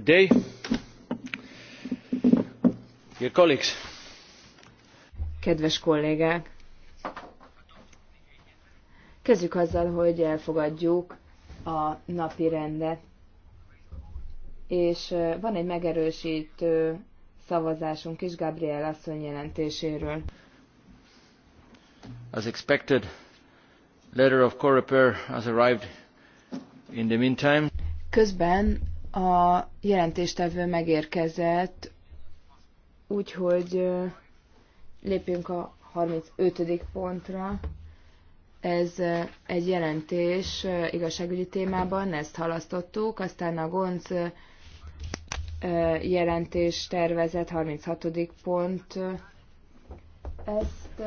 Good day. Dear colleagues. Kedves kollégák! Kezdjük azzal, hogy elfogadjuk a napi rendet. És van egy megerősítő szavazásunk is Gabriel asszony jelentéséről. As expected, letter of Coreper has arrived in the meantime. Közben a jelentéstevő megérkezett, úgyhogy lépjünk a 35. pontra. Ez egy jelentés igazságügyi témában, ezt halasztottuk, aztán a GONC jelentés tervezet 36. pont. Ezt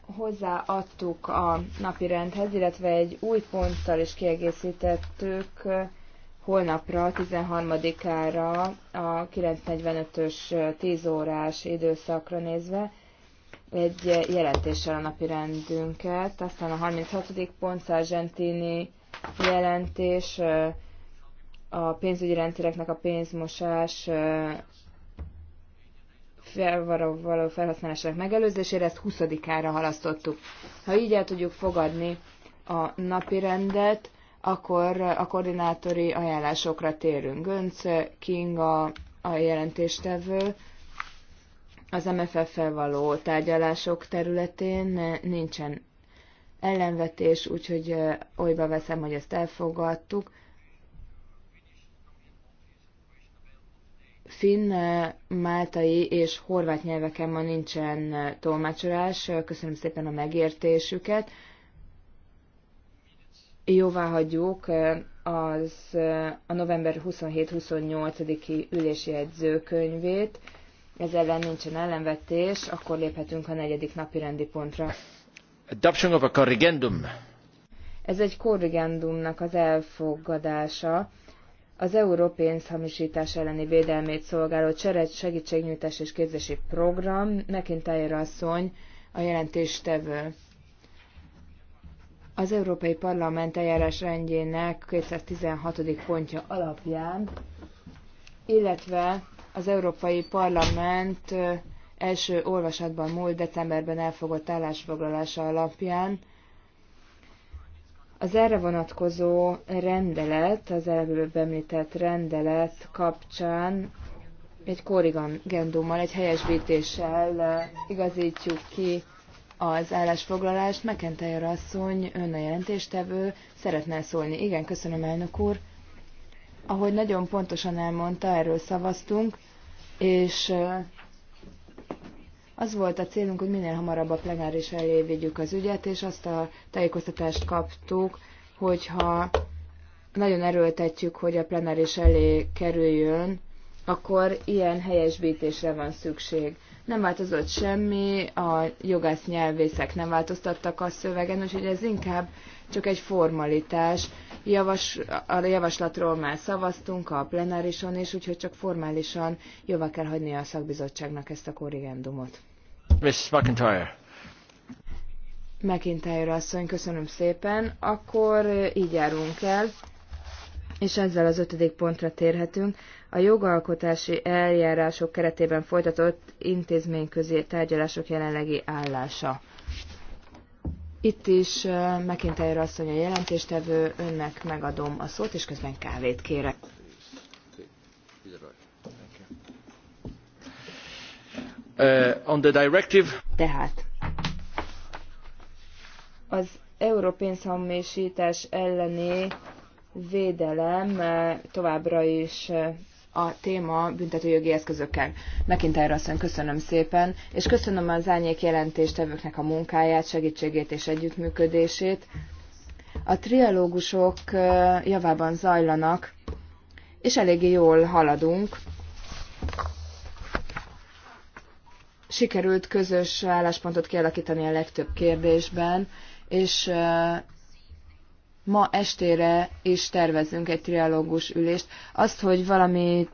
hozzáadtuk a napi rendhez, illetve egy új ponttal is kiegészítettük holnapra, 13-ára a 945-ös 10 órás időszakra nézve egy jelentéssel a napi rendünket. Aztán a 36. pont Sargentini jelentés, a pénzügyi rendszereknek a pénzmosás való felhasználásának megelőzésére, ezt 20-ára halasztottuk. Ha így el tudjuk fogadni a napi rendet, akkor a koordinátori ajánlásokra térünk. Gönc Kinga a jelentéstevő az MFF-fel való tárgyalások területén nincsen ellenvetés, úgyhogy olyba veszem, hogy ezt elfogadtuk. Finn, máltai és horvát nyelveken ma nincsen tolmácsolás. Köszönöm szépen a megértésüket jóvá hagyjuk az a november 27-28-i ülési edzőkönyvét. Ez ellen nincsen ellenvetés, akkor léphetünk a negyedik napi rendi pontra. Adoption of a corrigendum. Ez egy korrigendumnak az elfogadása. Az európénz hamisítás elleni védelmét szolgáló cseret segítségnyújtás és képzési program, nekint asszony, a jelentéstevő az Európai Parlament eljárás rendjének 216. pontja alapján, illetve az Európai Parlament első olvasatban múlt decemberben elfogott állásfoglalása alapján az erre vonatkozó rendelet, az előbb említett rendelet kapcsán egy korrigendummal, egy helyesbítéssel igazítjuk ki az állásfoglalást. McIntyre asszony, ön a jelentéstevő, szeretne szólni. Igen, köszönöm, elnök úr. Ahogy nagyon pontosan elmondta, erről szavaztunk, és az volt a célunk, hogy minél hamarabb a plenáris elé vigyük az ügyet, és azt a tájékoztatást kaptuk, hogyha nagyon erőltetjük, hogy a plenáris elé kerüljön, akkor ilyen helyesbítésre van szükség nem változott semmi, a jogász nyelvészek nem változtattak a szövegen, úgyhogy ez inkább csak egy formalitás. Javas, a javaslatról már szavaztunk a plenárison is, úgyhogy csak formálisan jóvá kell hagyni a szakbizottságnak ezt a korrigendumot. Mrs. McIntyre. McIntyre asszony, köszönöm szépen. Akkor így járunk el és ezzel az ötödik pontra térhetünk. A jogalkotási eljárások keretében folytatott intézményközi tárgyalások jelenlegi állása. Itt is McIntyre asszony a jelentéstevő, önnek megadom a szót, és közben kávét kérek. Uh, on the directive. Tehát az európénzhammésítás elleni védelem továbbra is a téma büntetőjogi eszközökkel. erre azt köszönöm szépen, és köszönöm az árnyék jelentéstevőknek a munkáját, segítségét és együttműködését. A trialógusok javában zajlanak, és eléggé jól haladunk. Sikerült közös álláspontot kialakítani a legtöbb kérdésben, és ma estére is tervezünk egy trialógus ülést. Azt, hogy valamit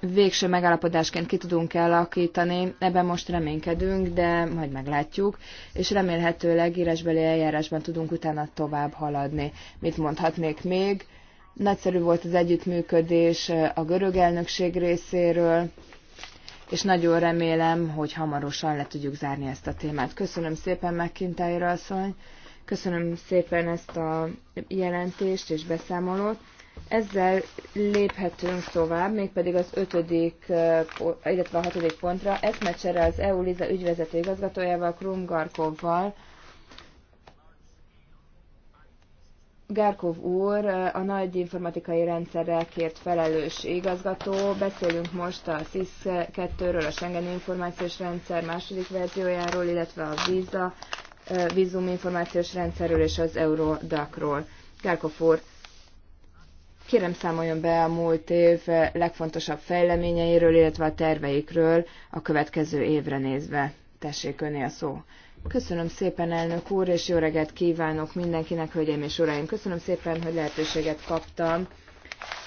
végső megállapodásként ki tudunk elakítani, ebben most reménykedünk, de majd meglátjuk, és remélhetőleg írásbeli eljárásban tudunk utána tovább haladni. Mit mondhatnék még? Nagyszerű volt az együttműködés a görög elnökség részéről, és nagyon remélem, hogy hamarosan le tudjuk zárni ezt a témát. Köszönöm szépen, McIntyre asszony! Köszönöm szépen ezt a jelentést és beszámolót. Ezzel léphetünk tovább, mégpedig az ötödik, illetve a hatodik pontra. Eszmecsere az EU-LIZA ügyvezető igazgatójával, Krum Garkovval. Gárkov úr, a nagy informatikai rendszerrel kért felelős igazgató. Beszélünk most a SIS-2-ről, a Schengen információs rendszer második verziójáról, illetve a Visa vízuminformációs rendszerről és az Eurodacról. Gárkov úr, kérem számoljon be a múlt év legfontosabb fejleményeiről, illetve a terveikről a következő évre nézve. Tessék öné a szó. Köszönöm szépen, elnök úr, és jó reggelt kívánok mindenkinek, hölgyeim és uraim. Köszönöm szépen, hogy lehetőséget kaptam,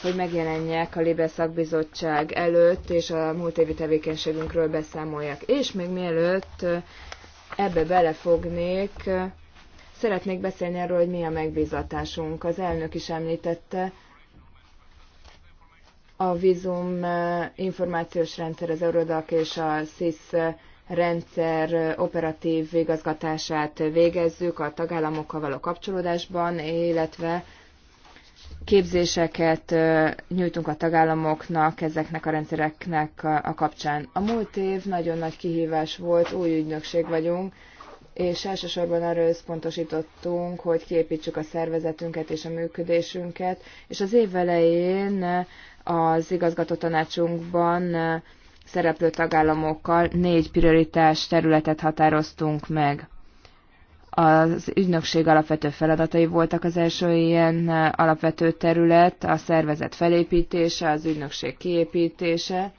hogy megjelenjek a Libe szakbizottság előtt, és a múlt évi tevékenységünkről beszámoljak. És még mielőtt ebbe belefognék. Szeretnék beszélni arról, hogy mi a megbízatásunk. Az elnök is említette, a vízum eh, információs rendszer, az Eurodac és a SIS eh, rendszer eh, operatív igazgatását végezzük a tagállamokkal való kapcsolódásban, illetve képzéseket nyújtunk a tagállamoknak ezeknek a rendszereknek a kapcsán. A múlt év nagyon nagy kihívás volt, új ügynökség vagyunk, és elsősorban arra összpontosítottunk, hogy képítsük a szervezetünket és a működésünket, és az év elején az igazgató tanácsunkban szereplő tagállamokkal négy prioritás területet határoztunk meg. Az ügynökség alapvető feladatai voltak az első ilyen alapvető terület, a szervezet felépítése, az ügynökség kiépítése,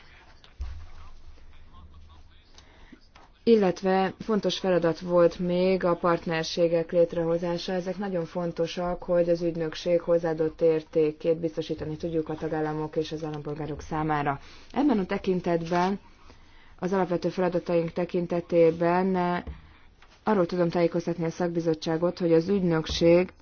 illetve fontos feladat volt még a partnerségek létrehozása. Ezek nagyon fontosak, hogy az ügynökség hozzáadott értékét biztosítani tudjuk a tagállamok és az állampolgárok számára. Ebben a tekintetben, az alapvető feladataink tekintetében arról tudom tájékoztatni a szakbizottságot, hogy az ügynökség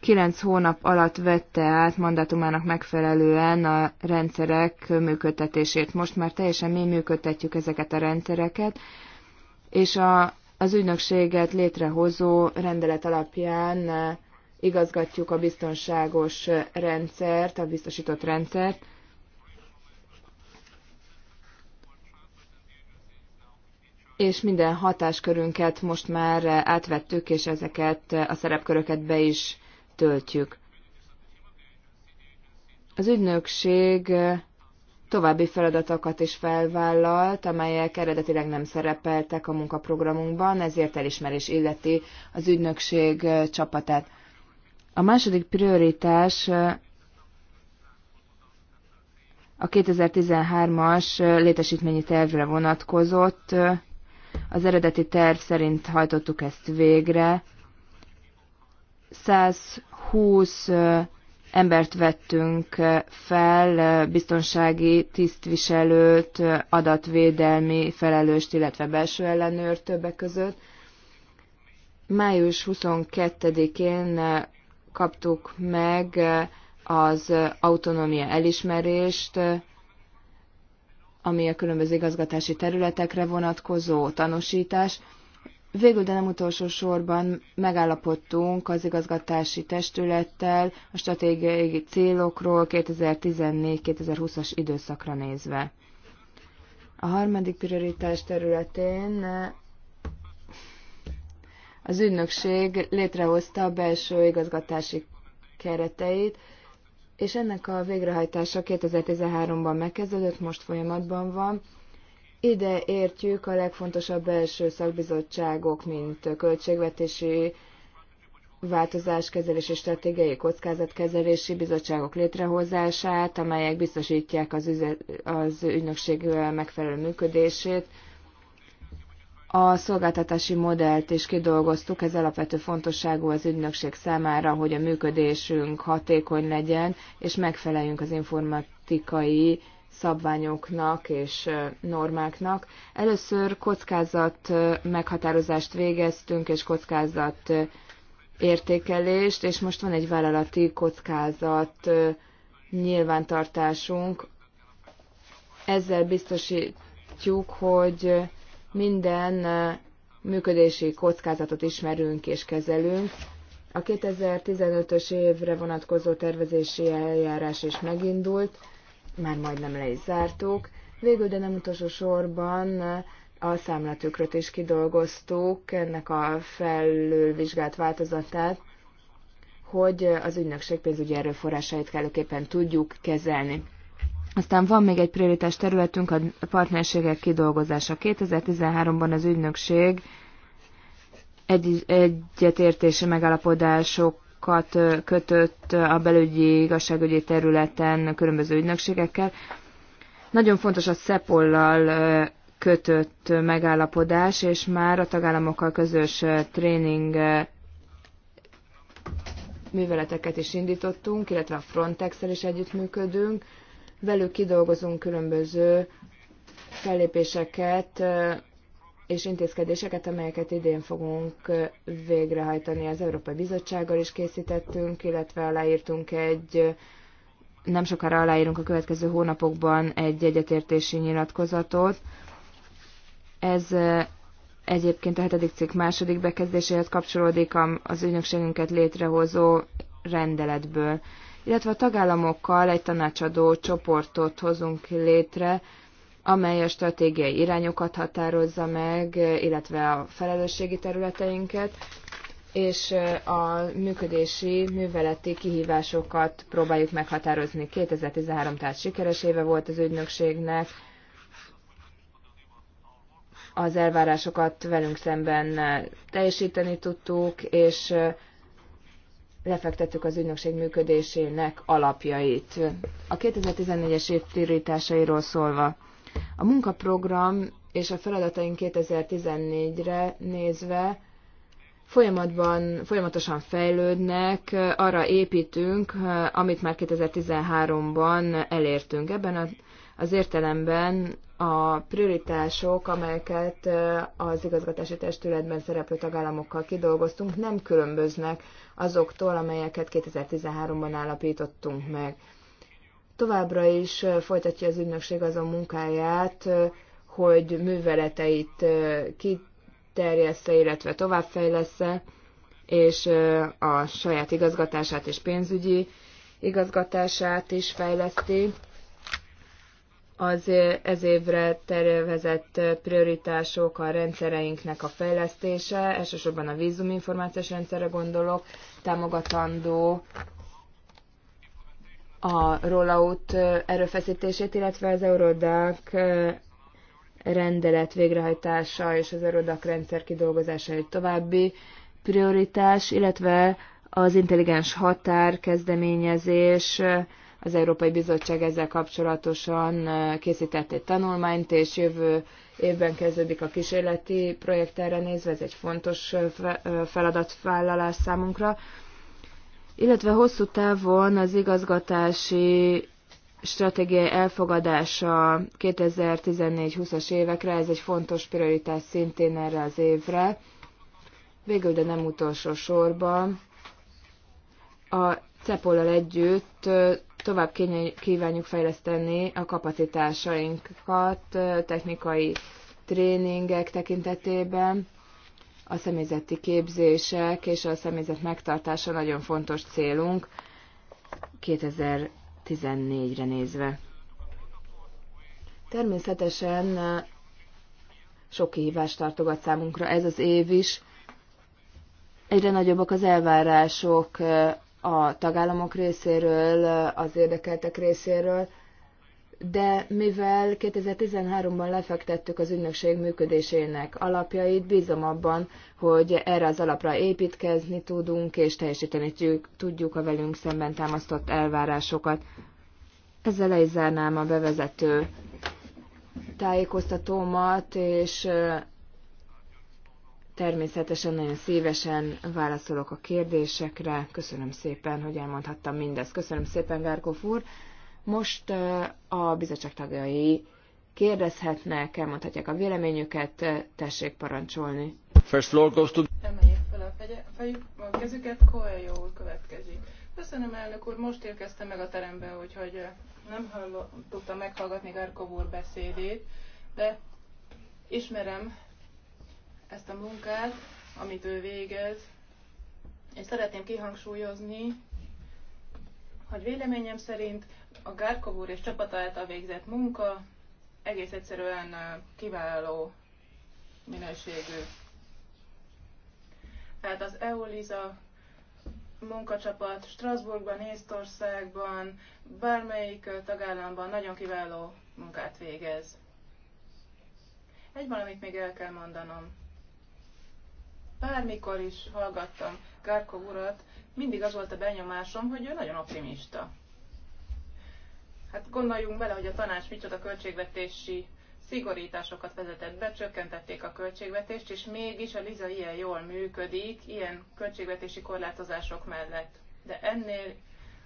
9 hónap alatt vette át mandátumának megfelelően a rendszerek működtetését. Most már teljesen mi működtetjük ezeket a rendszereket, és a, az ügynökséget létrehozó rendelet alapján eh, igazgatjuk a biztonságos rendszert, a biztosított rendszert, és minden hatáskörünket most már átvettük, és ezeket a szerepköröket be is töltjük. Az ügynökség további feladatokat is felvállalt, amelyek eredetileg nem szerepeltek a munkaprogramunkban, ezért elismerés illeti az ügynökség csapatát. A második prioritás a 2013-as létesítményi tervre vonatkozott, az eredeti terv szerint hajtottuk ezt végre. 120 embert vettünk fel, biztonsági tisztviselőt, adatvédelmi felelőst, illetve belső ellenőr többek között. Május 22-én kaptuk meg az autonómia elismerést, ami a különböző igazgatási területekre vonatkozó tanúsítás. Végül, de nem utolsó sorban megállapodtunk az igazgatási testülettel a stratégiai célokról 2014-2020-as időszakra nézve. A harmadik prioritás területén az ügynökség létrehozta a belső igazgatási kereteit, és ennek a végrehajtása 2013-ban megkezdődött, most folyamatban van. Ide értjük a legfontosabb belső szakbizottságok, mint költségvetési változáskezelési és stratégiai kockázatkezelési bizottságok létrehozását, amelyek biztosítják az, üze, az ügynökség megfelelő működését, a szolgáltatási modellt is kidolgoztuk, ez alapvető fontosságú az ügynökség számára, hogy a működésünk hatékony legyen, és megfeleljünk az informatikai szabványoknak és normáknak. Először kockázat meghatározást végeztünk, és kockázat értékelést, és most van egy vállalati kockázat nyilvántartásunk. Ezzel biztosítjuk, hogy minden működési kockázatot ismerünk és kezelünk. A 2015-ös évre vonatkozó tervezési eljárás is megindult, már majdnem le is zártuk. Végül, de nem utolsó sorban a számlatükröt is kidolgoztuk, ennek a felülvizsgált változatát, hogy az ügynökség pénzügyi erőforrásait kellőképpen tudjuk kezelni. Aztán van még egy prioritás területünk, a partnerségek kidolgozása. 2013-ban az ügynökség egy, egyetértési megállapodásokat kötött a belügyi, igazságügyi területen különböző ügynökségekkel. Nagyon fontos a Szepollal kötött megállapodás, és már a tagállamokkal közös tréning műveleteket is indítottunk, illetve a Frontex-el is együttműködünk. Velük kidolgozunk különböző fellépéseket és intézkedéseket, amelyeket idén fogunk végrehajtani. Az Európai Bizottsággal is készítettünk, illetve aláírtunk egy nem sokára aláírunk a következő hónapokban egy egyetértési nyilatkozatot. Ez egyébként a hetedik cikk második bekezdéséhez kapcsolódik az ügynökségünket létrehozó rendeletből illetve a tagállamokkal egy tanácsadó csoportot hozunk létre, amely a stratégiai irányokat határozza meg, illetve a felelősségi területeinket, és a működési, műveleti kihívásokat próbáljuk meghatározni. 2013 tehát sikeres éve volt az ügynökségnek, az elvárásokat velünk szemben teljesíteni tudtuk, és lefektettük az ügynökség működésének alapjait. A 2014-es év prioritásairól szólva, a munkaprogram és a feladataink 2014-re nézve folyamatban, folyamatosan fejlődnek, arra építünk, amit már 2013-ban elértünk. Ebben a az értelemben a prioritások, amelyeket az igazgatási testületben szereplő tagállamokkal kidolgoztunk, nem különböznek azoktól, amelyeket 2013-ban állapítottunk meg. Továbbra is folytatja az ügynökség azon munkáját, hogy műveleteit kiterjessze, illetve továbbfejlesze, és a saját igazgatását és pénzügyi igazgatását is fejleszti az ez évre tervezett prioritások a rendszereinknek a fejlesztése, elsősorban a vízuminformációs rendszerre gondolok, támogatandó a rollout erőfeszítését, illetve az Eurodac rendelet végrehajtása és az Eurodac rendszer kidolgozása egy további prioritás, illetve az intelligens határ kezdeményezés az Európai Bizottság ezzel kapcsolatosan készített egy tanulmányt, és jövő évben kezdődik a kísérleti projekt erre nézve, ez egy fontos feladatvállalás számunkra. Illetve hosszú távon az igazgatási stratégiai elfogadása 2014-20-as évekre, ez egy fontos prioritás szintén erre az évre. Végül, de nem utolsó sorban, a cepol együtt tovább kívánjuk fejleszteni a kapacitásainkat technikai tréningek tekintetében. A személyzeti képzések és a személyzet megtartása nagyon fontos célunk 2014-re nézve. Természetesen sok kihívást tartogat számunkra ez az év is. Egyre nagyobbak az elvárások a tagállamok részéről, az érdekeltek részéről, de mivel 2013-ban lefektettük az ügynökség működésének alapjait, bízom abban, hogy erre az alapra építkezni tudunk, és teljesíteni tudjuk a velünk szemben támasztott elvárásokat. Ezzel le is zárnám a bevezető tájékoztatómat, és Természetesen nagyon szívesen válaszolok a kérdésekre. Köszönöm szépen, hogy elmondhattam mindezt. Köszönöm szépen, Gárkov úr. Most eh, a bizottság tagjai kérdezhetnek, elmondhatják a véleményüket, tessék parancsolni. First floor goes to... Emeljék fel a fejük, a kezüket, Coelho következik. Köszönöm, elnök úr, most érkeztem meg a terembe, úgyhogy eh, nem hallott, tudtam meghallgatni Gárkov úr beszédét, de ismerem ezt a munkát, amit ő végez, és szeretném kihangsúlyozni, hogy véleményem szerint a Gárkov úr és csapata által végzett munka egész egyszerűen kiváló minőségű. Tehát az EOLISA munkacsapat Strasbourgban, Észtországban, bármelyik tagállamban nagyon kiváló munkát végez. Egy valamit még el kell mondanom bármikor is hallgattam Garkov urat, mindig az volt a benyomásom, hogy ő nagyon optimista. Hát gondoljunk bele, hogy a tanács micsoda költségvetési szigorításokat vezetett be, csökkentették a költségvetést, és mégis a Liza ilyen jól működik, ilyen költségvetési korlátozások mellett. De ennél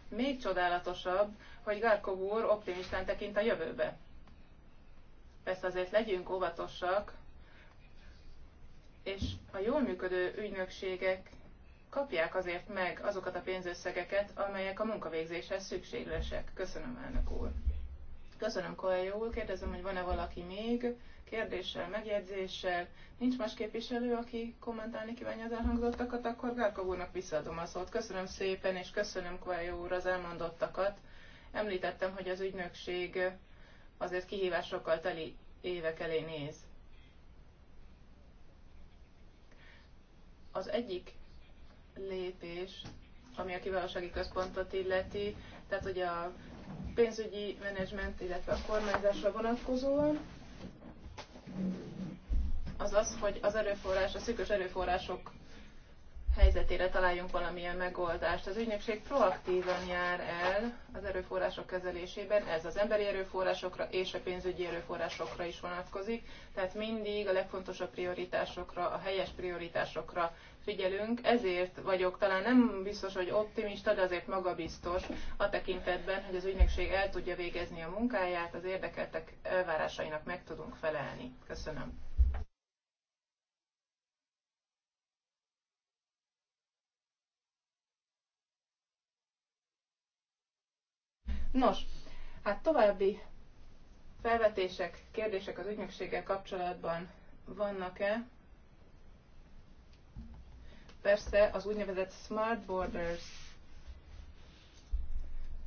még csodálatosabb, hogy Garkov úr optimistán tekint a jövőbe. Persze azért legyünk óvatosak, és a jól működő ügynökségek kapják azért meg azokat a pénzösszegeket, amelyek a munkavégzéshez szükségesek. Köszönöm, elnök úr. Köszönöm, Koelyó úr. Kérdezem, hogy van-e valaki még kérdéssel, megjegyzéssel. Nincs más képviselő, aki kommentálni kívánja az elhangzottakat, akkor Gárka úrnak visszaadom a szót. Köszönöm szépen, és köszönöm Koelyó úr az elmondottakat. Említettem, hogy az ügynökség azért kihívásokkal teli évek elé néz. Az egyik lépés, ami a kiválósági központot illeti, tehát ugye a pénzügyi menedzsment, illetve a kormányzásra vonatkozóan, az az, hogy az erőforrás, a szűkös erőforrások helyzetére találjunk valamilyen megoldást. Az ügynökség proaktívan jár el az erőforrások kezelésében, ez az emberi erőforrásokra és a pénzügyi erőforrásokra is vonatkozik, tehát mindig a legfontosabb prioritásokra, a helyes prioritásokra figyelünk, ezért vagyok talán nem biztos, hogy optimista, de azért magabiztos a tekintetben, hogy az ügynökség el tudja végezni a munkáját, az érdekeltek elvárásainak meg tudunk felelni. Köszönöm. Nos, hát további felvetések, kérdések az ügynökséggel kapcsolatban vannak-e? Persze az úgynevezett Smart Borders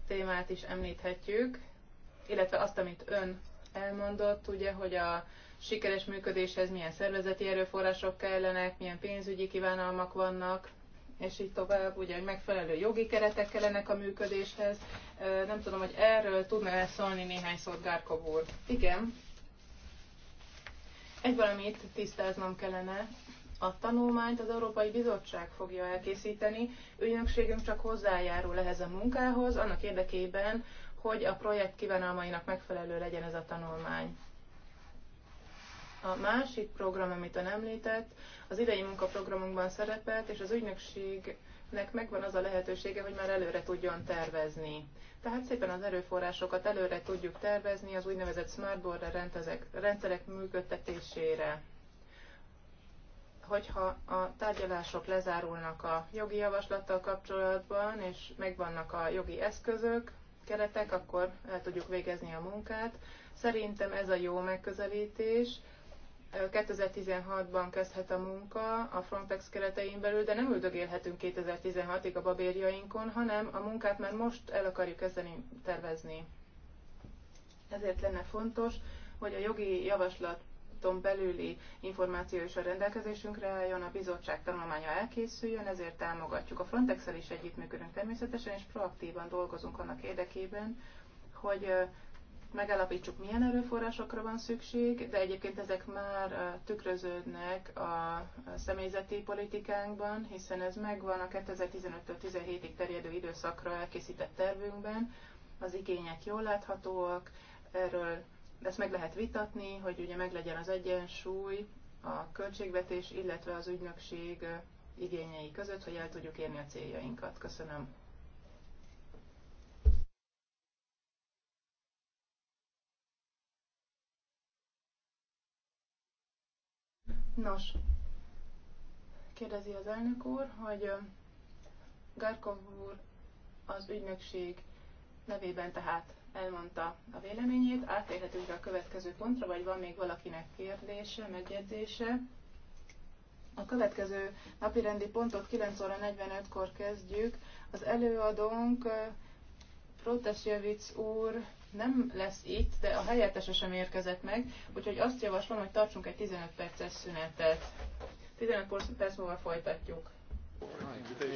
témát is említhetjük, illetve azt, amit ön elmondott, ugye, hogy a sikeres működéshez milyen szervezeti erőforrások kellenek, milyen pénzügyi kívánalmak vannak, és így tovább, ugye, hogy megfelelő jogi keretek kellenek a működéshez. Nem tudom, hogy erről tudna-e szólni néhány szót Gárkov úr. Igen. Egy valamit tisztáznom kellene. A tanulmányt az Európai Bizottság fogja elkészíteni, ügynökségünk csak hozzájárul ehhez a munkához, annak érdekében, hogy a projekt kívánalmainak megfelelő legyen ez a tanulmány. A másik program, amit ön említett, az idei munkaprogramunkban szerepelt, és az ügynökségnek megvan az a lehetősége, hogy már előre tudjon tervezni. Tehát szépen az erőforrásokat előre tudjuk tervezni az úgynevezett rendezek, rendszerek működtetésére hogyha a tárgyalások lezárulnak a jogi javaslattal kapcsolatban, és megvannak a jogi eszközök, keretek, akkor el tudjuk végezni a munkát. Szerintem ez a jó megközelítés, 2016-ban kezdhet a munka a Frontex keretein belül, de nem üldögélhetünk 2016-ig a babérjainkon, hanem a munkát már most el akarjuk kezdeni tervezni. Ezért lenne fontos, hogy a jogi javaslaton belüli információ is a rendelkezésünkre álljon, a bizottság tanulmánya elkészüljön, ezért támogatjuk. A Frontex-el is együttműködünk természetesen, és proaktívan dolgozunk annak érdekében, hogy megállapítsuk, milyen erőforrásokra van szükség, de egyébként ezek már tükröződnek a személyzeti politikánkban, hiszen ez megvan a 2015-től 17-ig terjedő időszakra elkészített tervünkben, az igények jól láthatóak, erről ezt meg lehet vitatni, hogy ugye meglegyen az egyensúly a költségvetés, illetve az ügynökség igényei között, hogy el tudjuk érni a céljainkat. Köszönöm. Nos, kérdezi az elnök úr, hogy Garkov úr az ügynökség nevében tehát elmondta a véleményét. Átérhetünk a következő pontra, vagy van még valakinek kérdése, megjegyzése? A következő napi rendi pontot 9 óra 45-kor kezdjük. Az előadónk Protasjevic úr nem lesz itt, de a helyettese sem érkezett meg, úgyhogy azt javaslom, hogy tartsunk egy 15 perces szünetet. 15 perc múlva folytatjuk. Right.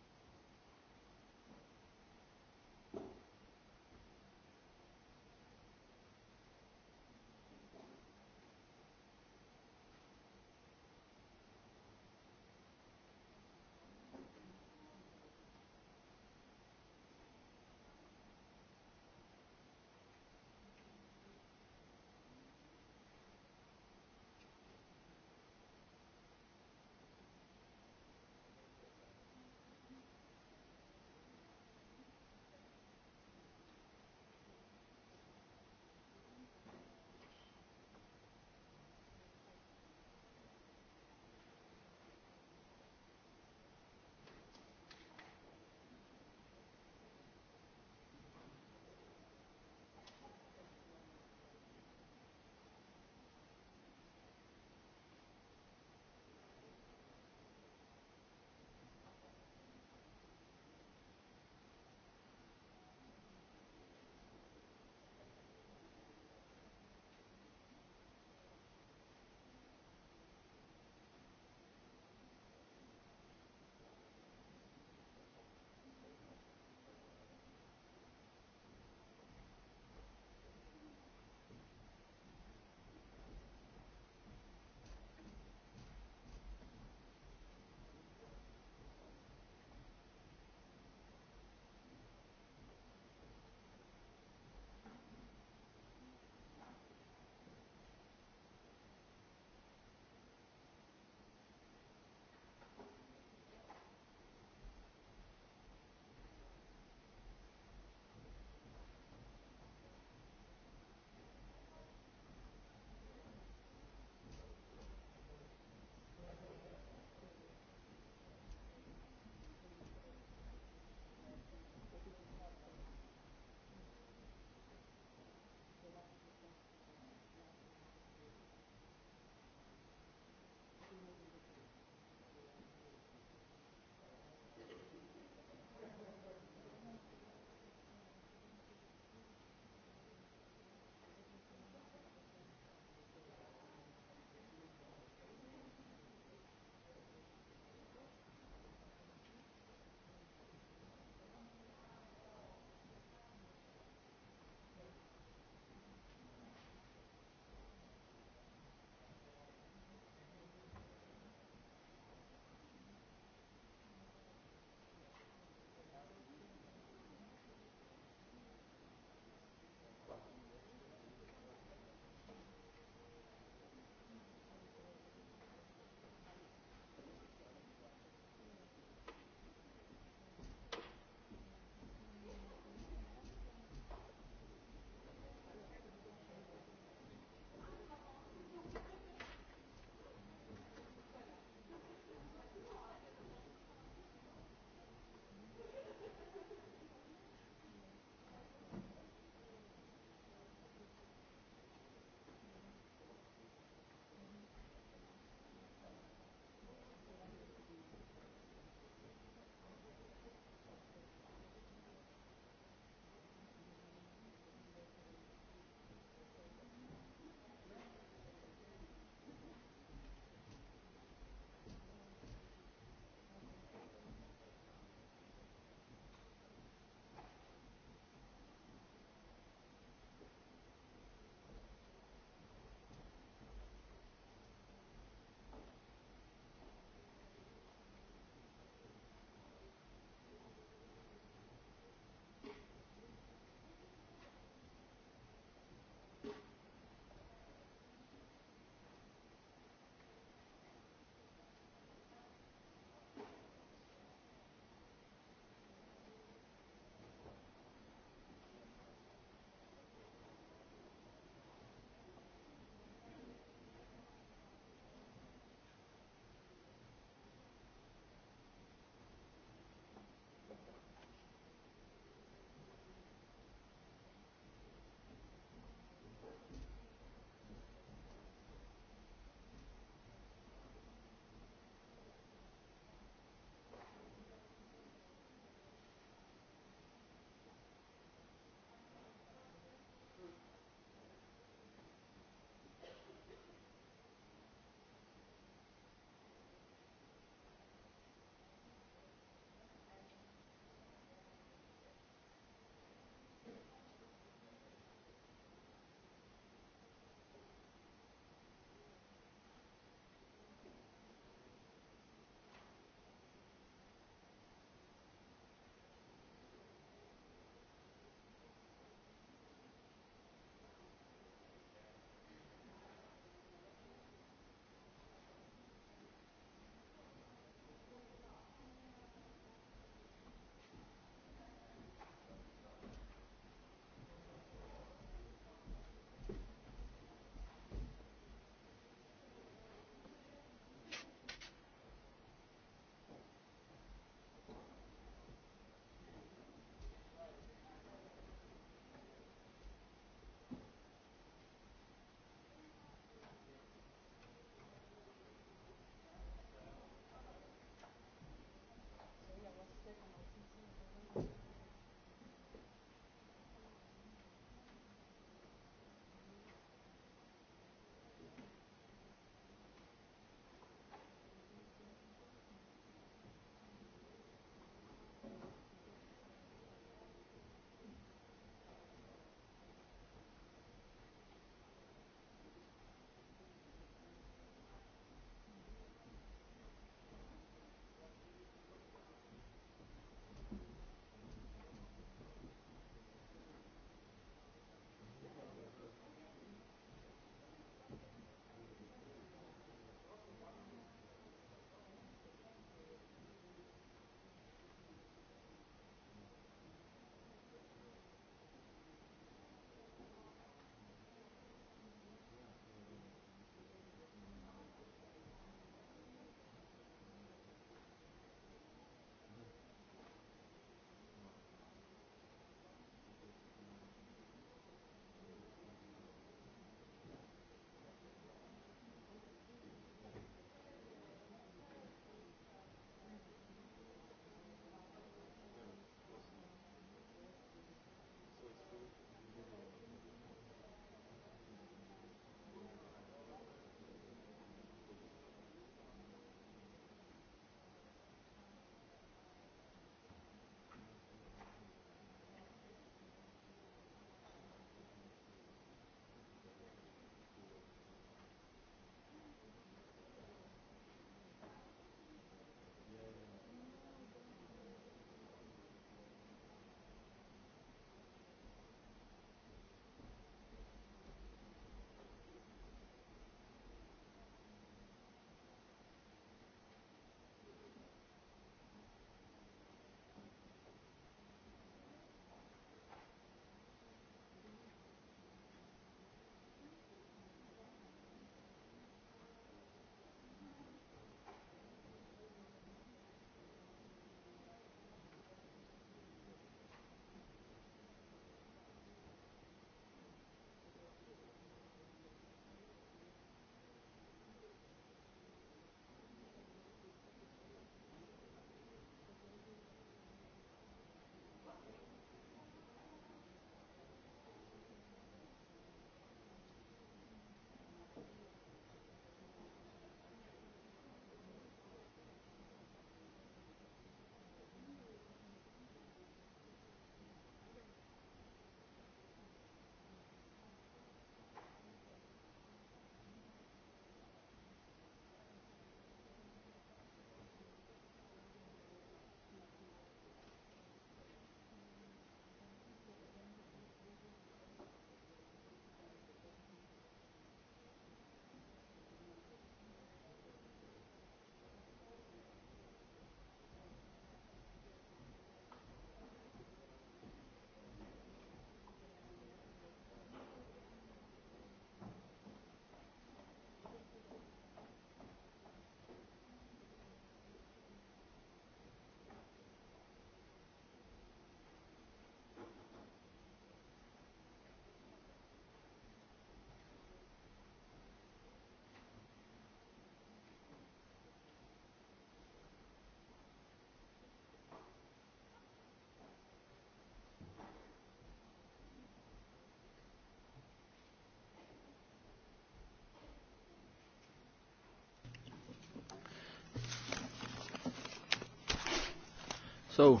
So,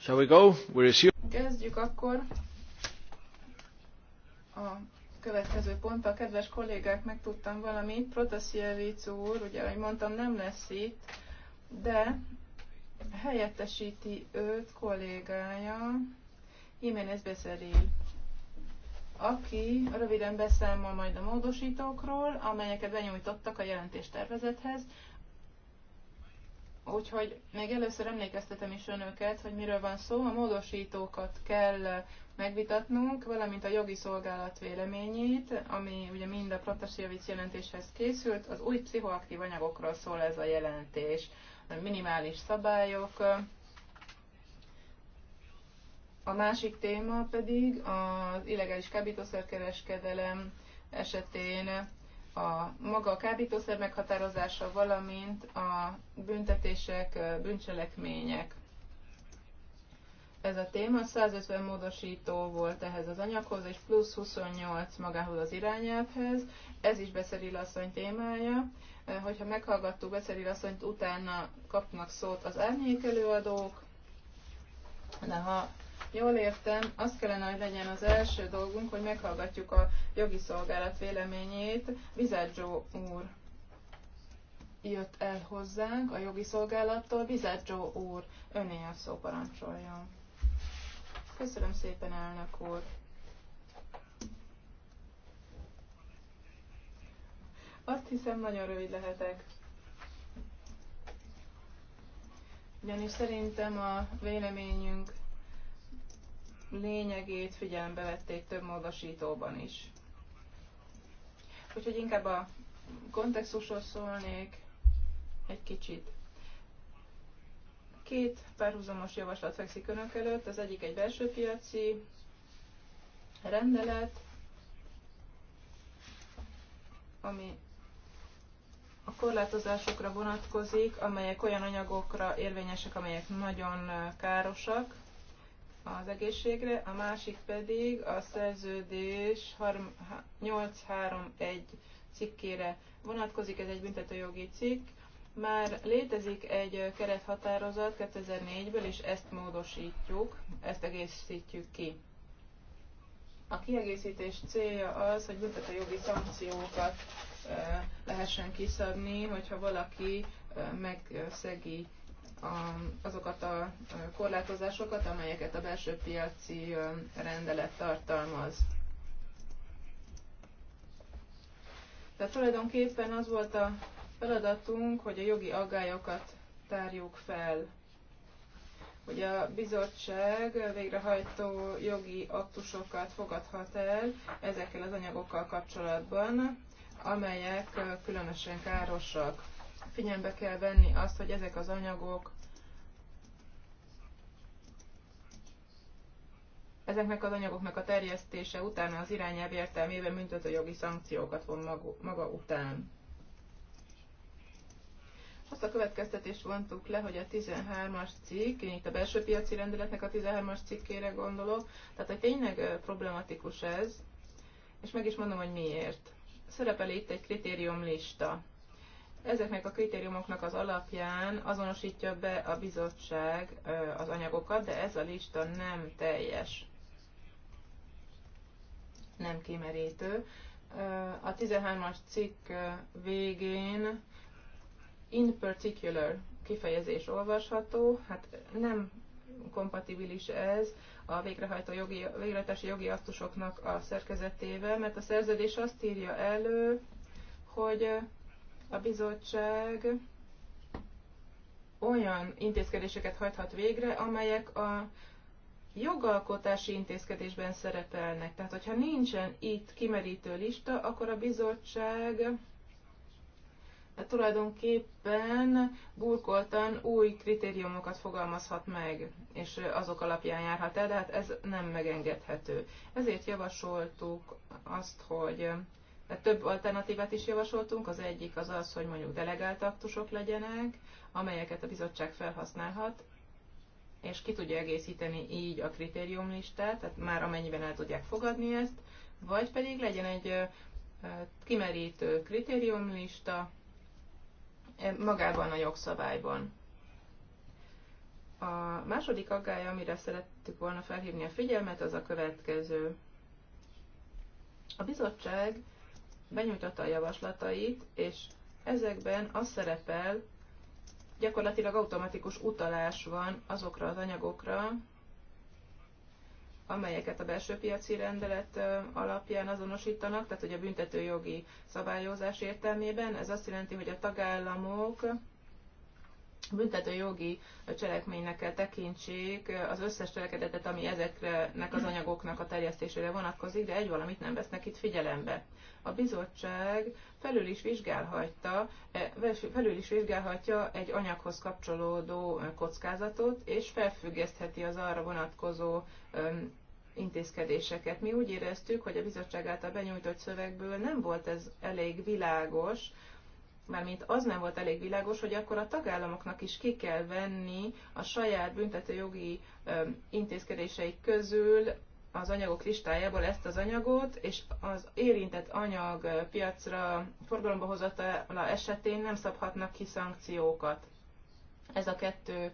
shall we go? We resume. Kezdjük akkor a következő A Kedves kollégák, megtudtam valamit. Protasievic úr, ugye, ahogy mondtam, nem lesz itt, de helyettesíti őt kollégája, Jiménez Beszeril, aki röviden beszámol majd a módosítókról, amelyeket benyújtottak a jelentéstervezethez, Úgyhogy még először emlékeztetem is önöket, hogy miről van szó. A módosítókat kell megvitatnunk, valamint a jogi szolgálat véleményét, ami ugye mind a Protasiovic jelentéshez készült. Az új pszichoaktív anyagokról szól ez a jelentés. A minimális szabályok. A másik téma pedig az illegális kábítószerkereskedelem esetén a maga a kábítószer meghatározása, valamint a büntetések, bűncselekmények. Ez a téma 150 módosító volt ehhez az anyaghoz, és plusz 28 magához az irányelvhez. Ez is Beszeril asszony témája. Hogyha meghallgattuk Beszeril asszonyt, utána kapnak szót az árnyék előadók, de ha jól értem, az kellene, hogy legyen az első dolgunk, hogy meghallgatjuk a jogi szolgálat véleményét. Bizágyó úr jött el hozzánk a jogi szolgálattól. Bizágyó úr, öné a szó parancsoljon. Köszönöm szépen, elnök úr. Azt hiszem, nagyon rövid lehetek. Ugyanis szerintem a véleményünk lényegét figyelembe vették több módosítóban is. Úgyhogy inkább a kontextusról szólnék egy kicsit. Két párhuzamos javaslat fekszik önök előtt, az egyik egy belső piaci rendelet, ami a korlátozásokra vonatkozik, amelyek olyan anyagokra érvényesek, amelyek nagyon károsak, az egészségre, a másik pedig a szerződés 831 cikkére vonatkozik, ez egy büntetőjogi cikk. Már létezik egy kerethatározat 2004-ből, és ezt módosítjuk, ezt egészítjük ki. A kiegészítés célja az, hogy büntetőjogi szankciókat eh, lehessen kiszabni, hogyha valaki eh, megszegi azokat a korlátozásokat, amelyeket a belső piaci rendelet tartalmaz. Tehát tulajdonképpen az volt a feladatunk, hogy a jogi aggályokat tárjuk fel. Hogy a bizottság végrehajtó jogi aktusokat fogadhat el ezekkel az anyagokkal kapcsolatban, amelyek különösen károsak figyelembe kell venni azt, hogy ezek az anyagok Ezeknek az anyagoknak a terjesztése utána az irányelv értelmében büntetőjogi szankciókat von maga, maga után. Azt a következtetést vontuk le, hogy a 13-as cikk, én itt a belső piaci rendeletnek a 13-as cikkére gondolok, tehát hogy tényleg problematikus ez, és meg is mondom, hogy miért. Szerepel itt egy kritériumlista. Ezeknek a kritériumoknak az alapján azonosítja be a bizottság az anyagokat, de ez a lista nem teljes, nem kimerítő. A 13-as cikk végén in particular kifejezés olvasható, hát nem kompatibilis ez a végrehajtó jogi, végrehajtási jogi aktusoknak a szerkezetével, mert a szerződés azt írja elő, hogy a bizottság olyan intézkedéseket hajthat végre, amelyek a jogalkotási intézkedésben szerepelnek. Tehát, hogyha nincsen itt kimerítő lista, akkor a bizottság tulajdonképpen burkoltan új kritériumokat fogalmazhat meg, és azok alapján járhat el, de hát ez nem megengedhető. Ezért javasoltuk azt, hogy tehát több alternatívát is javasoltunk, az egyik az az, hogy mondjuk delegált aktusok legyenek, amelyeket a bizottság felhasználhat, és ki tudja egészíteni így a kritériumlistát, tehát már amennyiben el tudják fogadni ezt, vagy pedig legyen egy kimerítő kritériumlista magában a jogszabályban. A második aggály, amire szerettük volna felhívni a figyelmet, az a következő. A bizottság benyújtotta a javaslatait, és ezekben az szerepel, gyakorlatilag automatikus utalás van azokra az anyagokra, amelyeket a belső piaci rendelet alapján azonosítanak, tehát hogy a büntetőjogi szabályozás értelmében. Ez azt jelenti, hogy a tagállamok büntető jogi cselekménynek kell tekintsék az összes cselekedetet, ami ezeknek az anyagoknak a terjesztésére vonatkozik, de egy valamit nem vesznek itt figyelembe. A bizottság felül is vizsgálhatja, e, felül is vizsgálhatja egy anyaghoz kapcsolódó kockázatot, és felfüggesztheti az arra vonatkozó intézkedéseket. Mi úgy éreztük, hogy a bizottság által benyújtott szövegből nem volt ez elég világos, mármint az nem volt elég világos, hogy akkor a tagállamoknak is ki kell venni a saját büntetőjogi intézkedéseik közül az anyagok listájából ezt az anyagot, és az érintett anyag piacra forgalomba hozatala esetén nem szabhatnak ki szankciókat. Ez a kettő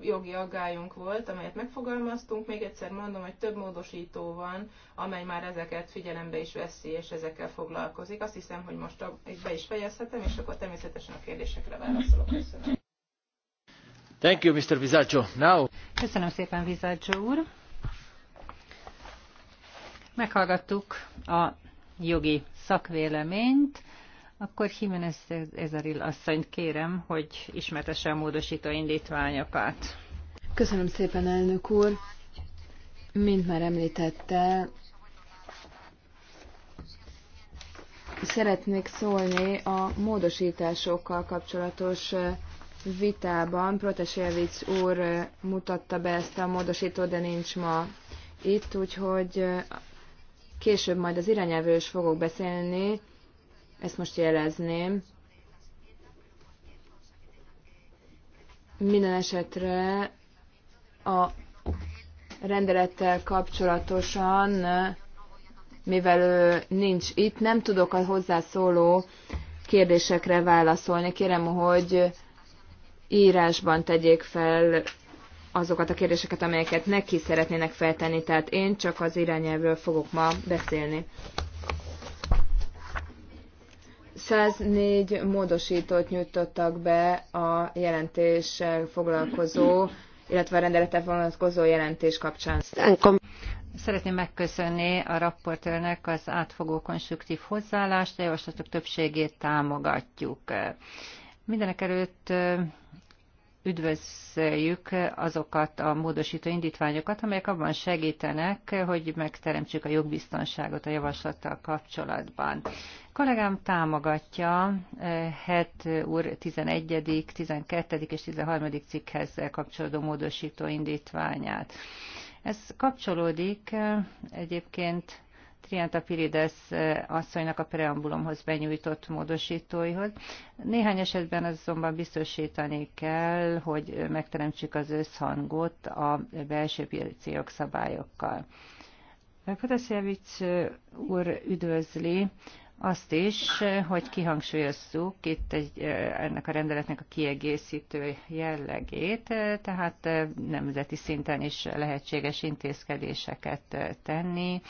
jogi aggályunk volt, amelyet megfogalmaztunk. Még egyszer mondom, hogy több módosító van, amely már ezeket figyelembe is veszi, és ezekkel foglalkozik. Azt hiszem, hogy most be is fejezhetem, és akkor természetesen a kérdésekre válaszolok. Köszönöm. Thank you, Mr. Vizaccio. Now. Köszönöm szépen, Vizácsó úr. Meghallgattuk a jogi szakvéleményt. Akkor Jimenez Ezeril asszonyt kérem, hogy ismertesse a módosító indítványokat. Köszönöm szépen, elnök úr. Mint már említette, szeretnék szólni a módosításokkal kapcsolatos vitában. Protesevic úr mutatta be ezt a módosítót, de nincs ma itt, úgyhogy később majd az irányelvről is fogok beszélni. Ezt most jelezném. Minden esetre a rendelettel kapcsolatosan, mivel ő nincs itt, nem tudok a hozzászóló kérdésekre válaszolni. Kérem, hogy írásban tegyék fel azokat a kérdéseket, amelyeket neki szeretnének feltenni, tehát én csak az irányelvről fogok ma beszélni. 104 módosítót nyújtottak be a jelentés foglalkozó, illetve a rendelete vonatkozó jelentés kapcsán. Szeretném megköszönni a rapportőrnek az átfogó konstruktív hozzáállást, a javaslatok többségét támogatjuk. Mindenek előtt üdvözöljük azokat a módosító indítványokat, amelyek abban segítenek, hogy megteremtsük a jogbiztonságot a javaslattal kapcsolatban. Kollégám támogatja 7 eh, úr 11., 12. és 13. cikkhez kapcsolódó módosító indítványát. Ez kapcsolódik eh, egyébként Trianta Pirides eh, asszonynak a preambulumhoz benyújtott módosítóihoz. Néhány esetben azonban biztosítani kell, hogy megteremtsük az összhangot a belső piaci jogszabályokkal. Kodaszjevics úr üdvözli azt is, hogy kihangsúlyozzuk itt egy, eh, ennek a rendeletnek a kiegészítő jellegét, eh, tehát nemzeti szinten is lehetséges intézkedéseket tenni,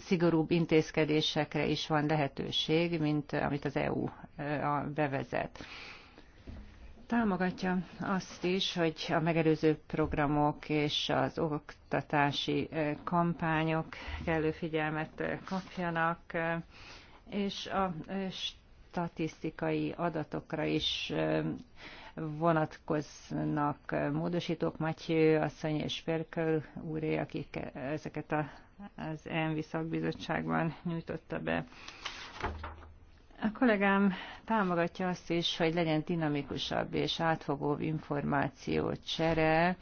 szigorúbb intézkedésekre is van lehetőség, mint amit az EU bevezet. Támogatja azt is, hogy a megelőző programok és az oktatási kampányok kellő figyelmet kapjanak, és a statisztikai adatokra is vonatkoznak módosítók, Matyő asszony és Perkel úré, akik ezeket a az ENVI szakbizottságban nyújtotta be. A kollégám támogatja azt is, hogy legyen dinamikusabb és átfogóbb információcsere,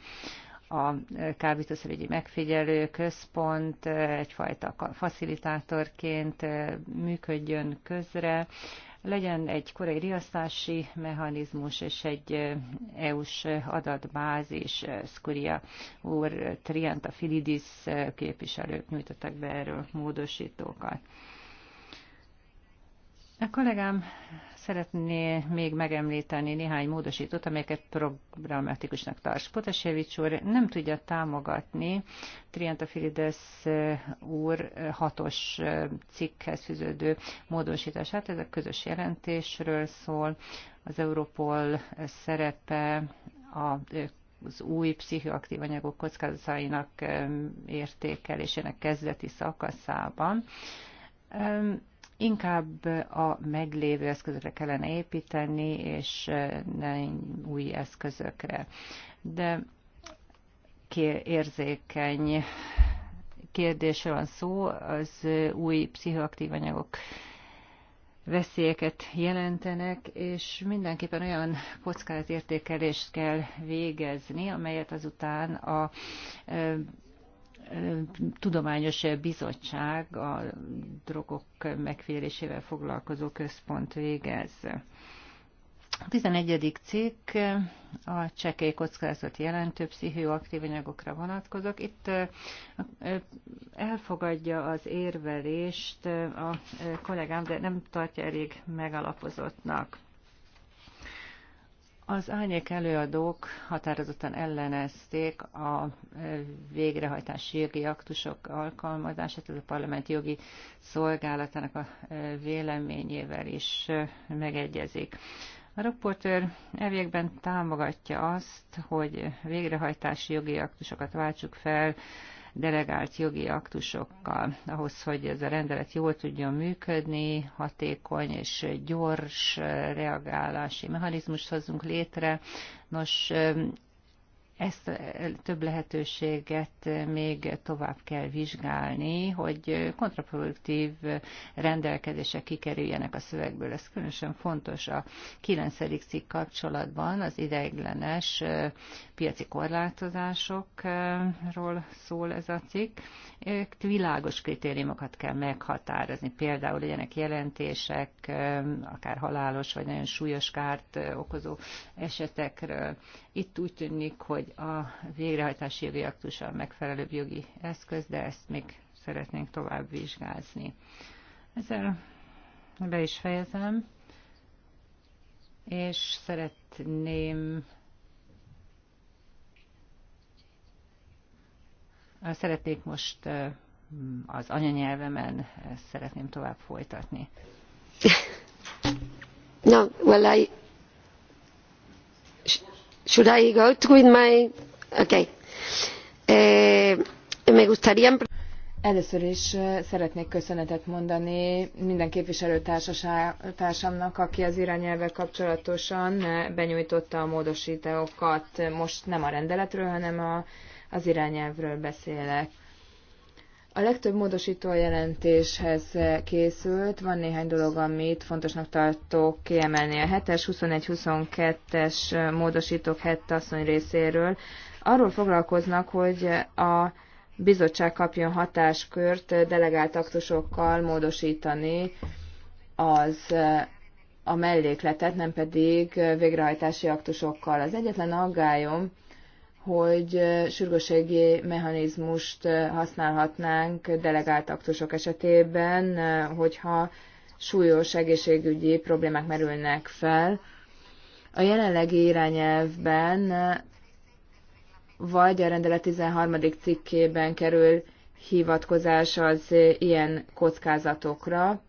a kábítószerügyi megfigyelő központ egyfajta facilitátorként eh, működjön közre, legyen egy korai riasztási mechanizmus és egy EU-s adatbázis. Skuria úr, Trianta Filidis képviselők nyújtottak be erről módosítókat. A kollégám Szeretné még megemlíteni néhány módosítót, amelyeket programmatikusnak tart. Potasevics úr nem tudja támogatni Trianta Filides úr hatos cikkhez fűződő módosítását. Ez a közös jelentésről szól. Az Europol szerepe a az új pszichoaktív anyagok kockázatainak értékelésének kezdeti szakaszában. Inkább a meglévő eszközökre kellene építeni, és eh, nem új eszközökre. De érzékeny kérdésre van szó, az új pszichoaktív anyagok veszélyeket jelentenek, és mindenképpen olyan kockázatértékelést kell végezni, amelyet azután a eh, tudományos bizottság a drogok megférésével foglalkozó központ végez. A 11. cikk a csekély kockázat jelentő pszichoaktív anyagokra vonatkozok. Itt elfogadja az érvelést a kollégám, de nem tartja elég megalapozottnak. Az árnyék előadók határozottan ellenezték a végrehajtási jogi aktusok alkalmazását, ez a parlament jogi szolgálatának a véleményével is megegyezik. A raportőr elvégben támogatja azt, hogy végrehajtási jogi aktusokat váltsuk fel delegált jogi aktusokkal, ahhoz, hogy ez a rendelet jól tudjon működni, hatékony és gyors reagálási mechanizmust hozzunk létre. Nos, ezt több lehetőséget még tovább kell vizsgálni, hogy kontraproduktív rendelkezések kikerüljenek a szövegből. Ez különösen fontos a 9. cikk kapcsolatban az ideiglenes piaci korlátozásokról szól ez a cikk. világos kritériumokat kell meghatározni, például legyenek jelentések, akár halálos vagy nagyon súlyos kárt okozó esetekről. Itt úgy tűnik, hogy a végrehajtási jogi aktus a megfelelőbb jogi eszköz, de ezt még szeretnénk tovább vizsgázni. Ezzel be is fejezem, és szeretném Szeretnék most az anyanyelvemen szeretném tovább folytatni. No, well, I, should I go with my... Okay. Eh, me gustaría... Először is eh, szeretnék köszönetet mondani minden képviselőtársamnak, aki az irányelvvel kapcsolatosan eh, benyújtotta a módosítókat. Most nem a rendeletről, hanem a, az irányelvről beszélek. A legtöbb módosító jelentéshez készült, van néhány dolog, amit fontosnak tartok kiemelni. A 7-es, 21-22-es módosítók hett asszony részéről arról foglalkoznak, hogy a bizottság kapjon hatáskört delegált aktusokkal módosítani az a mellékletet, nem pedig végrehajtási aktusokkal. Az egyetlen aggályom, hogy sürgősségi mechanizmust használhatnánk delegált aktusok esetében, hogyha súlyos egészségügyi problémák merülnek fel. A jelenlegi irányelvben vagy a rendelet 13. cikkében kerül hivatkozás az ilyen kockázatokra,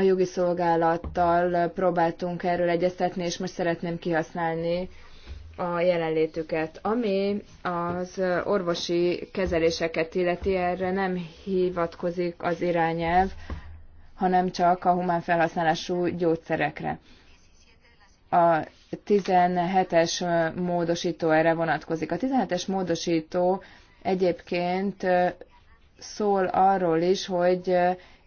a jogi szolgálattal próbáltunk erről egyeztetni, és most szeretném kihasználni a jelenlétüket. Ami az orvosi kezeléseket illeti, erre nem hivatkozik az irányelv, hanem csak a humán felhasználású gyógyszerekre. A 17-es módosító erre vonatkozik. A 17-es módosító egyébként szól arról is, hogy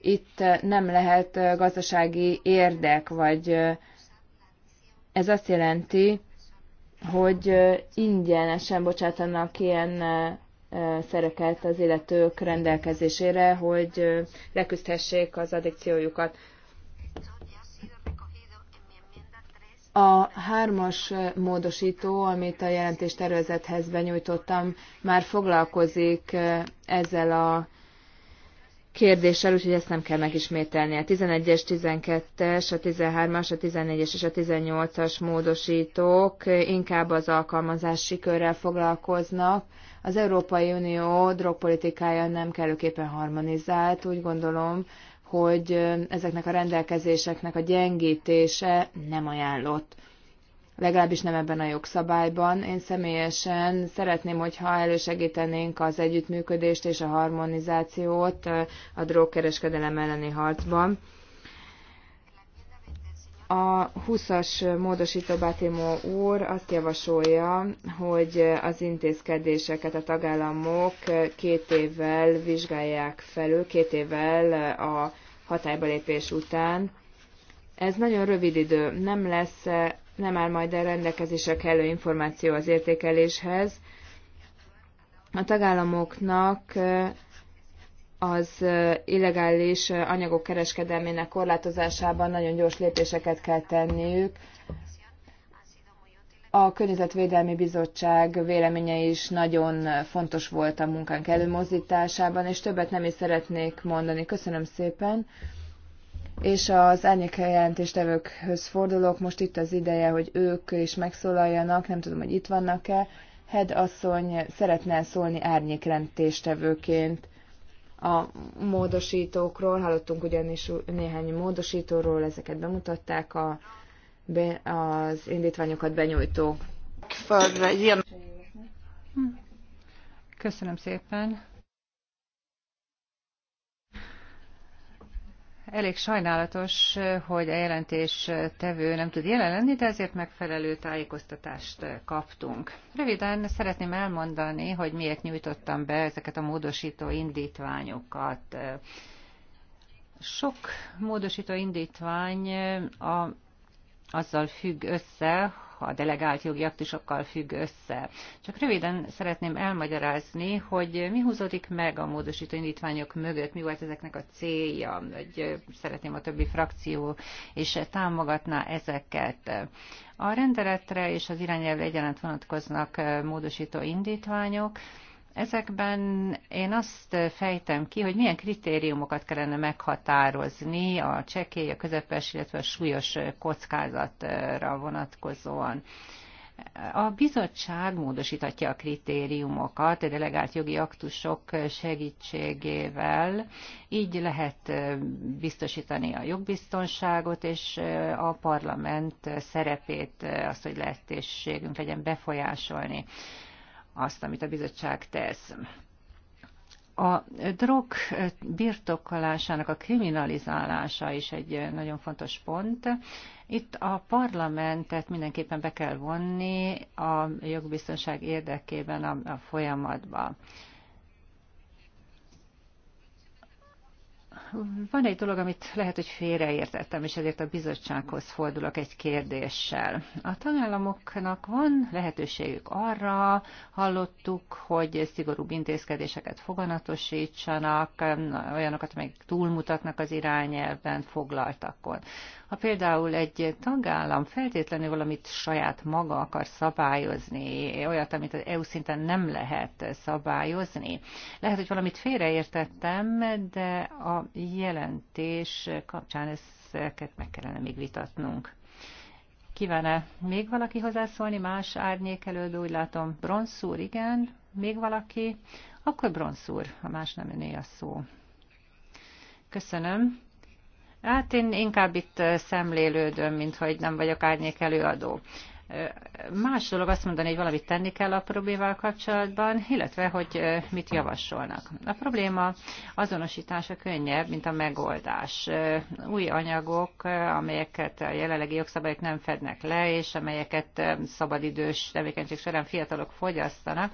itt eh, nem lehet eh, gazdasági érdek, vagy eh, ez azt jelenti, hogy ingyenesen bocsátanak ilyen szereket az illetők rendelkezésére, hogy leküzdhessék az addikciójukat. A hármas módosító, amit a jelentés tervezethez benyújtottam, már foglalkozik ezzel a kérdéssel, úgyhogy ezt nem kell megismételni. A 11-es, 12-es, a 13-as, a 14-es és a 18-as módosítók inkább az alkalmazási körrel foglalkoznak. Az Európai Unió drogpolitikája nem kellőképpen harmonizált, úgy gondolom, hogy ezeknek a rendelkezéseknek a gyengítése nem ajánlott legalábbis nem ebben a jogszabályban. Én személyesen szeretném, hogyha elősegítenénk az együttműködést és a harmonizációt a drogkereskedelem elleni harcban. A 20-as módosító Bátimo úr azt javasolja, hogy az intézkedéseket a tagállamok két évvel vizsgálják felül, két évvel a hatályba lépés után. Ez nagyon rövid idő, nem lesz nem áll majd a rendelkezésre kellő információ az értékeléshez. A tagállamoknak az illegális anyagok kereskedelmének korlátozásában nagyon gyors lépéseket kell tenniük. A Környezetvédelmi Bizottság véleménye is nagyon fontos volt a munkánk előmozdításában, és többet nem is szeretnék mondani. Köszönöm szépen! és az árnyékjelentéstevőkhöz fordulok. Most itt az ideje, hogy ők is megszólaljanak, nem tudom, hogy itt vannak-e. Hed asszony szeretne szólni árnyékjelentéstevőként a módosítókról, hallottunk ugyanis néhány módosítóról, ezeket bemutatták a, be, az indítványokat benyújtó. Köszönöm szépen. Elég sajnálatos, hogy a jelentés tevő nem tud jelen lenni, de ezért megfelelő tájékoztatást kaptunk. Röviden szeretném elmondani, hogy miért nyújtottam be ezeket a módosító indítványokat. Sok módosító indítvány a, azzal függ össze, a delegált jogi aktusokkal függ össze. Csak röviden szeretném elmagyarázni, hogy mi húzódik meg a módosító indítványok mögött, mi volt ezeknek a célja, hogy szeretném a többi frakció és támogatná ezeket. A rendeletre és az irányelv egyaránt vonatkoznak módosító indítványok, Ezekben én azt fejtem ki, hogy milyen kritériumokat kellene meghatározni a csekély, a közepes, illetve a súlyos kockázatra vonatkozóan. A bizottság módosíthatja a kritériumokat a delegált jogi aktusok segítségével, így lehet biztosítani a jogbiztonságot és a parlament szerepét, azt, hogy lehetőségünk legyen befolyásolni azt, amit a bizottság tesz. A drog birtokolásának a kriminalizálása is egy nagyon fontos pont. Itt a parlamentet mindenképpen be kell vonni a jogbiztonság érdekében a, a folyamatba. van egy dolog, amit lehet, hogy félreértettem, és ezért a bizottsághoz fordulok egy kérdéssel. A tagállamoknak van lehetőségük arra, hallottuk, hogy szigorúbb intézkedéseket foganatosítsanak, olyanokat, amelyek túlmutatnak az irányelven foglaltakon. Ha például egy tagállam feltétlenül valamit saját maga akar szabályozni, olyat, amit az EU szinten nem lehet szabályozni, lehet, hogy valamit félreértettem, de a jelentés kapcsán ezeket meg kellene még vitatnunk. Kíván-e még valaki hozzászólni? Más árnyék előd, úgy látom. Bronsz igen. Még valaki? Akkor Bronsz ha más nem öné a szó. Köszönöm. Hát én inkább itt szemlélődöm, mint hogy nem vagyok árnyék előadó. Más dolog azt mondani, hogy valamit tenni kell a problémával kapcsolatban, illetve hogy mit javasolnak. A probléma azonosítása könnyebb, mint a megoldás. Új anyagok, amelyeket a jelenlegi jogszabályok nem fednek le, és amelyeket szabadidős tevékenység során fiatalok fogyasztanak.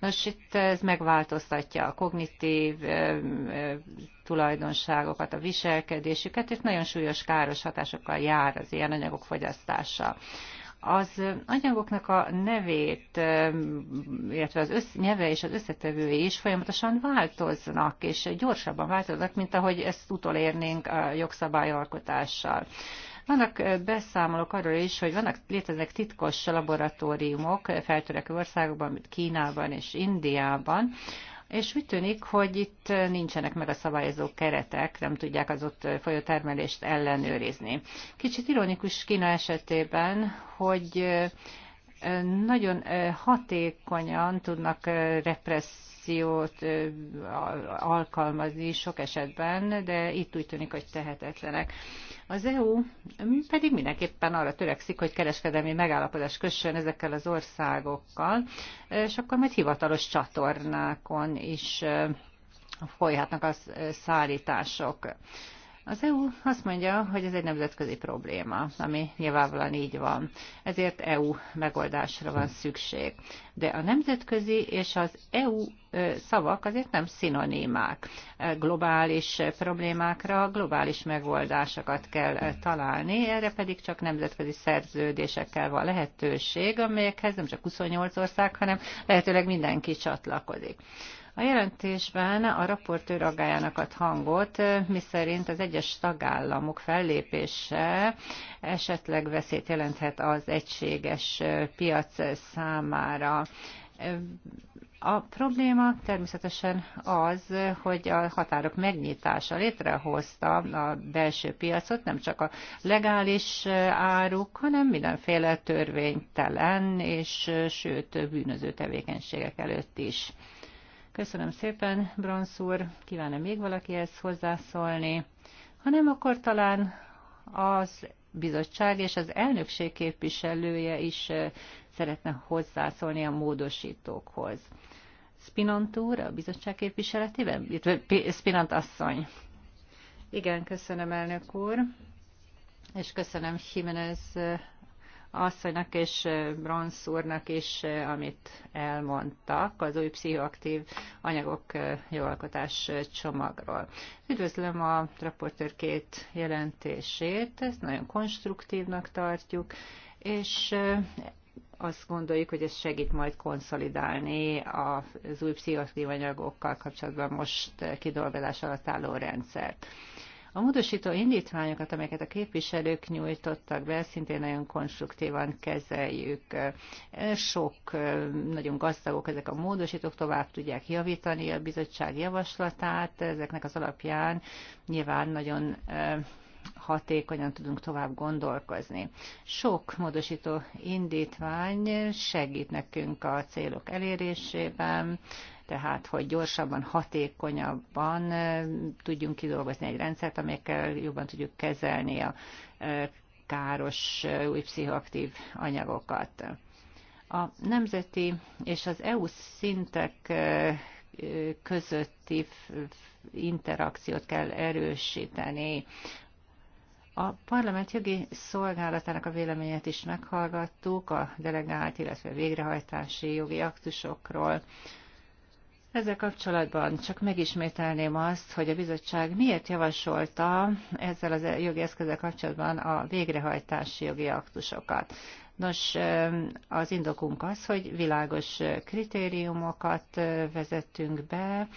Nos, itt ez megváltoztatja a kognitív tulajdonságokat, a viselkedésüket, és nagyon súlyos káros hatásokkal jár az ilyen anyagok fogyasztása az anyagoknak a nevét, illetve az össz, nyeve és az összetevői is folyamatosan változnak, és gyorsabban változnak, mint ahogy ezt utolérnénk a jogszabályalkotással. Vannak beszámolók arról is, hogy vannak, léteznek titkos laboratóriumok feltörekvő országokban, mint Kínában és Indiában, és úgy tűnik, hogy itt nincsenek meg a szabályozó keretek, nem tudják az ott folyó termelést ellenőrizni. Kicsit ironikus Kína esetében, hogy nagyon hatékonyan tudnak repressz diszkriminációt alkalmazni sok esetben, de itt úgy tűnik, hogy tehetetlenek. Az EU pedig mindenképpen arra törekszik, hogy kereskedelmi megállapodás kössön ezekkel az országokkal, és akkor majd hivatalos csatornákon is folyhatnak a szállítások. Az EU azt mondja, hogy ez egy nemzetközi probléma, ami nyilvánvalóan így van. Ezért EU megoldásra van szükség. De a nemzetközi és az EU szavak azért nem szinonimák. Globális problémákra globális megoldásokat kell találni, erre pedig csak nemzetközi szerződésekkel van lehetőség, amelyekhez nem csak 28 ország, hanem lehetőleg mindenki csatlakozik. A jelentésben a raportőr aggájának ad hangot, miszerint az egyes tagállamok fellépése esetleg veszélyt jelenthet az egységes piac számára. A probléma természetesen az, hogy a határok megnyitása létrehozta a belső piacot, nem csak a legális áruk, hanem mindenféle törvénytelen és sőt bűnöző tevékenységek előtt is. Köszönöm szépen, Bronsz úr. Kívánom még valakihez hozzászólni? Ha nem, akkor talán az bizottság és az elnökség képviselője is szeretne hozzászólni a módosítókhoz. Spinant úr, a bizottság képviseletében? Spinant asszony. Igen, köszönöm, elnök úr, és köszönöm Jimenez asszonynak és Bronsz úrnak is, amit elmondtak az új pszichoaktív anyagok jóalkotás csomagról. Üdvözlöm a raportőr két jelentését, ezt nagyon konstruktívnak tartjuk, és azt gondoljuk, hogy ez segít majd konszolidálni az új pszichoaktív anyagokkal kapcsolatban most kidolgozás alatt álló rendszert. A módosító indítványokat, amelyeket a képviselők nyújtottak be, szintén nagyon konstruktívan kezeljük. Sok, nagyon gazdagok ezek a módosítók, tovább tudják javítani a bizottság javaslatát, ezeknek az alapján nyilván nagyon hatékonyan tudunk tovább gondolkozni. Sok módosító indítvány segít nekünk a célok elérésében, tehát hogy gyorsabban, hatékonyabban tudjunk kidolgozni egy rendszert, amelyekkel jobban tudjuk kezelni a káros új pszichoaktív anyagokat. A nemzeti és az EU szintek közötti interakciót kell erősíteni. A parlament jogi szolgálatának a véleményét is meghallgattuk a delegált, illetve végrehajtási jogi aktusokról. Ezzel kapcsolatban csak megismételném azt, hogy a bizottság miért javasolta ezzel az jogi eszközzel kapcsolatban a végrehajtási jogi aktusokat. Nos, az indokunk az, hogy világos kritériumokat vezettünk be,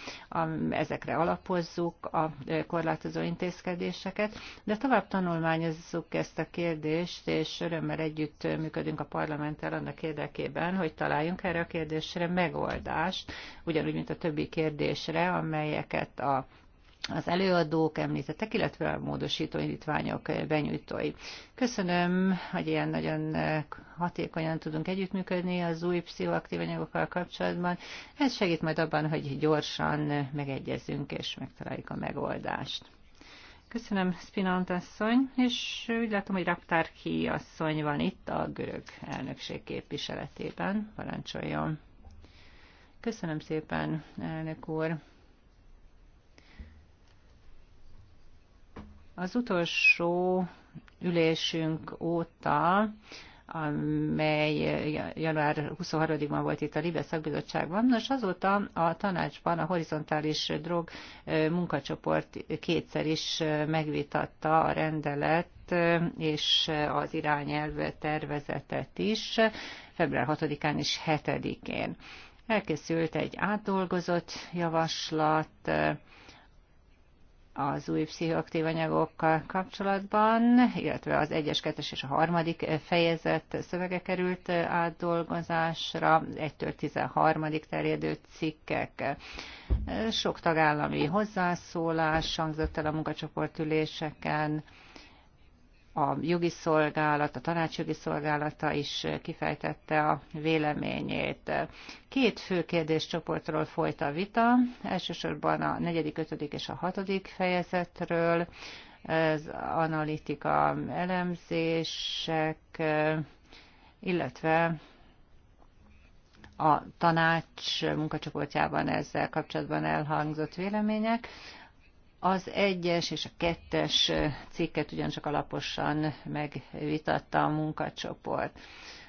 ezekre alapozzuk a korlátozó intézkedéseket, de tovább tanulmányozzuk ezt a kérdést, és örömmel együtt működünk a parlamenttel annak érdekében, hogy találjunk erre a kérdésre megoldást, ugyanúgy, mint a többi kérdésre, amelyeket a az előadók említettek, illetve a módosító indítványok benyújtói. Köszönöm, hogy ilyen nagyon hatékonyan tudunk együttműködni az új pszichoaktív anyagokkal kapcsolatban. Ez segít majd abban, hogy gyorsan megegyezünk és megtaláljuk a megoldást. Köszönöm, Spinant asszony, és úgy látom, hogy Raptárki asszony van itt a görög elnökség képviseletében. Parancsoljon. Köszönöm szépen, elnök úr. Az utolsó ülésünk óta amely január 23-ban volt itt a Libe szakbizottságban. Nos, azóta a tanácsban a horizontális drog munkacsoport kétszer is megvitatta a rendelet és az irányelv tervezetet is, február 6-án és 7-én. Elkészült egy átdolgozott javaslat, az új pszichoaktív anyagokkal kapcsolatban, illetve az 1-es, 2 és a harmadik fejezet szövege került átdolgozásra, 1-től 13. terjedő cikkek. Sok tagállami hozzászólás hangzott el a munkacsoport üléseken, a jogi szolgálat, a tanácsjogi szolgálata is kifejtette a véleményét. Két fő kérdéscsoportról folyt a vita, elsősorban a negyedik, ötödik és a hatodik fejezetről, az analitika elemzések, illetve a tanács munkacsoportjában ezzel kapcsolatban elhangzott vélemények. Az egyes és a kettes cikket ugyancsak alaposan megvitatta a munkacsoport.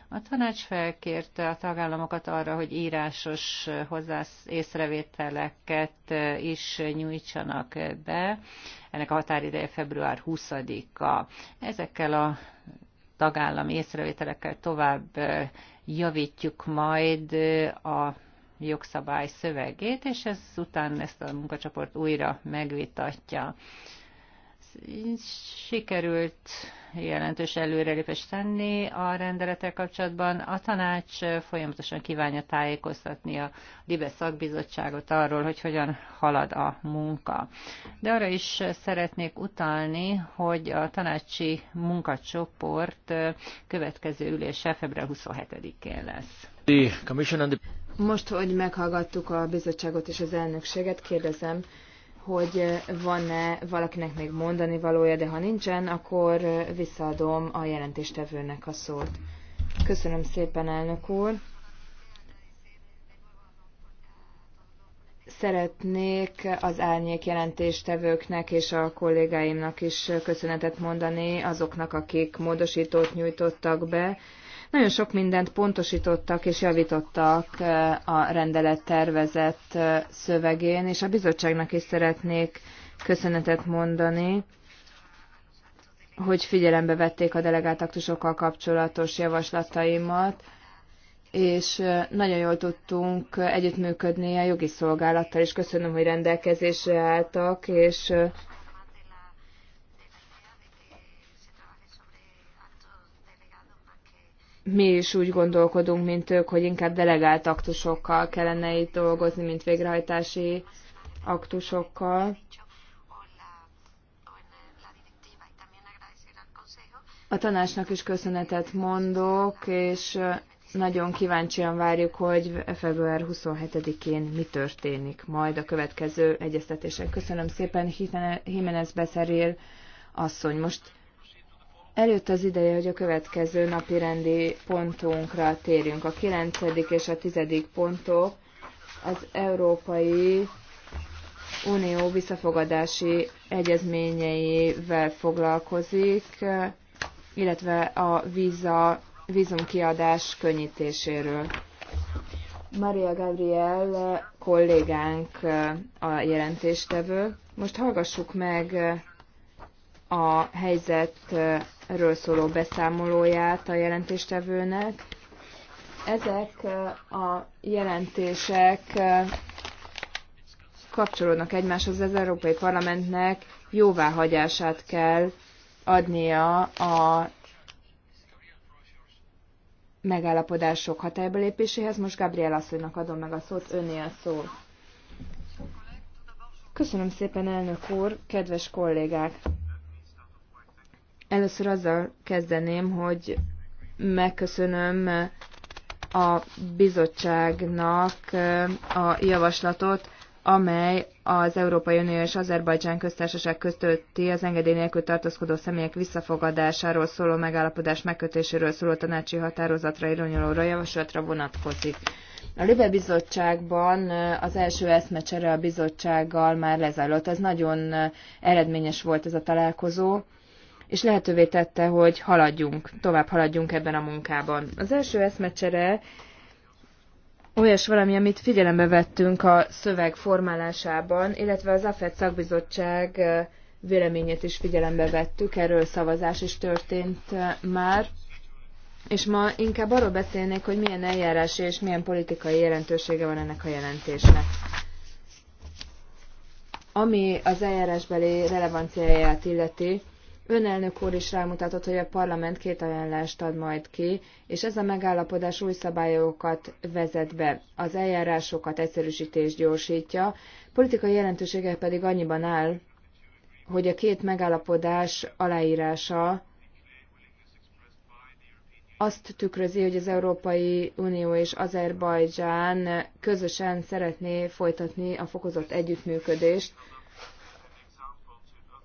A tanács felkérte a tagállamokat arra, hogy írásos hozzász észrevételeket is nyújtsanak be. Ennek a határideje február 20-a. Ezekkel a tagállam észrevételekkel tovább javítjuk majd a jogszabály szövegét, és ez után ezt a munkacsoport újra megvitatja. Sikerült jelentős előrelépést tenni a rendeletek kapcsolatban. A tanács folyamatosan kívánja tájékoztatni a LIBE szakbizottságot arról, hogy hogyan halad a munka. De arra is szeretnék utalni, hogy a tanácsi munkacsoport következő ülése február 27-én lesz. Most, hogy meghallgattuk a bizottságot és az elnökséget, kérdezem, hogy van-e valakinek még mondani valója, de ha nincsen, akkor visszaadom a jelentéstevőnek a szót. Köszönöm szépen, elnök úr! Szeretnék az árnyék jelentéstevőknek és a kollégáimnak is köszönetet mondani azoknak, akik módosítót nyújtottak be, nagyon sok mindent pontosítottak és javítottak eh, a rendelet tervezett eh, szövegén, és a bizottságnak is szeretnék köszönetet mondani, hogy figyelembe vették a delegált aktusokkal kapcsolatos javaslataimat, és eh, nagyon jól tudtunk együttműködni a jogi szolgálattal, és köszönöm, hogy rendelkezésre álltak, és mi is úgy gondolkodunk, mint ők, hogy inkább delegált aktusokkal kellene itt dolgozni, mint végrehajtási aktusokkal. A tanácsnak is köszönetet mondok, és nagyon kíváncsian várjuk, hogy február 27-én mi történik majd a következő egyeztetésen. Köszönöm szépen, Jiménez Beszerél asszony. Most előtt az ideje, hogy a következő napi rendi pontunkra térjünk. A 9. és a 10. pontok az Európai Unió visszafogadási egyezményeivel foglalkozik, illetve a víza, vízumkiadás könnyítéséről. Maria Gabriel kollégánk a jelentéstevő. Most hallgassuk meg a helyzet ről szóló beszámolóját a jelentéstevőnek. Ezek eh, a jelentések eh, kapcsolódnak egymáshoz, az Európai Parlamentnek jóváhagyását kell adnia a megállapodások hatályba lépéséhez. Most Gabriel asszonynak adom meg a szót, öné a szó. Köszönöm szépen, elnök úr, kedves kollégák! Először azzal kezdeném, hogy megköszönöm a bizottságnak a javaslatot, amely az Európai Unió és Azerbajdzsán köztársaság köztötti az engedély nélkül tartózkodó személyek visszafogadásáról szóló megállapodás megkötéséről szóló tanácsi határozatra irányuló javaslatra vonatkozik. A Libe Bizottságban az első eszmecsere a bizottsággal már lezajlott. Ez nagyon eredményes volt ez a találkozó és lehetővé tette, hogy haladjunk, tovább haladjunk ebben a munkában. Az első eszmecsere olyas valami, amit figyelembe vettünk a szöveg formálásában, illetve az AFED szakbizottság véleményét is figyelembe vettük, erről szavazás is történt már. És ma inkább arról beszélnék, hogy milyen eljárási és milyen politikai jelentősége van ennek a jelentésnek. Ami az eljárásbeli relevanciáját illeti, Önelnök úr is rámutatott, hogy a parlament két ajánlást ad majd ki, és ez a megállapodás új szabályokat vezet be. Az eljárásokat egyszerűsítés gyorsítja, politikai jelentősége pedig annyiban áll, hogy a két megállapodás aláírása azt tükrözi, hogy az Európai Unió és Azerbajdzsán közösen szeretné folytatni a fokozott együttműködést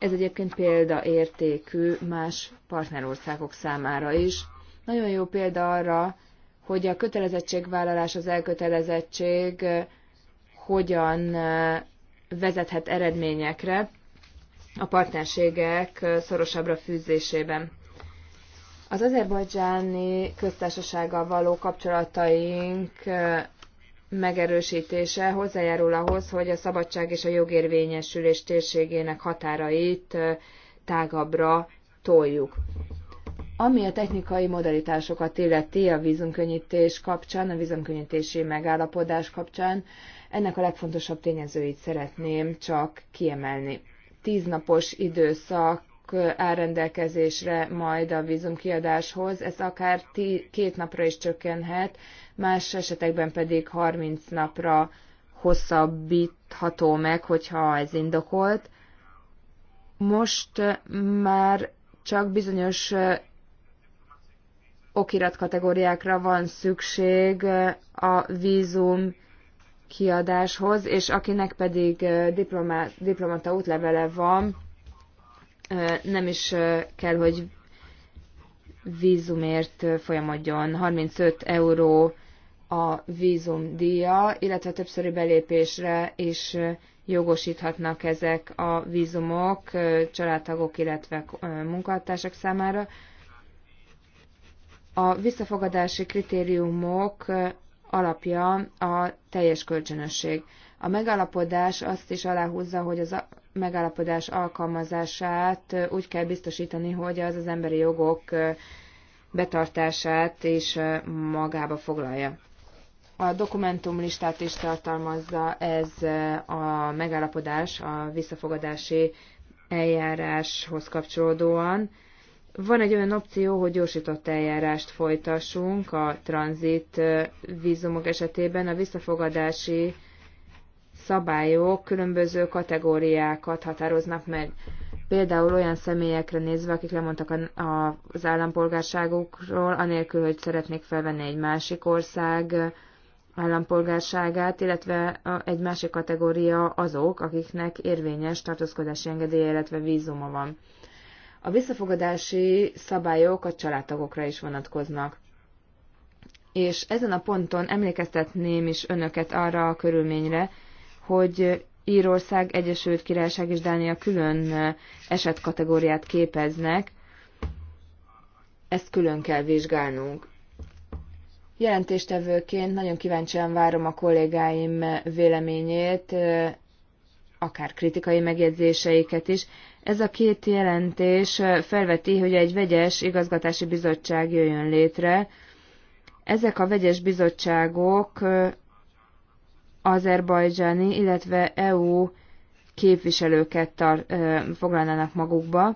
ez egyébként példaértékű más partnerországok számára is. Nagyon jó példa arra, hogy a kötelezettségvállalás, az elkötelezettség eh, hogyan eh, vezethet eredményekre a partnerségek eh, szorosabbra fűzésében. Az azerbajdzsáni köztársasággal való kapcsolataink megerősítése hozzájárul ahhoz, hogy a szabadság és a jogérvényesülés térségének határait tágabbra toljuk. Ami a technikai modalitásokat illeti a vízumkönnyítés kapcsán, a vízumkönnyítési megállapodás kapcsán, ennek a legfontosabb tényezőit szeretném csak kiemelni. Tíznapos időszak elrendelkezésre majd a vízumkiadáshoz, ez akár két napra is csökkenhet, más esetekben pedig 30 napra hosszabbítható meg, hogyha ez indokolt. Most már csak bizonyos okirat kategóriákra van szükség a vízum kiadáshoz, és akinek pedig diplomá, diplomata útlevele van, nem is kell, hogy vízumért folyamodjon. 35 euró a díja, illetve többszöri belépésre is jogosíthatnak ezek a vízumok családtagok, illetve munkatársak számára. A visszafogadási kritériumok alapja a teljes kölcsönösség. A megállapodás azt is aláhúzza, hogy az a megállapodás alkalmazását úgy kell biztosítani, hogy az az emberi jogok betartását is magába foglalja. A dokumentumlistát is tartalmazza ez eh, a megállapodás a visszafogadási eljáráshoz kapcsolódóan. Van egy olyan opció, hogy gyorsított eljárást folytassunk a tranzit eh, vízumok esetében. A visszafogadási szabályok különböző kategóriákat határoznak meg. Például olyan személyekre nézve, akik lemondtak az állampolgárságukról, anélkül, hogy szeretnék felvenni egy másik ország állampolgárságát, illetve egy másik kategória azok, akiknek érvényes tartózkodási engedélye, illetve vízuma van. A visszafogadási szabályok a családtagokra is vonatkoznak. És ezen a ponton emlékeztetném is önöket arra a körülményre, hogy Írország, Egyesült Királyság és Dánia külön esetkategóriát képeznek, ezt külön kell vizsgálnunk. Jelentéstevőként nagyon kíváncsian várom a kollégáim véleményét, akár kritikai megjegyzéseiket is. Ez a két jelentés felveti, hogy egy vegyes igazgatási bizottság jöjjön létre. Ezek a vegyes bizottságok azerbajdzsáni, illetve EU képviselőket tar- foglalnának magukba.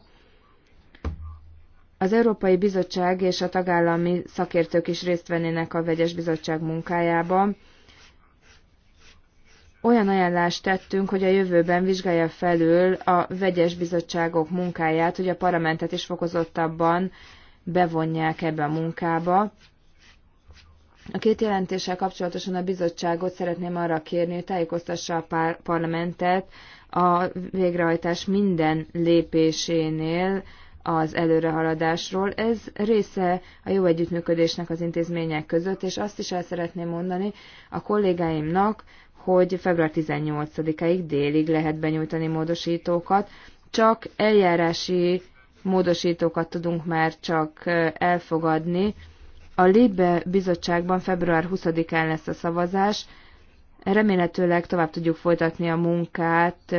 Az Európai Bizottság és a tagállami szakértők is részt vennének a vegyes bizottság munkájában. Olyan ajánlást tettünk, hogy a jövőben vizsgálja felül a vegyes bizottságok munkáját, hogy a parlamentet is fokozottabban bevonják ebbe a munkába. A két jelentéssel kapcsolatosan a bizottságot szeretném arra kérni, hogy tájékoztassa a pár parlamentet a végrehajtás minden lépésénél, az előrehaladásról. Ez része a jó együttműködésnek az intézmények között, és azt is el szeretném mondani a kollégáimnak, hogy február 18-ig délig lehet benyújtani módosítókat, csak eljárási módosítókat tudunk már csak elfogadni. A LIBE bizottságban február 20-án lesz a szavazás, remélhetőleg tovább tudjuk folytatni a munkát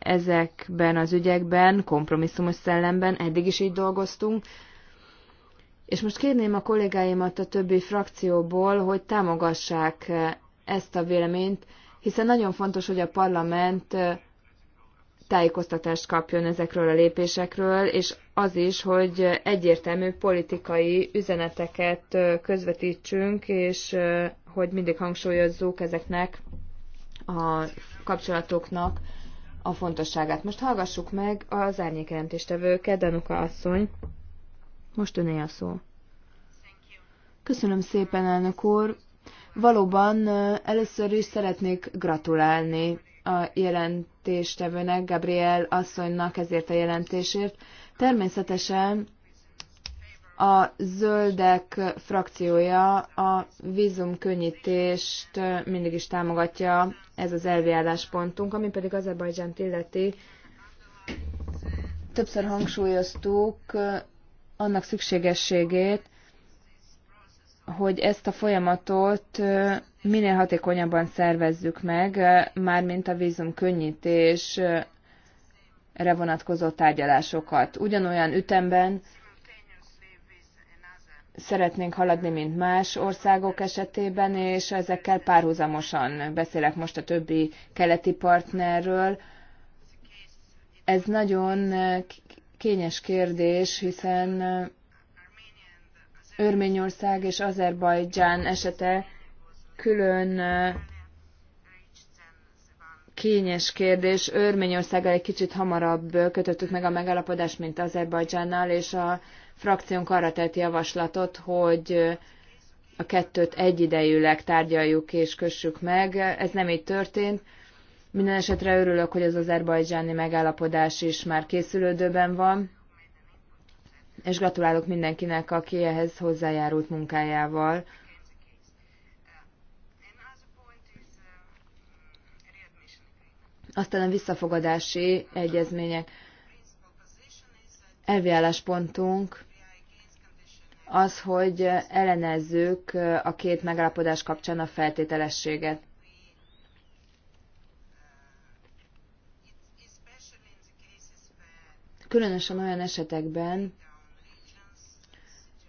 ezekben az ügyekben, kompromisszumos szellemben, eddig is így dolgoztunk, és most kérném a kollégáimat a többi frakcióból, hogy támogassák ezt a véleményt, hiszen nagyon fontos, hogy a parlament tájékoztatást kapjon ezekről a lépésekről, és az is, hogy egyértelmű politikai üzeneteket közvetítsünk, és hogy mindig hangsúlyozzuk ezeknek a kapcsolatoknak a fontosságát. Most hallgassuk meg az árnyékelemtéstevőket, Danuka asszony. Most öné a szó. Köszönöm szépen, elnök úr. Valóban először is szeretnék gratulálni a jelentéstevőnek, Gabriel asszonynak ezért a jelentésért. Természetesen a zöldek frakciója a vízumkönnyítést mindig is támogatja ez az elviálláspontunk, ami pedig Azerbajdzsánt illeti. Többször hangsúlyoztuk annak szükségességét, hogy ezt a folyamatot minél hatékonyabban szervezzük meg, mármint a vízumkönnyítésre vonatkozó tárgyalásokat. Ugyanolyan ütemben, szeretnénk haladni, mint más országok esetében, és ezekkel párhuzamosan beszélek most a többi keleti partnerről. Ez nagyon kényes kérdés, hiszen Örményország és Azerbajdzsán esete külön kényes kérdés. Örményországgal egy kicsit hamarabb kötöttük meg a megalapodást, mint Azerbajdzsánnal, és a frakciónk arra tett javaslatot, hogy a kettőt egyidejűleg tárgyaljuk és kössük meg. Ez nem így történt. Minden esetre örülök, hogy az azerbajdzsáni megállapodás is már készülődőben van, és gratulálok mindenkinek, aki ehhez hozzájárult munkájával. Aztán a visszafogadási egyezmények. Elvi álláspontunk az, hogy ellenezzük a két megállapodás kapcsán a feltételességet. Különösen olyan esetekben,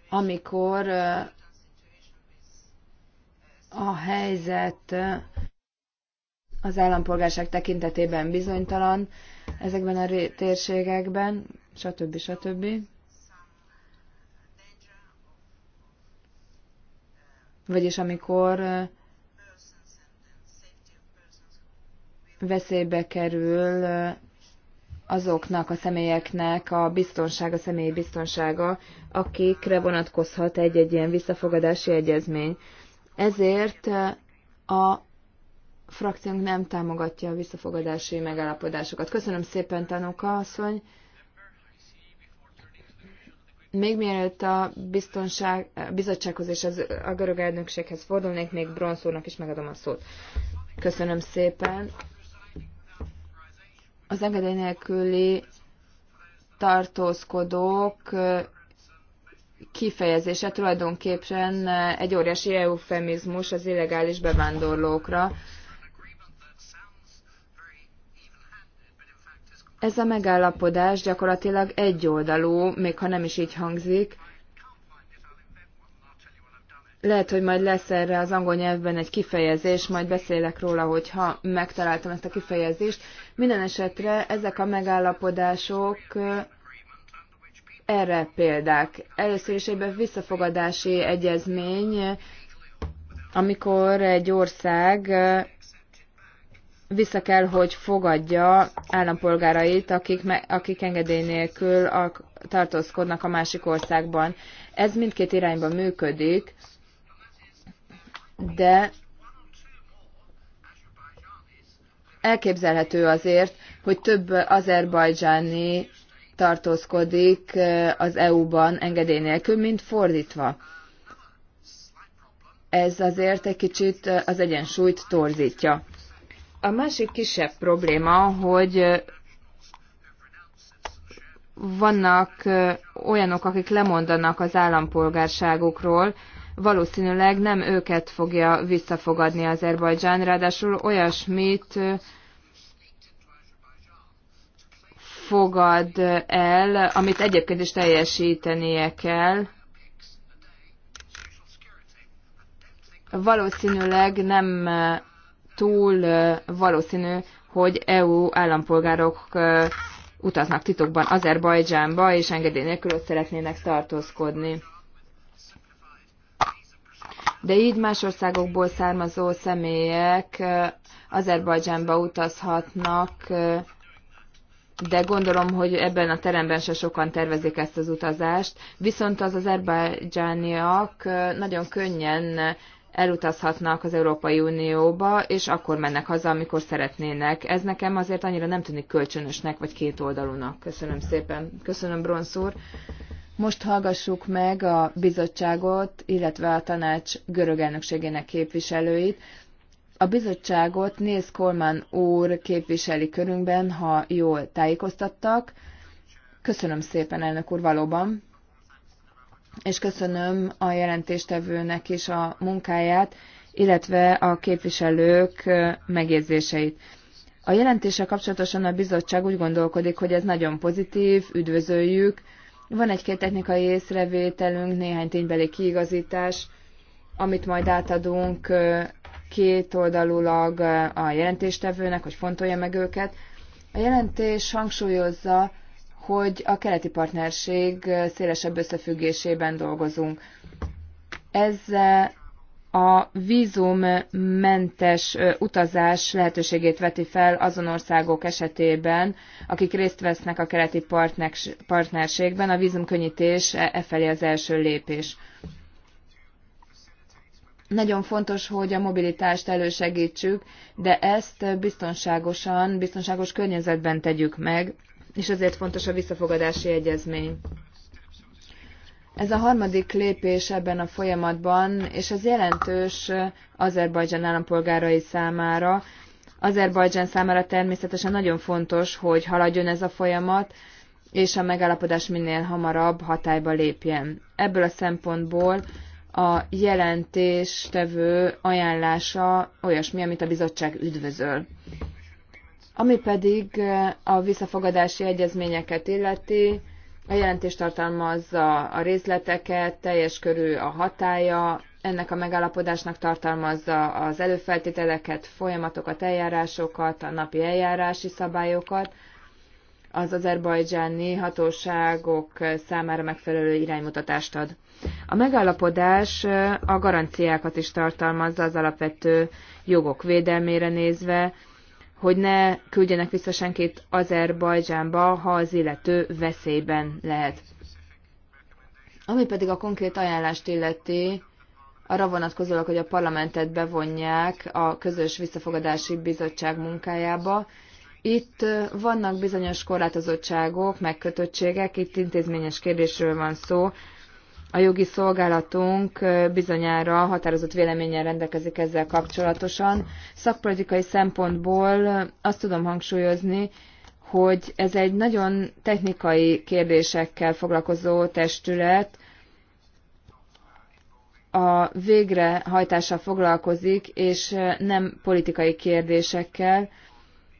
amikor uh, a helyzet uh, az állampolgárság tekintetében bizonytalan, ezekben a térségekben, stb. stb. vagyis amikor veszélybe kerül azoknak a személyeknek a biztonsága, személyi biztonsága, akikre vonatkozhat egy-egy ilyen visszafogadási egyezmény. Ezért a frakciónk nem támogatja a visszafogadási megállapodásokat. Köszönöm szépen, Tanuka asszony! Még mielőtt a biztonság, a bizottsághoz és az, a görög elnökséghez fordulnék, még Bronszúrnak is megadom a szót. Köszönöm szépen. Az engedély nélküli tartózkodók kifejezése tulajdonképpen egy óriási eufemizmus az illegális bevándorlókra, Ez a megállapodás gyakorlatilag egyoldalú, még ha nem is így hangzik. Lehet, hogy majd lesz erre az angol nyelvben egy kifejezés, majd beszélek róla, hogyha megtaláltam ezt a kifejezést. Minden esetre ezek a megállapodások erre példák. Először is egyben visszafogadási egyezmény, amikor egy ország vissza kell, hogy fogadja állampolgárait, akik, me, akik engedély nélkül a, tartózkodnak a másik országban. Ez mindkét irányban működik, de elképzelhető azért, hogy több azerbajdzsáni tartózkodik az EU-ban engedély nélkül, mint fordítva. Ez azért egy kicsit az egyensúlyt torzítja. A másik kisebb probléma, hogy vannak olyanok, akik lemondanak az állampolgárságukról, valószínűleg nem őket fogja visszafogadni Azerbajdzsán, ráadásul olyasmit fogad el, amit egyébként is teljesítenie kell. Valószínűleg nem túl valószínű, hogy EU állampolgárok utaznak titokban Azerbajdzsánba, és engedély nélkül ott szeretnének tartózkodni. De így más országokból származó személyek Azerbajdzsánba utazhatnak, de gondolom, hogy ebben a teremben se sokan tervezik ezt az utazást. Viszont az azerbajdzsániak nagyon könnyen elutazhatnak az Európai Unióba, és akkor mennek haza, amikor szeretnének. Ez nekem azért annyira nem tűnik kölcsönösnek, vagy kétoldalúnak. Köszönöm szépen. Köszönöm, Bronsz úr. Most hallgassuk meg a bizottságot, illetve a tanács görög elnökségének képviselőit. A bizottságot Néz Kolman úr képviseli körünkben, ha jól tájékoztattak. Köszönöm szépen, elnök úr, valóban és köszönöm a jelentéstevőnek is a munkáját, illetve a képviselők megjegyzéseit. A jelentése kapcsolatosan a bizottság úgy gondolkodik, hogy ez nagyon pozitív, üdvözöljük. Van egy-két technikai észrevételünk, néhány ténybeli kiigazítás, amit majd átadunk két oldalulag a jelentéstevőnek, hogy fontolja meg őket. A jelentés hangsúlyozza, hogy a keleti partnerség szélesebb összefüggésében dolgozunk. Ez a vízummentes utazás lehetőségét veti fel azon országok esetében, akik részt vesznek a keleti partnerségben. A vízumkönnyítés e, e felé az első lépés. Nagyon fontos, hogy a mobilitást elősegítsük, de ezt biztonságosan, biztonságos környezetben tegyük meg, és ezért fontos a visszafogadási egyezmény. Ez a harmadik lépés ebben a folyamatban, és ez jelentős Azerbajdzsán állampolgárai számára. Azerbajdzsán számára természetesen nagyon fontos, hogy haladjon ez a folyamat, és a megállapodás minél hamarabb hatályba lépjen. Ebből a szempontból a jelentéstevő ajánlása olyasmi, amit a bizottság üdvözöl. Ami pedig eh, a visszafogadási egyezményeket illeti, a jelentés tartalmazza a részleteket, teljes körű a hatája, ennek a megállapodásnak tartalmazza az előfeltételeket, folyamatokat, eljárásokat, a napi eljárási szabályokat, az azerbajdzsáni hatóságok számára megfelelő iránymutatást ad. A megállapodás eh, a garanciákat is tartalmazza az alapvető jogok védelmére nézve, hogy ne küldjenek vissza senkit Azerbajdzsánba, ha az illető veszélyben lehet. Ami pedig a konkrét ajánlást illeti, arra vonatkozólag, hogy a parlamentet bevonják a közös visszafogadási bizottság munkájába. Itt vannak bizonyos korlátozottságok, megkötöttségek, itt intézményes kérdésről van szó, a jogi szolgálatunk bizonyára határozott véleményen rendelkezik ezzel kapcsolatosan. Szakpolitikai szempontból azt tudom hangsúlyozni, hogy ez egy nagyon technikai kérdésekkel foglalkozó testület, a végrehajtással foglalkozik, és nem politikai kérdésekkel.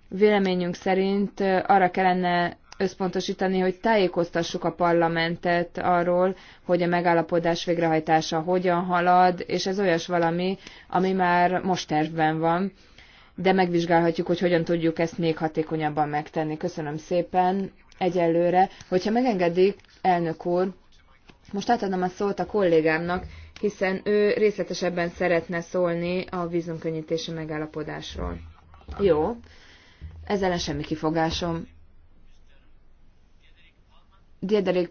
Véleményünk szerint arra kellene összpontosítani, hogy tájékoztassuk a parlamentet arról, hogy a megállapodás végrehajtása hogyan halad, és ez olyas valami, ami már most tervben van, de megvizsgálhatjuk, hogy hogyan tudjuk ezt még hatékonyabban megtenni. Köszönöm szépen egyelőre. Hogyha megengedik, elnök úr, most átadom a szót a kollégámnak, hiszen ő részletesebben szeretne szólni a vízumkönnyítési megállapodásról. Jó, ezzel semmi kifogásom. Diederik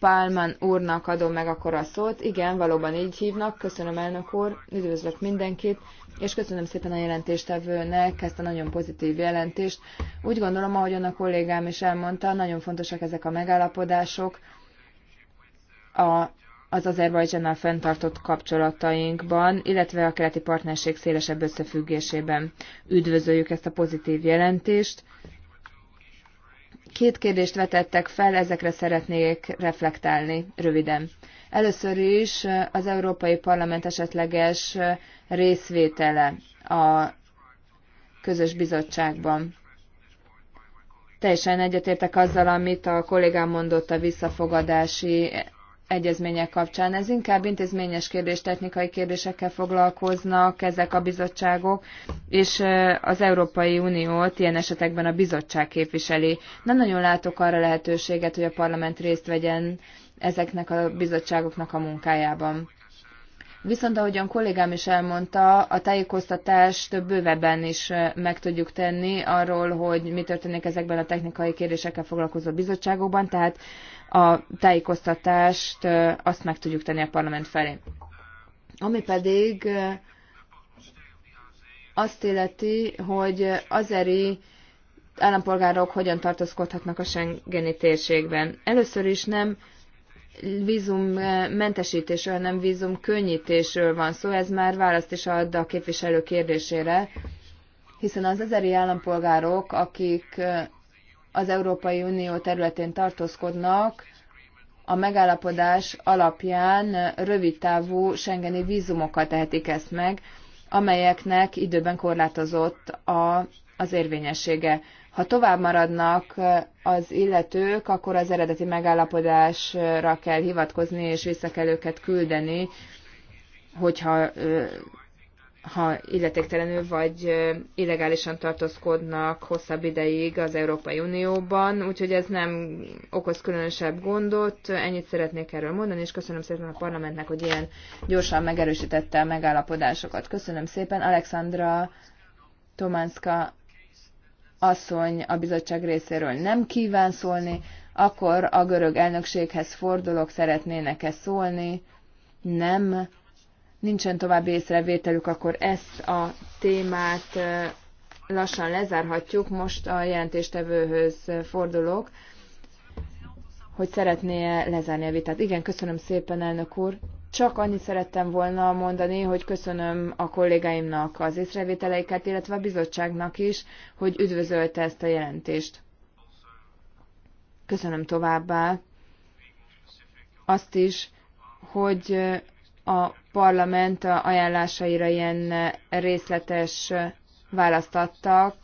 Pálman úrnak adom meg akkor a szót. Igen, valóban így hívnak. Köszönöm, elnök úr. Üdvözlök mindenkit, és köszönöm szépen a jelentéstevőnek ezt a nagyon pozitív jelentést. Úgy gondolom, ahogyan a kollégám is elmondta, nagyon fontosak ezek a megállapodások a, az Azerbajdzsánnal fenntartott kapcsolatainkban, illetve a keleti partnerség szélesebb összefüggésében. Üdvözöljük ezt a pozitív jelentést Két kérdést vetettek fel, ezekre szeretnék reflektálni röviden. Először is az Európai Parlament esetleges részvétele a közös bizottságban. Teljesen egyetértek azzal, amit a kollégám mondott a visszafogadási egyezmények kapcsán. Ez inkább intézményes kérdés, technikai kérdésekkel foglalkoznak ezek a bizottságok, és az Európai Uniót ilyen esetekben a bizottság képviseli. Nem nagyon látok arra lehetőséget, hogy a parlament részt vegyen ezeknek a bizottságoknak a munkájában. Viszont ahogyan kollégám is elmondta, a tájékoztatást bővebben is meg tudjuk tenni arról, hogy mi történik ezekben a technikai kérdésekkel foglalkozó bizottságokban, tehát a tájékoztatást azt meg tudjuk tenni a parlament felé. Ami pedig azt illeti, hogy azeri állampolgárok hogyan tartózkodhatnak a Schengeni térségben. Először is nem vízum mentesítésről, nem vízum könnyítésről van szó, ez már választ is ad a képviselő kérdésére, hiszen az azeri állampolgárok, akik az Európai Unió területén tartózkodnak, a megállapodás alapján rövidtávú Schengeni vízumokkal tehetik ezt meg, amelyeknek időben korlátozott a, az érvényessége. Ha tovább maradnak az illetők, akkor az eredeti megállapodásra kell hivatkozni, és vissza kell őket küldeni, hogyha ha illetéktelenül vagy illegálisan tartózkodnak hosszabb ideig az Európai Unióban, úgyhogy ez nem okoz különösebb gondot. Ennyit szeretnék erről mondani, és köszönöm szépen a parlamentnek, hogy ilyen gyorsan megerősítette a megállapodásokat. Köszönöm szépen. Alexandra Tománszka asszony a bizottság részéről nem kíván szólni, akkor a görög elnökséghez fordulok, szeretnének-e szólni? Nem nincsen további észrevételük, akkor ezt a témát lassan lezárhatjuk. Most a jelentéstevőhöz fordulok, hogy szeretné -e lezárni a vitát. Igen, köszönöm szépen, elnök úr. Csak annyit szerettem volna mondani, hogy köszönöm a kollégáimnak az észrevételeiket, illetve a bizottságnak is, hogy üdvözölte ezt a jelentést. Köszönöm továbbá azt is, hogy a parlament ajánlásaira ilyen részletes választ adtak.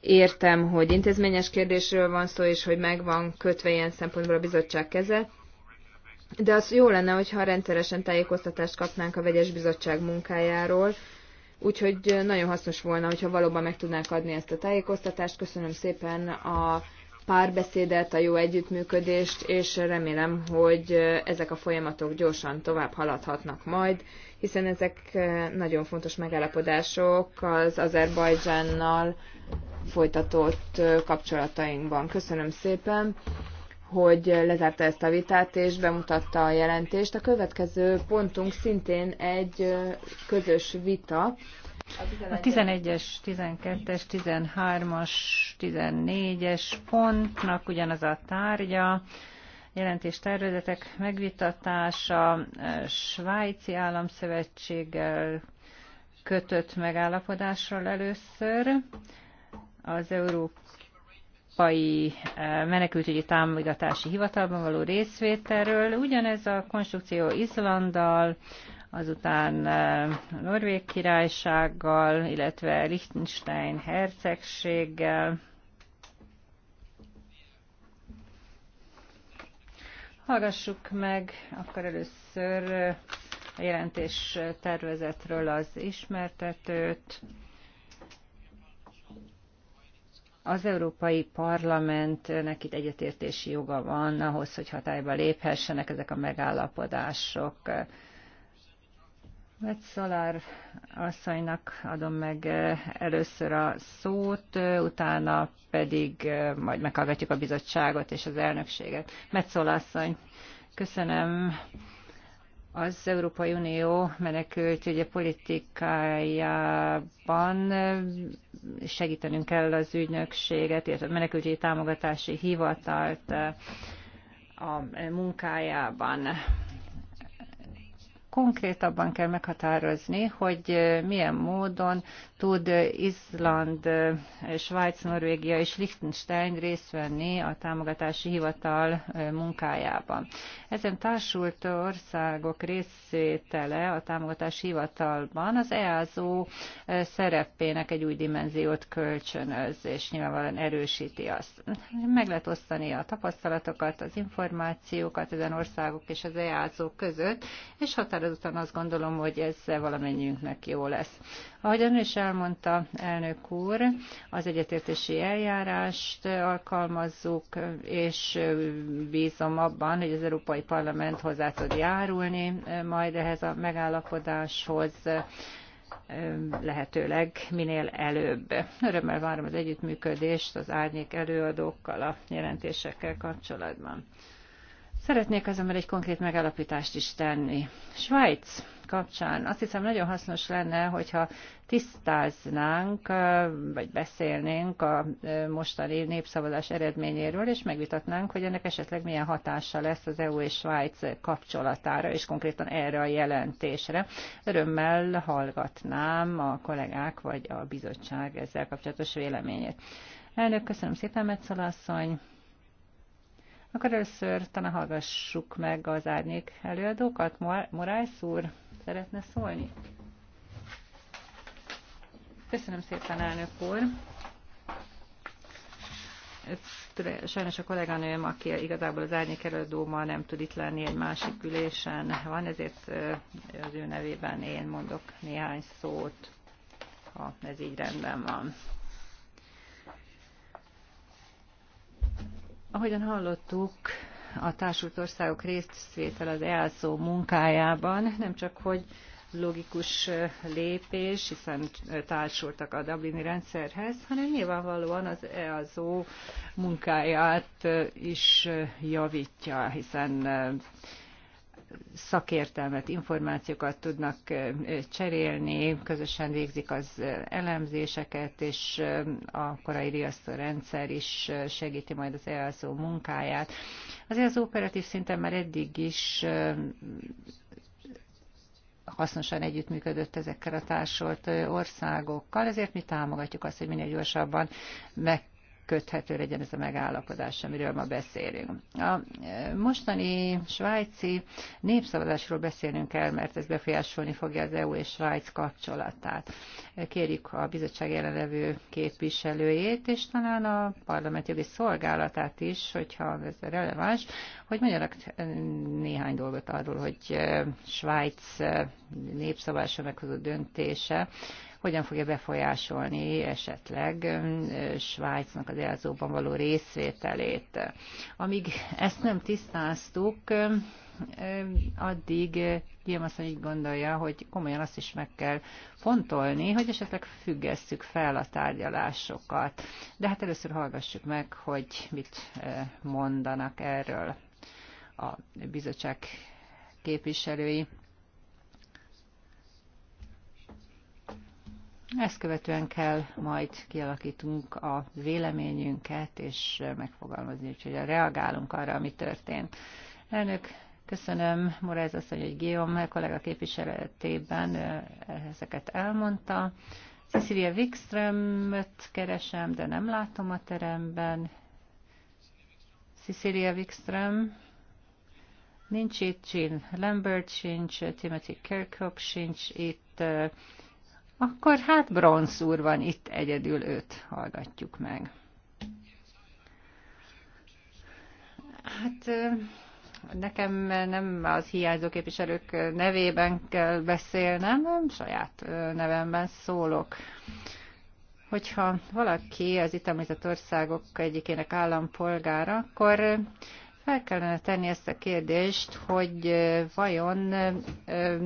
Értem, hogy intézményes kérdésről van szó, és hogy megvan kötve ilyen szempontból a bizottság keze. De az jó lenne, hogyha rendszeresen tájékoztatást kapnánk a vegyes bizottság munkájáról, úgyhogy nagyon hasznos volna, hogyha valóban meg tudnánk adni ezt a tájékoztatást. Köszönöm szépen a párbeszédet, a jó együttműködést, és remélem, hogy ezek a folyamatok gyorsan tovább haladhatnak majd, hiszen ezek nagyon fontos megállapodások az Azerbajdzsánnal folytatott kapcsolatainkban. Köszönöm szépen, hogy lezárta ezt a vitát és bemutatta a jelentést. A következő pontunk szintén egy közös vita, a 11-es, 12-es, 13-as, 14-es pontnak ugyanaz a tárgya, jelentés tervezetek megvitatása, e, Svájci Államszövetséggel kötött megállapodásról először, az Európai e, Menekültügyi Támogatási Hivatalban való részvételről, ugyanez a konstrukció Izlanddal, azután Norvég királysággal, illetve Liechtenstein hercegséggel. Hallgassuk meg akkor először a jelentés tervezetről az ismertetőt. Az Európai Parlamentnek itt egyetértési joga van ahhoz, hogy hatályba léphessenek ezek a megállapodások. Metszolár asszonynak adom meg először a szót, utána pedig majd meghallgatjuk a bizottságot és az elnökséget. Metszolár asszony, köszönöm. Az Európai Unió menekült ugye, politikájában segítenünk kell az ügynökséget, illetve a menekültügyi támogatási hivatalt a munkájában konkrétabban kell meghatározni, hogy milyen módon tud Izland, Svájc, Norvégia és Liechtenstein részt venni a támogatási hivatal munkájában. Ezen társult országok részétele a támogatási hivatalban az EASO szerepének egy új dimenziót kölcsönöz, és nyilvánvalóan erősíti azt. Meg lehet osztani a tapasztalatokat, az információkat ezen országok és az EASO között, és határozni azután azt gondolom, hogy ez valamennyiünknek jó lesz. Ahogy ön is elmondta, elnök úr, az egyetértési eljárást alkalmazzuk, és bízom abban, hogy az Európai Parlament hozzá tud járulni majd ehhez a megállapodáshoz lehetőleg minél előbb. Örömmel várom az együttműködést az árnyék előadókkal a jelentésekkel kapcsolatban. Szeretnék azonban egy konkrét megállapítást is tenni. Svájc kapcsán azt hiszem nagyon hasznos lenne, hogyha tisztáznánk, vagy beszélnénk a mostani népszavazás eredményéről, és megvitatnánk, hogy ennek esetleg milyen hatása lesz az EU és Svájc kapcsolatára, és konkrétan erre a jelentésre. Örömmel hallgatnám a kollégák vagy a bizottság ezzel kapcsolatos véleményét. Elnök, köszönöm szépen, Metszala asszony! Akkor először talán hallgassuk meg az árnyék előadókat. Morász úr szeretne szólni? Köszönöm szépen, elnök úr. Sajnos a kolléganőm, aki igazából az árnyék előadó ma nem tud itt lenni, egy másik ülésen van, ezért az ő nevében én mondok néhány szót, ha ez így rendben van. Ahogyan hallottuk, a társult országok részvétel az elszó munkájában nem csak, hogy logikus lépés, hiszen társultak a Dublini rendszerhez, hanem nyilvánvalóan az EASO munkáját is javítja, hiszen szakértelmet, információkat tudnak cserélni, közösen végzik az elemzéseket, és a korai rendszer is segíti majd az EASZO munkáját. Azért az operatív szinten már eddig is hasznosan együttműködött ezekkel a társolt országokkal, ezért mi támogatjuk azt, hogy minél gyorsabban meg köthető legyen ez a megállapodás, amiről ma beszélünk. A e, mostani svájci népszavazásról beszélnünk kell, mert ez befolyásolni fogja az EU és Svájc kapcsolatát. Kérjük a bizottság jelenlevő képviselőjét, és talán a parlament jogi szolgálatát is, hogyha ez releváns, hogy mondjanak néhány dolgot arról, hogy e, Svájc e, népszavazása meghozott döntése hogyan fogja befolyásolni esetleg Svájcnak az elzóban való részvételét. Amíg ezt nem tisztáztuk, addig Guillaume így gondolja, hogy komolyan azt is meg kell fontolni, hogy esetleg függesszük fel a tárgyalásokat. De hát először hallgassuk meg, hogy mit mondanak erről a bizottság képviselői. Ezt követően kell majd kialakítunk a véleményünket, és megfogalmazni, hogy reagálunk arra, ami történt. Elnök, köszönöm Moráz asszony, hogy a kollega képviseletében ezeket elmondta. Cecilia Wikströmöt keresem, de nem látom a teremben. Cecilia Wikström. Nincs itt Jean Lambert sincs, Timothy Kirkhope sincs itt, akkor hát Bronz úr van itt egyedül, őt hallgatjuk meg. Hát nekem nem az hiányzó képviselők nevében kell beszélnem, nem saját nevemben szólok. Hogyha valaki az itt említett országok egyikének állampolgára, akkor fel kellene tenni ezt a kérdést, hogy vajon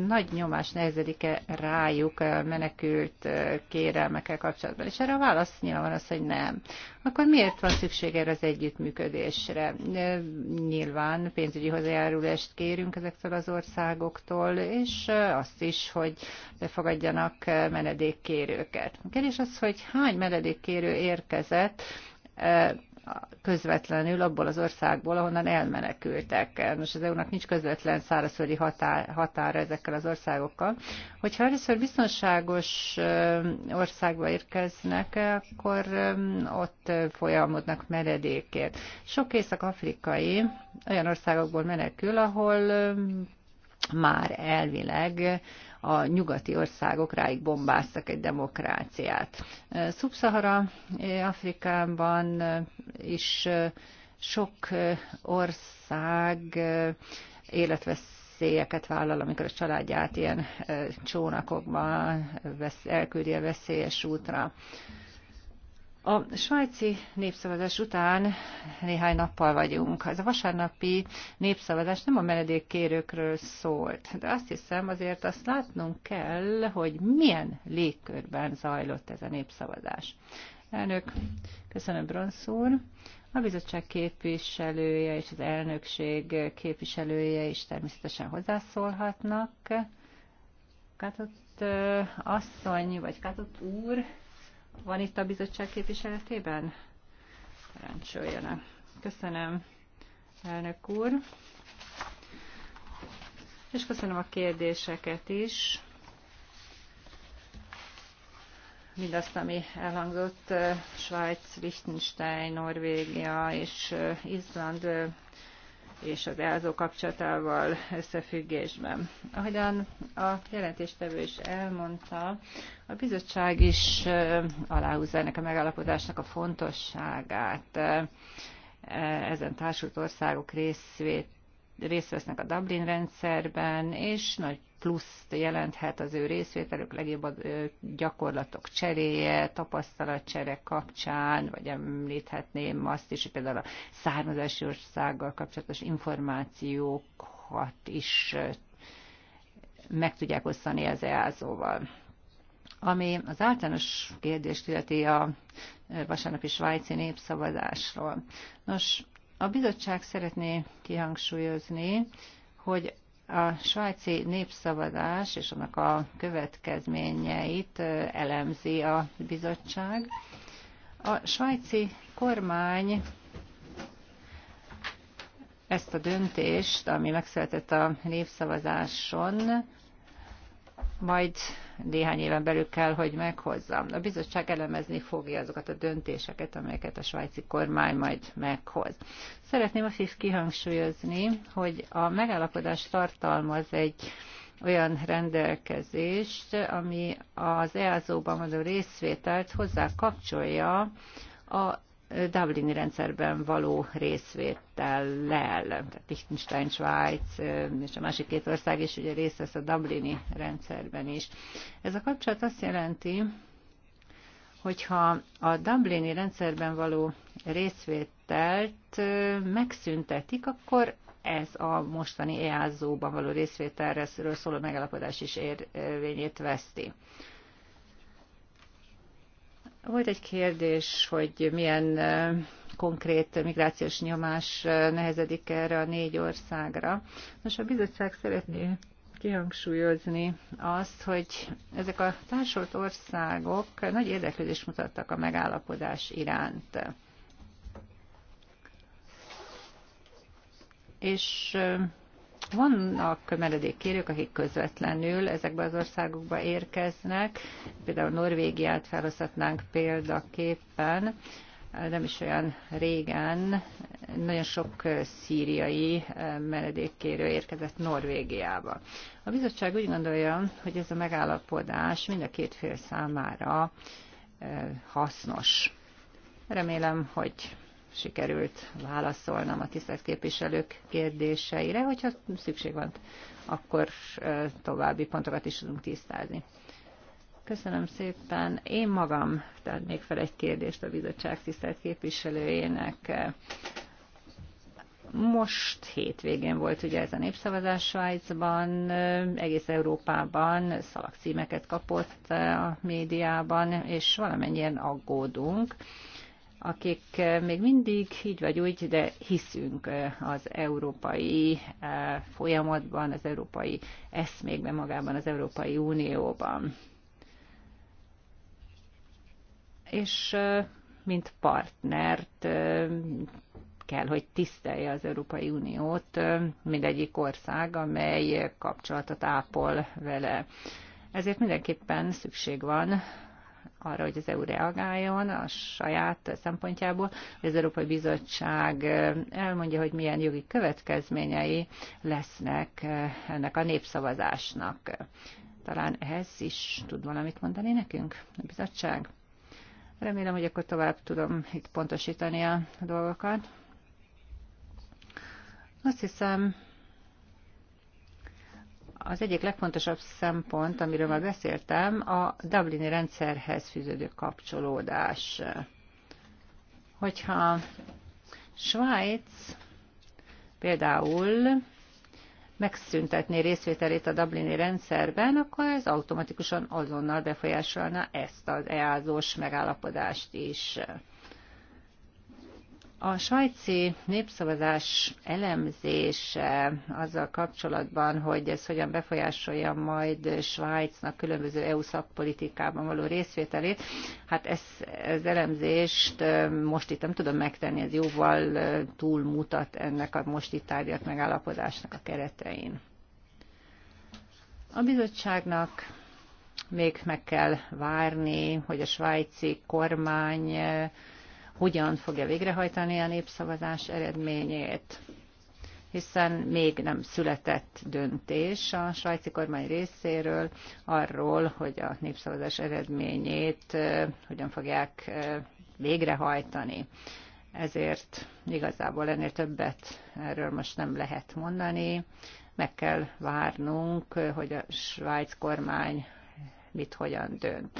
nagy nyomás nehezedik-e rájuk a menekült kérelmekkel kapcsolatban. És erre a válasz nyilván az, hogy nem. Akkor miért van szükség erre az együttműködésre? Nyilván pénzügyi hozzájárulást kérünk ezektől az országoktól, és azt is, hogy befogadjanak menedékkérőket. A kérdés az, hogy hány menedékkérő érkezett, közvetlenül abból az országból, ahonnan elmenekültek. Most az EU-nak nincs közvetlen szárazföldi határ, ezekkel az országokkal. Hogyha először biztonságos országba érkeznek, akkor ott folyamodnak meredékért. Sok észak-afrikai olyan országokból menekül, ahol már elvileg a nyugati országok ráig bombáztak egy demokráciát. Szubszahara eh, Afrikában eh, is eh, sok ország életveszélyeket vállal, amikor a családját ilyen csónakokban elküldi a veszélyes útra. A svájci népszavazás után néhány nappal vagyunk. Ez a vasárnapi népszavazás nem a menedékkérőkről szólt, de azt hiszem azért azt látnunk kell, hogy milyen légkörben zajlott ez a népszavazás. Elnök, köszönöm Bronsz úr. A bizottság képviselője és az elnökség képviselője is természetesen hozzászólhatnak. Kátott asszony, vagy Kátott úr, van itt a bizottság képviseletében? Parancsoljanak. Köszönöm, elnök úr. És köszönöm a kérdéseket is. Mindazt, ami elhangzott, Svájc, Liechtenstein, Norvégia és Izland és az elzó kapcsolatával összefüggésben. Ahogyan a jelentéstevő is elmondta, a bizottság is aláhúzza ennek a megállapodásnak a fontosságát. Ezen társult országok részvét részt vesznek a Dublin rendszerben, és nagy pluszt jelenthet az ő részvételük, legjobb a gyakorlatok cseréje, tapasztalatcsere kapcsán, vagy említhetném azt is, hogy például a származási országgal kapcsolatos információkat is meg tudják osztani az EASO-val. Ami az általános kérdést illeti a vasárnapi svájci népszavazásról. Nos, a bizottság szeretné kihangsúlyozni, hogy a svájci népszavazás és annak a következményeit elemzi a bizottság. A svájci kormány ezt a döntést, ami megszületett a népszavazáson, majd néhány éven belül kell, hogy meghozzam. A bizottság elemezni fogja azokat a döntéseket, amelyeket a svájci kormány majd meghoz. Szeretném azt is kihangsúlyozni, hogy a megállapodás tartalmaz egy olyan rendelkezést, ami az EASO-ban való részvételt hozzá kapcsolja a Dublini rendszerben való részvétellel. Tehát Liechtenstein, Svájc és a másik két ország is ugye részt vesz a Dublini rendszerben is. Ez a kapcsolat azt jelenti, hogyha a Dublini rendszerben való részvételt megszüntetik, akkor ez a mostani EASO-ban való részvételről szóló megállapodás is érvényét veszti. Volt egy kérdés, hogy milyen konkrét migrációs nyomás nehezedik erre a négy országra. Most a bizottság szeretné kihangsúlyozni azt, hogy ezek a társult országok nagy érdeklődést mutattak a megállapodás iránt. És vannak menedékkérők, akik közvetlenül ezekbe az országokba érkeznek, például Norvégiát felhozhatnánk példaképpen, nem is olyan régen nagyon sok szíriai eh, menedékkérő érkezett Norvégiába. A bizottság úgy gondolja, hogy ez a megállapodás mind a két fél számára eh, hasznos. Remélem, hogy sikerült válaszolnom a tisztelt képviselők kérdéseire, hogyha szükség van, akkor további pontokat is tudunk tisztázni. Köszönöm szépen. Én magam, tehát még fel egy kérdést a bizottság tisztelt képviselőjének. Most hétvégén volt ugye ez a népszavazás Svájcban, egész Európában szalagcímeket kapott a médiában, és valamennyien aggódunk akik eh, még mindig így vagy úgy, de hiszünk eh, az európai eh, folyamatban, az európai eszmékben magában, az Európai Unióban. És mint partnert kell, hogy tisztelje az Európai Uniót mindegyik ország, amely kapcsolatot ápol vele. Ezért mindenképpen szükség van arra, hogy az EU reagáljon a saját szempontjából, hogy az Európai Bizottság elmondja, hogy milyen jogi következményei lesznek ennek a népszavazásnak. Talán ehhez is tud valamit mondani nekünk a bizottság? Remélem, hogy akkor tovább tudom itt pontosítani a dolgokat. Azt hiszem, az egyik legfontosabb szempont, amiről már beszéltem, a Dublini rendszerhez fűződő kapcsolódás. Hogyha Svájc például megszüntetné részvételét a Dublini rendszerben, akkor ez automatikusan azonnal befolyásolna ezt az EASO-s megállapodást is. A svájci népszavazás elemzése azzal kapcsolatban, hogy ez hogyan befolyásolja majd Svájcnak különböző EU szakpolitikában való részvételét, hát ez, ez elemzést most itt nem tudom megtenni, ez jóval túlmutat ennek a most itt tárgyat megállapodásnak a keretein. A bizottságnak még meg kell várni, hogy a svájci kormány hogyan fogja végrehajtani a népszavazás eredményét hiszen még nem született döntés a svájci kormány részéről arról, hogy a népszavazás eredményét hogyan fogják végrehajtani. Ezért igazából ennél többet erről most nem lehet mondani. Meg kell várnunk, hogy a svájc kormány mit hogyan dönt.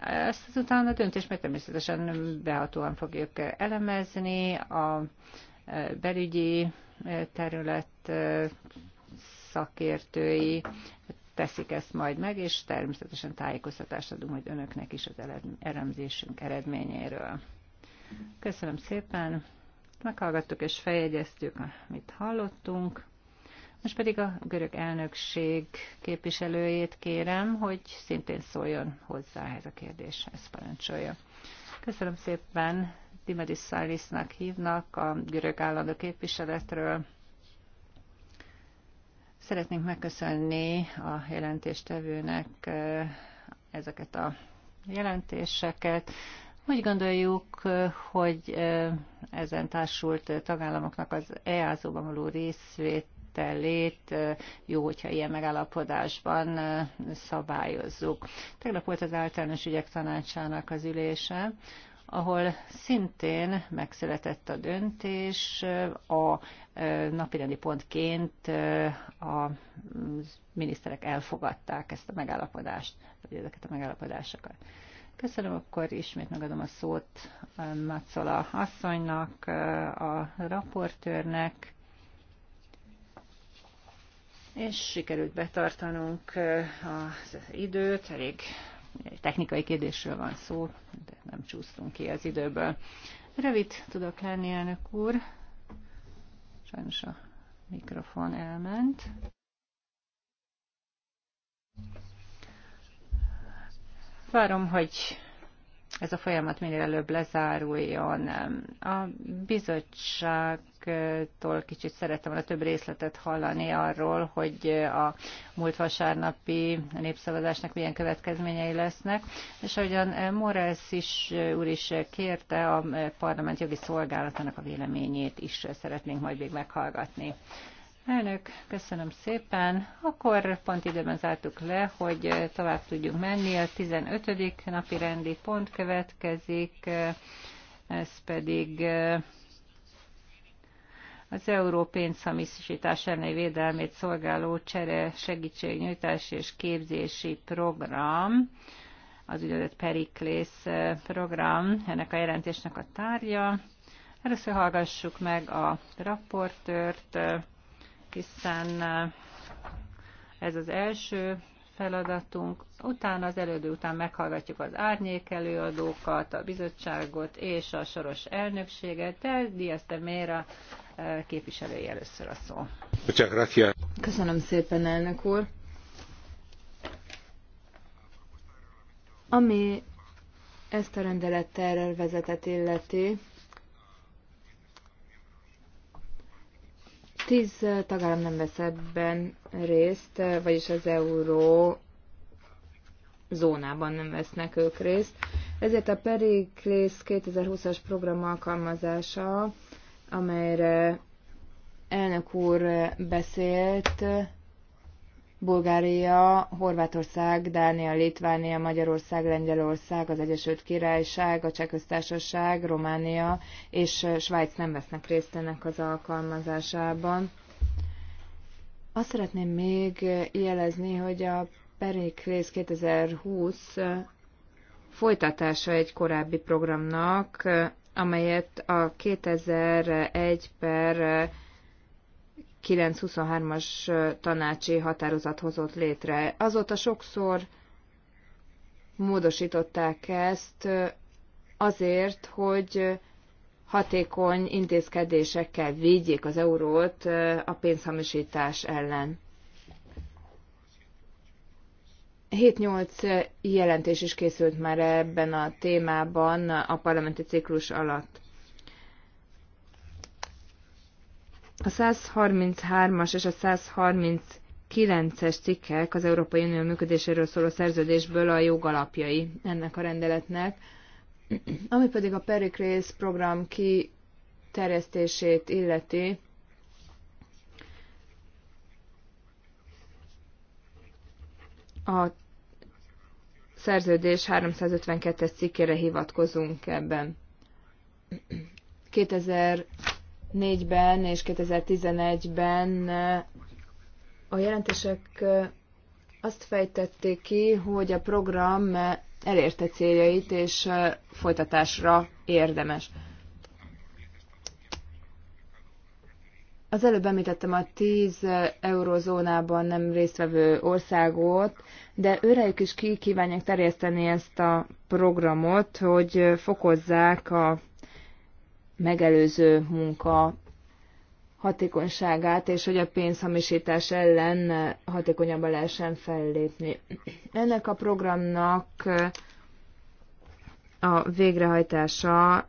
Ezt azután a döntés meg természetesen behatóan fogjuk elemezni. A e, belügyi e, terület e, szakértői teszik ezt majd meg, és természetesen tájékoztatást adunk majd önöknek is az elemzésünk eredményéről. Köszönöm szépen, meghallgattuk és feljegyeztük, amit hallottunk. Most pedig a görög elnökség képviselőjét kérem, hogy szintén szóljon hozzá ehhez a kérdéshez, parancsolja. Köszönöm szépen, Dimedis Szálisnak hívnak a görög állandó képviseletről. Szeretnénk megköszönni a jelentéstevőnek eh, ezeket a jelentéseket. Úgy gondoljuk, hogy eh, ezen társult tagállamoknak az EASO-ban való részvét hitelét jó, hogyha ilyen megállapodásban szabályozzuk. Tegnap volt az általános ügyek tanácsának az ülése, ahol szintén megszületett a döntés a napirendi pontként a miniszterek elfogadták ezt a megállapodást, vagy ezeket a megállapodásokat. Köszönöm, akkor ismét megadom a szót Macola asszonynak, a raportőrnek és sikerült betartanunk az időt, elég technikai kérdésről van szó, de nem csúsztunk ki az időből. Rövid tudok lenni, elnök úr. Sajnos a mikrofon elment. Várom, hogy ez a folyamat minél előbb lezáruljon. A bizottságtól kicsit szerettem volna több részletet hallani arról, hogy a múlt vasárnapi népszavazásnak milyen következményei lesznek, és ahogyan Morales is úr is kérte, a parlament jogi szolgálatának a véleményét is szeretnénk majd még meghallgatni. Elnök, köszönöm szépen. Akkor pont időben zártuk le, hogy tovább tudjunk menni. A 15. napi rendi pont következik, ez pedig eh, az euró pénzhamisztisítás elleni védelmét szolgáló csere segítségnyújtás és képzési program, az úgynevezett Periklész eh, program, ennek a jelentésnek a tárgya. Először hallgassuk meg a raportőrt, eh, hiszen ez az első feladatunk. Utána az elődő után meghallgatjuk az árnyék előadókat, a bizottságot és a soros elnökséget, de Diaz de Mera képviselői először a szó. Köszönöm szépen, elnök úr. Ami ezt a rendelettel tervezetet illeti, Tíz tagállam nem vesz ebben részt, vagyis az euró zónában nem vesznek ők részt. Ezért a Periklész 2020-as program alkalmazása, amelyre elnök úr beszélt, Bulgária, Horvátország, Dánia, Litvánia, Magyarország, Lengyelország, az Egyesült Királyság, a Csehköztársaság, Románia és Svájc nem vesznek részt ennek az alkalmazásában. Azt szeretném még jelezni, hogy a Periklész 2020 folytatása egy korábbi programnak, amelyet a 2001 per 923-as tanácsi határozat hozott létre. Azóta sokszor módosították ezt azért, hogy hatékony intézkedésekkel védjék az eurót a pénzhamisítás ellen. 7-8 jelentés is készült már ebben a témában a parlamenti ciklus alatt. A 133-as és a 139-es cikkek az Európai Unió működéséről szóló szerződésből a jogalapjai ennek a rendeletnek, ami pedig a PERICLES program kiterjesztését illeti, a szerződés 352-es cikkére hivatkozunk ebben. 2000 2004-ben és 2011-ben eh, a jelentések eh, azt fejtették ki, hogy a program eh, elérte céljait, és folytatásra érdemes. Az előbb említettem a 10 eurozónában nem résztvevő országot, de őrejük is ki kívánják terjeszteni ezt a programot, hogy fokozzák a megelőző munka hatékonyságát, és hogy a pénzhamisítás ellen hatékonyabban lehessen fellépni. Ennek a programnak a végrehajtása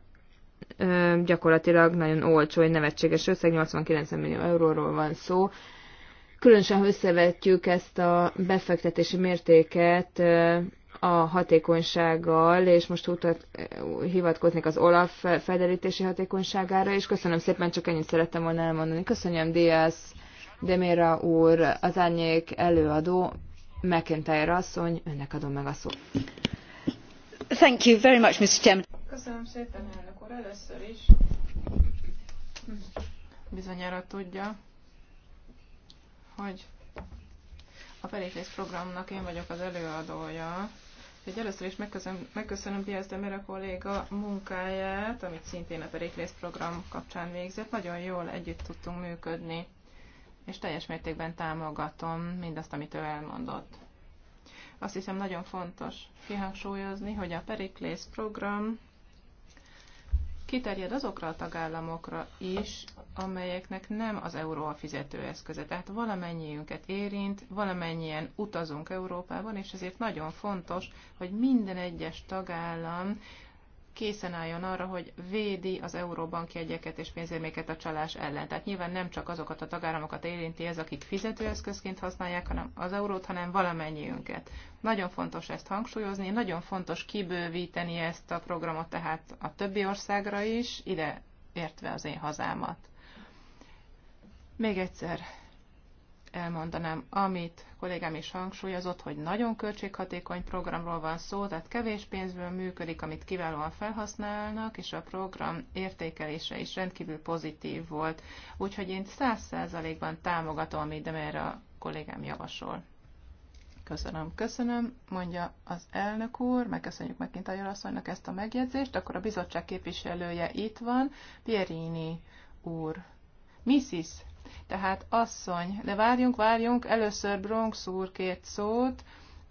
gyakorlatilag nagyon olcsó, egy nevetséges összeg, 89 millió euróról van szó. Különösen, ha összevetjük ezt a befektetési mértéket a hatékonysággal, és most utat, hivatkoznék az Olaf felderítési hatékonyságára, és köszönöm szépen, csak ennyit szerettem volna elmondani. Köszönöm, Diaz Demira úr, az árnyék előadó, McIntyre asszony, önnek adom meg a szót. Thank you very much, Mr. Chairman. Köszönöm szépen, elnök úr, először is. Bizonyára tudja, hogy a Periklész programnak én vagyok az előadója, Úgyhogy először is megköszönöm, megköszönöm Diaz de Mera kolléga munkáját, amit szintén a Periklész program kapcsán végzett. Nagyon jól együtt tudtunk működni, és teljes mértékben támogatom mindazt, amit ő elmondott. Azt hiszem nagyon fontos kihangsúlyozni, hogy a Periklész program kiterjed azokra a tagállamokra is, amelyeknek nem az euró a fizetőeszköze. Tehát valamennyiünket érint, valamennyien utazunk Európában, és ezért nagyon fontos, hogy minden egyes tagállam készen álljon arra, hogy védi az euróbanki egyeket és pénzérméket a csalás ellen. Tehát nyilván nem csak azokat a tagállamokat érinti ez, akik fizetőeszközként használják hanem az eurót, hanem valamennyiünket. Nagyon fontos ezt hangsúlyozni, nagyon fontos kibővíteni ezt a programot tehát a többi országra is, ide értve az én hazámat. Még egyszer elmondanám, amit kollégám is hangsúlyozott, hogy nagyon költséghatékony programról van szó, tehát kevés pénzből működik, amit kiválóan felhasználnak, és a program értékelése is rendkívül pozitív volt. Úgyhogy én száz százalékban támogatom, amit de erre a kollégám javasol. Köszönöm, köszönöm, mondja az elnök úr, megköszönjük a asszonynak ezt a megjegyzést, akkor a bizottság képviselője itt van, Pierini úr. Mrs. Tehát asszony, de várjunk, várjunk, először Bronx úr két szót,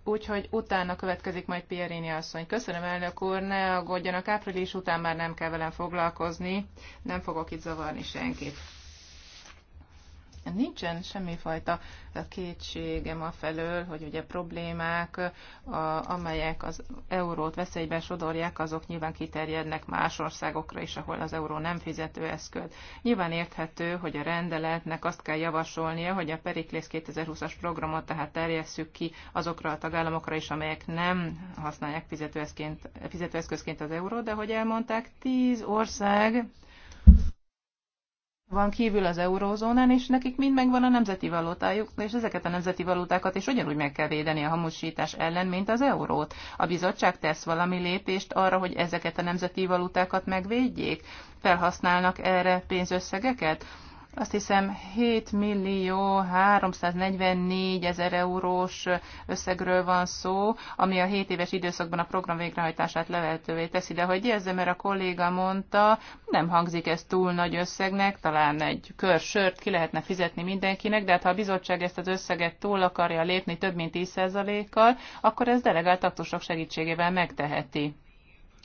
úgyhogy utána következik majd Pierini asszony. Köszönöm, elnök úr, ne aggódjanak, április után már nem kell velem foglalkozni, nem fogok itt zavarni senkit. Nincsen semmifajta kétségem a felől, hogy ugye problémák, a, amelyek az eurót veszélybe sodorják, azok nyilván kiterjednek más országokra is, ahol az euró nem fizető eszköz. Nyilván érthető, hogy a rendeletnek azt kell javasolnia, hogy a Periklész 2020-as programot tehát terjesszük ki azokra a tagállamokra is, amelyek nem használják fizetőeszközként az eurót, de hogy elmondták, tíz ország van kívül az eurózónán, és nekik mind megvan a nemzeti valótájuk, és ezeket a nemzeti valótákat is ugyanúgy meg kell védeni a hamusítás ellen, mint az eurót. A bizottság tesz valami lépést arra, hogy ezeket a nemzeti valótákat megvédjék? Felhasználnak erre pénzösszegeket? azt hiszem 7 millió 344 ezer eurós összegről van szó, ami a 7 éves időszakban a program végrehajtását lehetővé teszi, de hogy érzem, mert a kolléga mondta, nem hangzik ez túl nagy összegnek, talán egy kör sört ki lehetne fizetni mindenkinek, de hát ha a bizottság ezt az összeget túl akarja lépni több mint 10%-kal, akkor ez delegált aktusok segítségével megteheti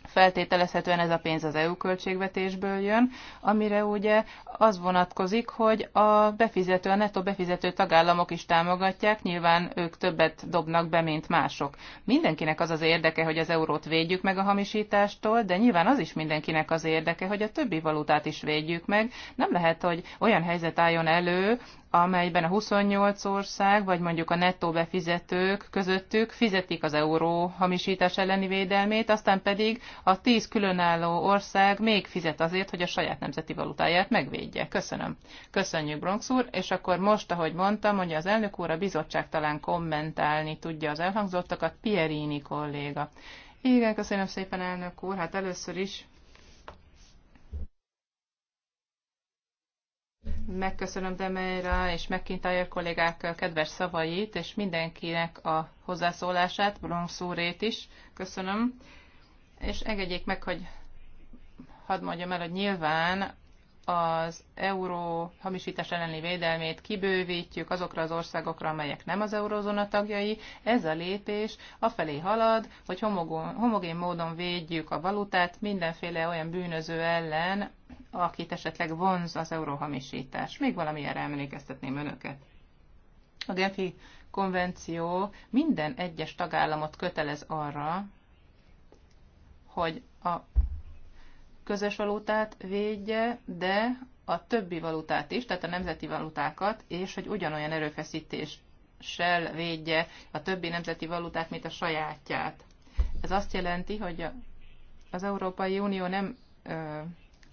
feltételezhetően ez a pénz az EU költségvetésből jön, amire ugye az vonatkozik, hogy a befizető, a netto befizető tagállamok is támogatják, nyilván ők többet dobnak be, mint mások. Mindenkinek az az érdeke, hogy az eurót védjük meg a hamisítástól, de nyilván az is mindenkinek az érdeke, hogy a többi valutát is védjük meg. Nem lehet, hogy olyan helyzet álljon elő, amelyben a 28 ország, vagy mondjuk a nettó befizetők közöttük fizetik az euró hamisítás elleni védelmét, aztán pedig a 10 különálló ország még fizet azért, hogy a saját nemzeti valutáját megvédje. Köszönöm. Köszönjük, Bronx úr, és akkor most, ahogy mondtam, mondja az elnök úr, a bizottság talán kommentálni tudja az elhangzottakat, Pierini kolléga. Igen, köszönöm szépen, elnök úr. Hát először is Megköszönöm Demeira és McIntyre kollégák kedves szavait, és mindenkinek a hozzászólását, Bronx is. Köszönöm. És engedjék meg, hogy hadd mondjam el, hogy nyilván az euró hamisítás elleni védelmét kibővítjük azokra az országokra, amelyek nem az eurózóna tagjai. Ez a lépés afelé halad, hogy homogén módon védjük a valutát mindenféle olyan bűnöző ellen, akit esetleg vonz az euróhamisítás. Még valami erre emlékeztetném önöket. A Genfi konvenció minden egyes tagállamot kötelez arra, hogy a közös valutát védje, de a többi valutát is, tehát a nemzeti valutákat, és hogy ugyanolyan erőfeszítéssel védje a többi nemzeti valutát, mint a sajátját. Ez azt jelenti, hogy az Európai Unió nem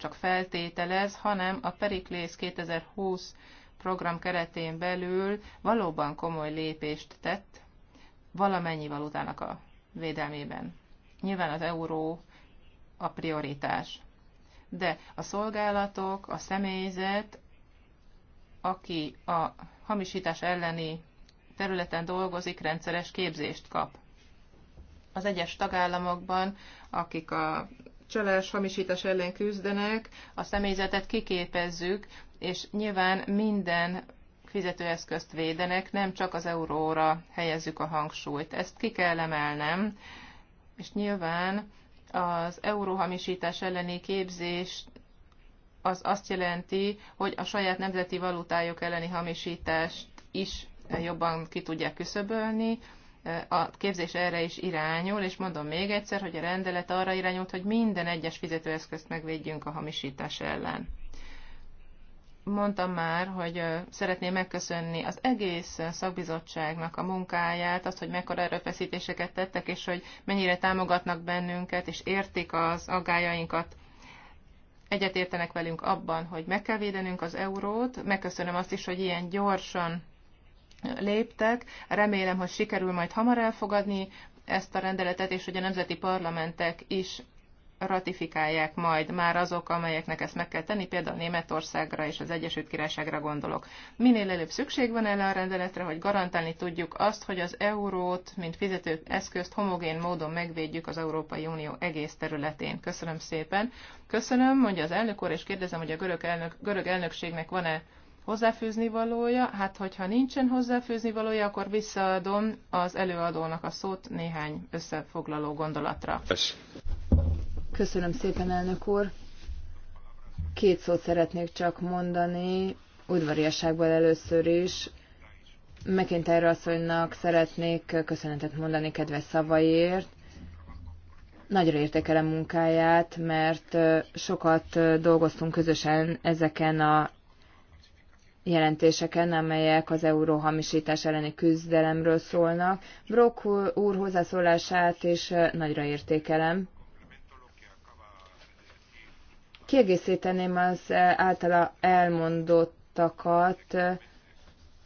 csak feltételez, hanem a Periklész 2020 program keretén belül valóban komoly lépést tett valamennyi valutának a védelmében. Nyilván az euró a prioritás. De a szolgálatok, a személyzet, aki a hamisítás elleni területen dolgozik, rendszeres képzést kap. Az egyes tagállamokban, akik a csalás, hamisítás ellen küzdenek, a személyzetet kiképezzük, és nyilván minden fizetőeszközt védenek, nem csak az euróra helyezzük a hangsúlyt. Ezt ki kell emelnem, és nyilván az euróhamisítás elleni képzés az azt jelenti, hogy a saját nemzeti valutájuk elleni hamisítást is jobban ki tudják küszöbölni, a képzés erre is irányul, és mondom még egyszer, hogy a rendelet arra irányult, hogy minden egyes fizetőeszközt megvédjünk a hamisítás ellen. Mondtam már, hogy szeretném megköszönni az egész szakbizottságnak a munkáját, azt, hogy mekkora erőfeszítéseket tettek, és hogy mennyire támogatnak bennünket, és értik az aggájainkat, egyetértenek velünk abban, hogy meg kell védenünk az eurót. Megköszönöm azt is, hogy ilyen gyorsan léptek. Remélem, hogy sikerül majd hamar elfogadni ezt a rendeletet, és hogy a nemzeti parlamentek is ratifikálják majd már azok, amelyeknek ezt meg kell tenni, például Németországra és az Egyesült Királyságra gondolok. Minél előbb szükség van erre a rendeletre, hogy garantálni tudjuk azt, hogy az eurót, mint fizető eszközt homogén módon megvédjük az Európai Unió egész területén. Köszönöm szépen. Köszönöm, mondja az elnök úr, és kérdezem, hogy a görög, elnök, görög elnökségnek van-e hozzáfűzni valója? Hát, hogyha nincsen hozzáfűzni valója, akkor visszaadom az előadónak a szót néhány összefoglaló gondolatra. Köszönöm szépen, elnök úr. Két szót szeretnék csak mondani, udvariasságból először is. erre asszonynak szeretnék köszönetet mondani kedves szavaiért. Nagyra értékelem munkáját, mert sokat dolgoztunk közösen ezeken a jelentéseken, amelyek az euró hamisítás elleni küzdelemről szólnak. Brock úr hozzászólását is nagyra értékelem. Kiegészíteném az általa elmondottakat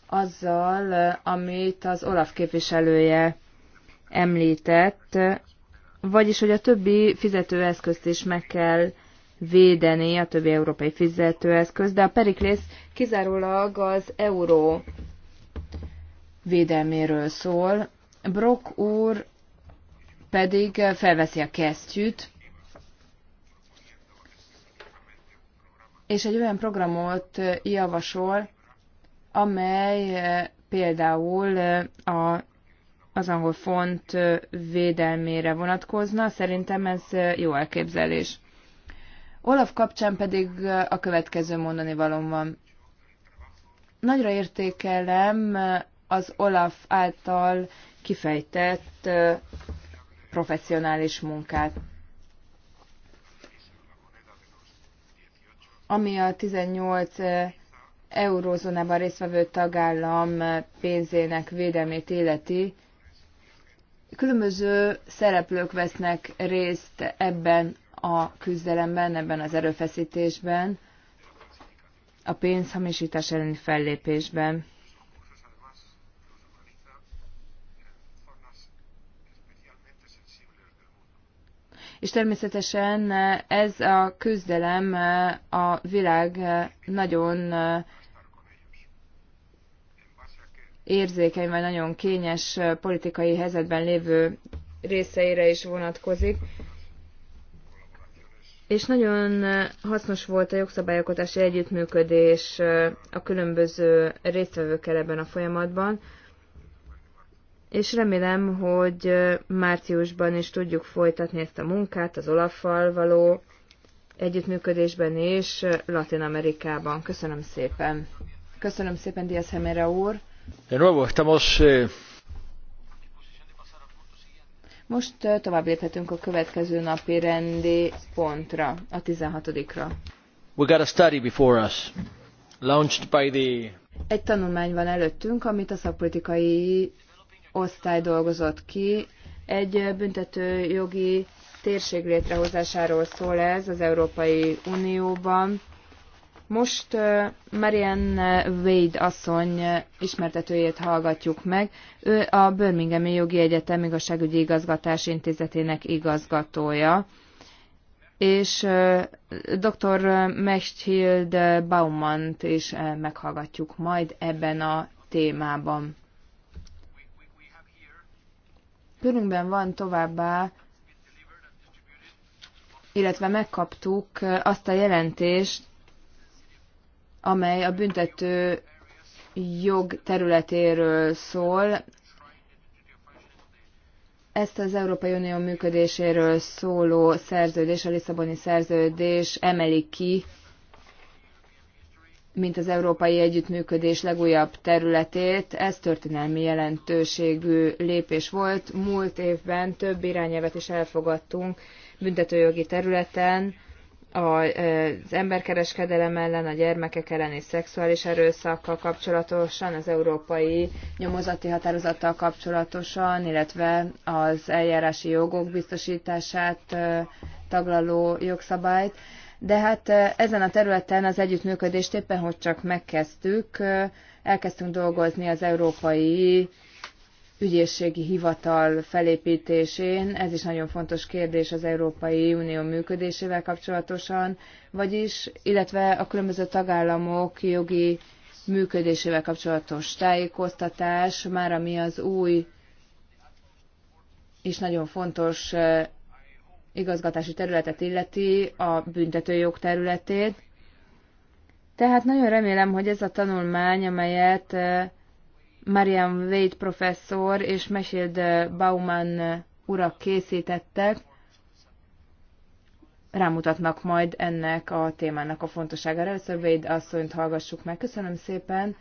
azzal, amit az Olaf képviselője említett, vagyis hogy a többi fizetőeszközt is meg kell védeni a többi európai fizetőeszköz, de a periklész kizárólag az euró védelméről szól. Brock úr pedig felveszi a kesztyűt, és egy olyan programot javasol, amely eh, például eh, a, az angol font eh, védelmére vonatkozna. Szerintem ez jó elképzelés. Olaf kapcsán pedig a következő mondani valom van. Nagyra értékelem az Olaf által kifejtett professzionális munkát. Ami a 18 eurózónában résztvevő tagállam pénzének védelmét illeti, különböző szereplők vesznek részt ebben a küzdelemben, ebben az erőfeszítésben, a pénzhamisítás elleni fellépésben. És természetesen ez a küzdelem a világ nagyon érzékeny vagy nagyon kényes politikai helyzetben lévő részeire is vonatkozik és nagyon hasznos volt a jogszabályokotási együttműködés a különböző résztvevőkkel ebben a folyamatban, és remélem, hogy márciusban is tudjuk folytatni ezt a munkát az Olaffal való együttműködésben és Latin Amerikában. Köszönöm szépen. Köszönöm szépen, Díaz Hemera úr. De nuevo, estamos eh, most tovább léphetünk a következő napi rendi pontra, a 16-ra. We got a study before us, launched by the... Egy tanulmány van előttünk, amit a szakpolitikai osztály dolgozott ki. Egy büntető jogi térség létrehozásáról szól ez az Európai Unióban most Marianne Wade asszony ismertetőjét hallgatjuk meg. Ő a Birminghami Jogi Egyetem Igazságügyi Igazgatás Intézetének igazgatója, és dr. Mechthild Baumant is meghallgatjuk majd ebben a témában. Körünkben van továbbá illetve megkaptuk azt a jelentést, amely a büntető jog területéről szól. Ezt az Európai Unió működéséről szóló szerződés, a Lisszaboni szerződés emeli ki, mint az európai együttműködés legújabb területét. Ez történelmi jelentőségű lépés volt. Múlt évben több irányelvet is elfogadtunk büntetőjogi területen, az emberkereskedelem ellen, a gyermekek elleni szexuális erőszakkal kapcsolatosan, az európai nyomozati határozattal kapcsolatosan, illetve az eljárási jogok biztosítását taglaló jogszabályt. De hát ezen a területen az együttműködést éppen hogy csak megkezdtük, elkezdtünk dolgozni az európai ügyészségi hivatal felépítésén, ez is nagyon fontos kérdés az Európai Unió működésével kapcsolatosan, vagyis, illetve a különböző tagállamok jogi működésével kapcsolatos tájékoztatás, már ami az új és nagyon fontos igazgatási területet illeti, a büntetőjog területét. Tehát nagyon remélem, hogy ez a tanulmány, amelyet Marian Wade professzor és Meséld Bauman urak készítettek, rámutatnak majd ennek a témának a fontosságára. Először Veid asszonyt hallgassuk meg. Köszönöm szépen.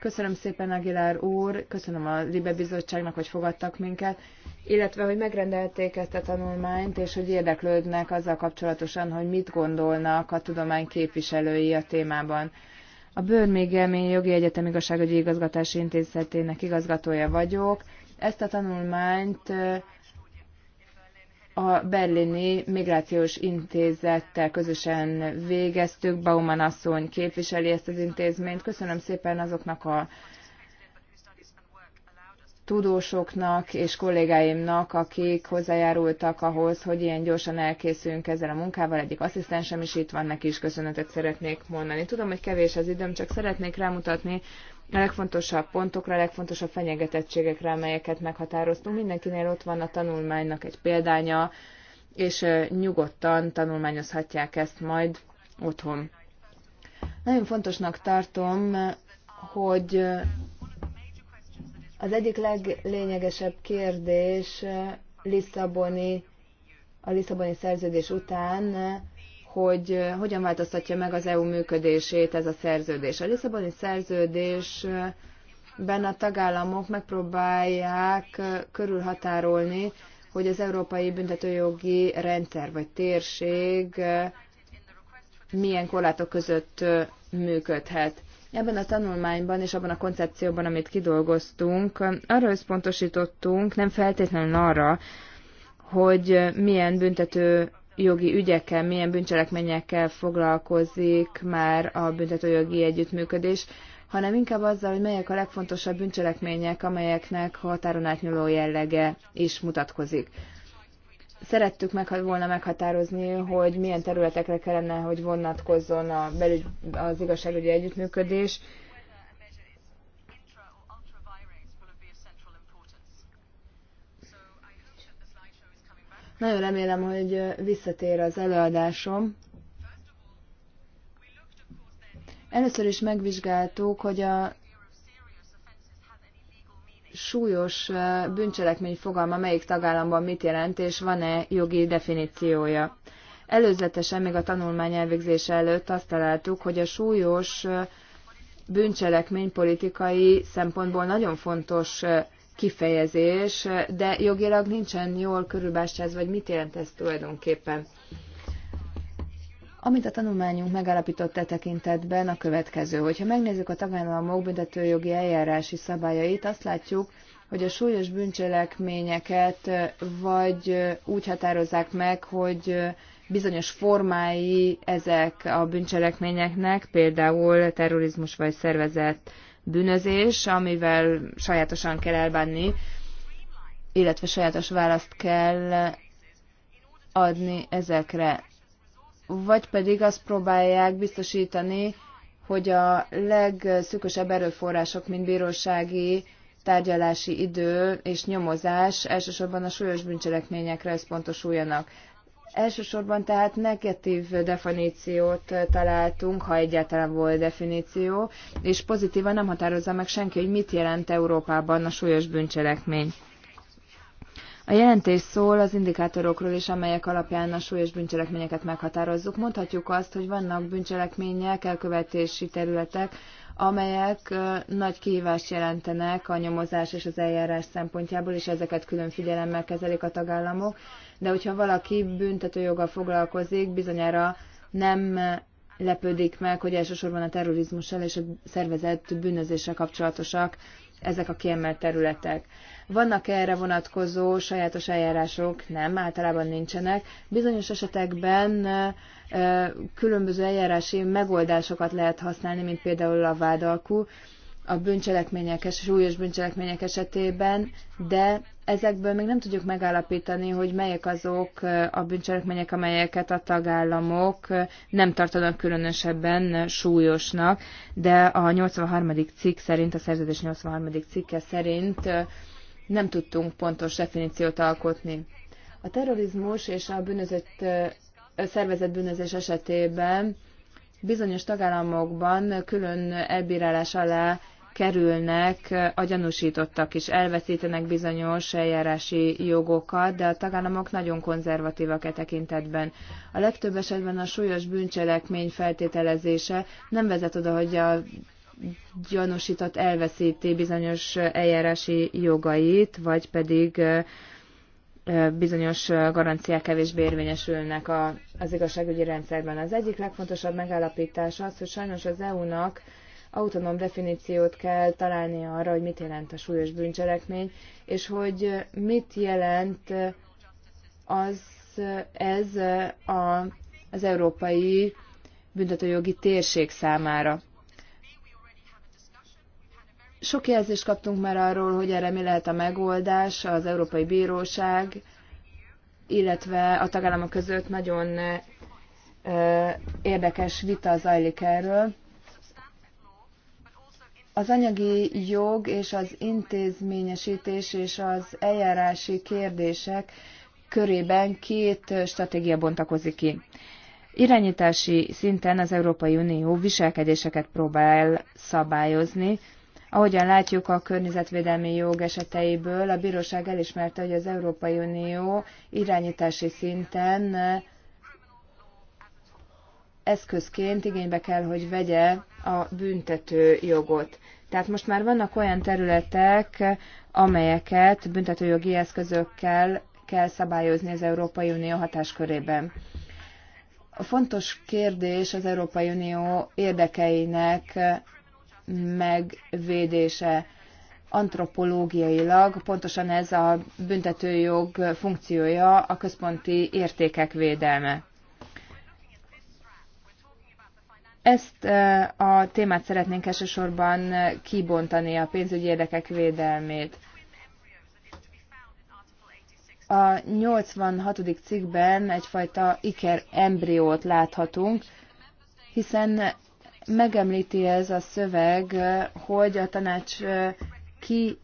Köszönöm szépen, Aguilar úr, köszönöm a Libe Bizottságnak, hogy fogadtak minket, illetve, hogy megrendelték ezt a tanulmányt, és hogy érdeklődnek azzal kapcsolatosan, hogy mit gondolnak a tudomány képviselői a témában. A Birminghami Jogi Egyetem Igazságügyi Igazgatási Intézetének igazgatója vagyok. Ezt a tanulmányt a berlini migrációs intézettel közösen végeztük. Bauman asszony képviseli ezt az intézményt. Köszönöm szépen azoknak a tudósoknak és kollégáimnak, akik hozzájárultak ahhoz, hogy ilyen gyorsan elkészüljünk ezzel a munkával. Egyik asszisztensem is itt van, neki is köszönetet szeretnék mondani. Tudom, hogy kevés az időm, csak szeretnék rámutatni a legfontosabb pontokra, a legfontosabb fenyegetettségekre, amelyeket meghatároztunk. Mindenkinél ott van a tanulmánynak egy példánya, és nyugodtan tanulmányozhatják ezt majd otthon. Nagyon fontosnak tartom, hogy az egyik leglényegesebb kérdés eh, Lisszaboni, a Lisszaboni szerződés után, eh, hogy eh, hogyan változtatja meg az EU működését ez a szerződés. A Lisszaboni szerződésben a tagállamok megpróbálják körülhatárolni, hogy az európai büntetőjogi rendszer vagy térség milyen korlátok között működhet. Ebben a tanulmányban és abban a koncepcióban, amit kidolgoztunk, arra összpontosítottunk, nem feltétlenül arra, hogy milyen büntető jogi ügyekkel, milyen bűncselekményekkel foglalkozik már a büntetőjogi együttműködés, hanem inkább azzal, hogy melyek a legfontosabb bűncselekmények, amelyeknek határon átnyúló jellege is mutatkozik szerettük meg, volna meghatározni, hogy milyen területekre kellene, hogy vonatkozzon a belügy, az igazságügyi együttműködés. Nagyon remélem, hogy visszatér az előadásom. Először is megvizsgáltuk, hogy a súlyos bűncselekmény fogalma melyik tagállamban mit jelent, és van-e jogi definíciója. Előzetesen még a tanulmány elvégzése előtt azt találtuk, hogy a súlyos bűncselekmény politikai szempontból nagyon fontos kifejezés, de jogilag nincsen jól körülbástyázva, vagy mit jelent ez tulajdonképpen. Amit a tanulmányunk megállapított e tekintetben a következő. Hogyha megnézzük a tagállamok büntetőjogi eljárási szabályait, azt látjuk, hogy a súlyos bűncselekményeket vagy úgy határozzák meg, hogy bizonyos formái ezek a bűncselekményeknek, például terrorizmus vagy szervezett bűnözés, amivel sajátosan kell elbánni, illetve sajátos választ kell adni ezekre vagy pedig azt próbálják biztosítani, hogy a legszűkösebb erőforrások, mint bírósági tárgyalási idő és nyomozás elsősorban a súlyos bűncselekményekre összpontosuljanak. Elsősorban tehát negatív definíciót találtunk, ha egyáltalán volt definíció, és pozitívan nem határozza meg senki, hogy mit jelent Európában a súlyos bűncselekmény. A jelentés szól az indikátorokról is, amelyek alapján a súlyos bűncselekményeket meghatározzuk. Mondhatjuk azt, hogy vannak bűncselekmények, elkövetési területek, amelyek nagy kihívást jelentenek a nyomozás és az eljárás szempontjából, és ezeket külön figyelemmel kezelik a tagállamok. De hogyha valaki büntetőjoggal foglalkozik, bizonyára nem lepődik meg, hogy elsősorban a terrorizmussal és a szervezett bűnözéssel kapcsolatosak ezek a kiemelt területek. Vannak -e erre vonatkozó sajátos eljárások? Nem, általában nincsenek. Bizonyos esetekben különböző eljárási megoldásokat lehet használni, mint például a vádalkú a bűncselekmények, súlyos bűncselekmények esetében, de ezekből még nem tudjuk megállapítani, hogy melyek azok a bűncselekmények, amelyeket a tagállamok nem tartanak különösebben súlyosnak, de a 83. cikk szerint, a szerződés 83. cikke szerint nem tudtunk pontos definíciót alkotni. A terrorizmus és a bűnözött, szervezett bűnözés esetében bizonyos tagállamokban külön elbírálás alá kerülnek a gyanúsítottak is, elveszítenek bizonyos eljárási jogokat, de a tagállamok nagyon konzervatívak e tekintetben. A legtöbb esetben a súlyos bűncselekmény feltételezése nem vezet oda, hogy a gyanúsított elveszíti bizonyos eljárási jogait, vagy pedig bizonyos garanciák kevésbé érvényesülnek a, az igazságügyi rendszerben. Az egyik legfontosabb megállapítás az, hogy sajnos az EU-nak autonóm definíciót kell találni arra, hogy mit jelent a súlyos bűncselekmény, és hogy mit jelent az, ez a, az európai büntetőjogi térség számára. Sok jelzést kaptunk már arról, hogy erre mi lehet a megoldás, az Európai Bíróság, illetve a tagállamok között nagyon érdekes vita zajlik erről. Az anyagi jog és az intézményesítés és az eljárási kérdések körében két stratégia bontakozik ki. Irányítási szinten az Európai Unió viselkedéseket próbál szabályozni, Ahogyan látjuk a környezetvédelmi jog eseteiből, a bíróság elismerte, hogy az Európai Unió irányítási szinten eszközként igénybe kell, hogy vegye a büntető jogot. Tehát most már vannak olyan területek, amelyeket büntetőjogi eszközökkel kell szabályozni az Európai Unió hatáskörében. A fontos kérdés az Európai Unió érdekeinek megvédése. Antropológiailag pontosan ez a büntetőjog funkciója, a központi értékek védelme. Ezt e, a témát szeretnénk elsősorban kibontani a pénzügyi érdekek védelmét. A 86. cikkben egyfajta iker embriót láthatunk, hiszen megemlíti ez a szöveg, hogy a tanács ki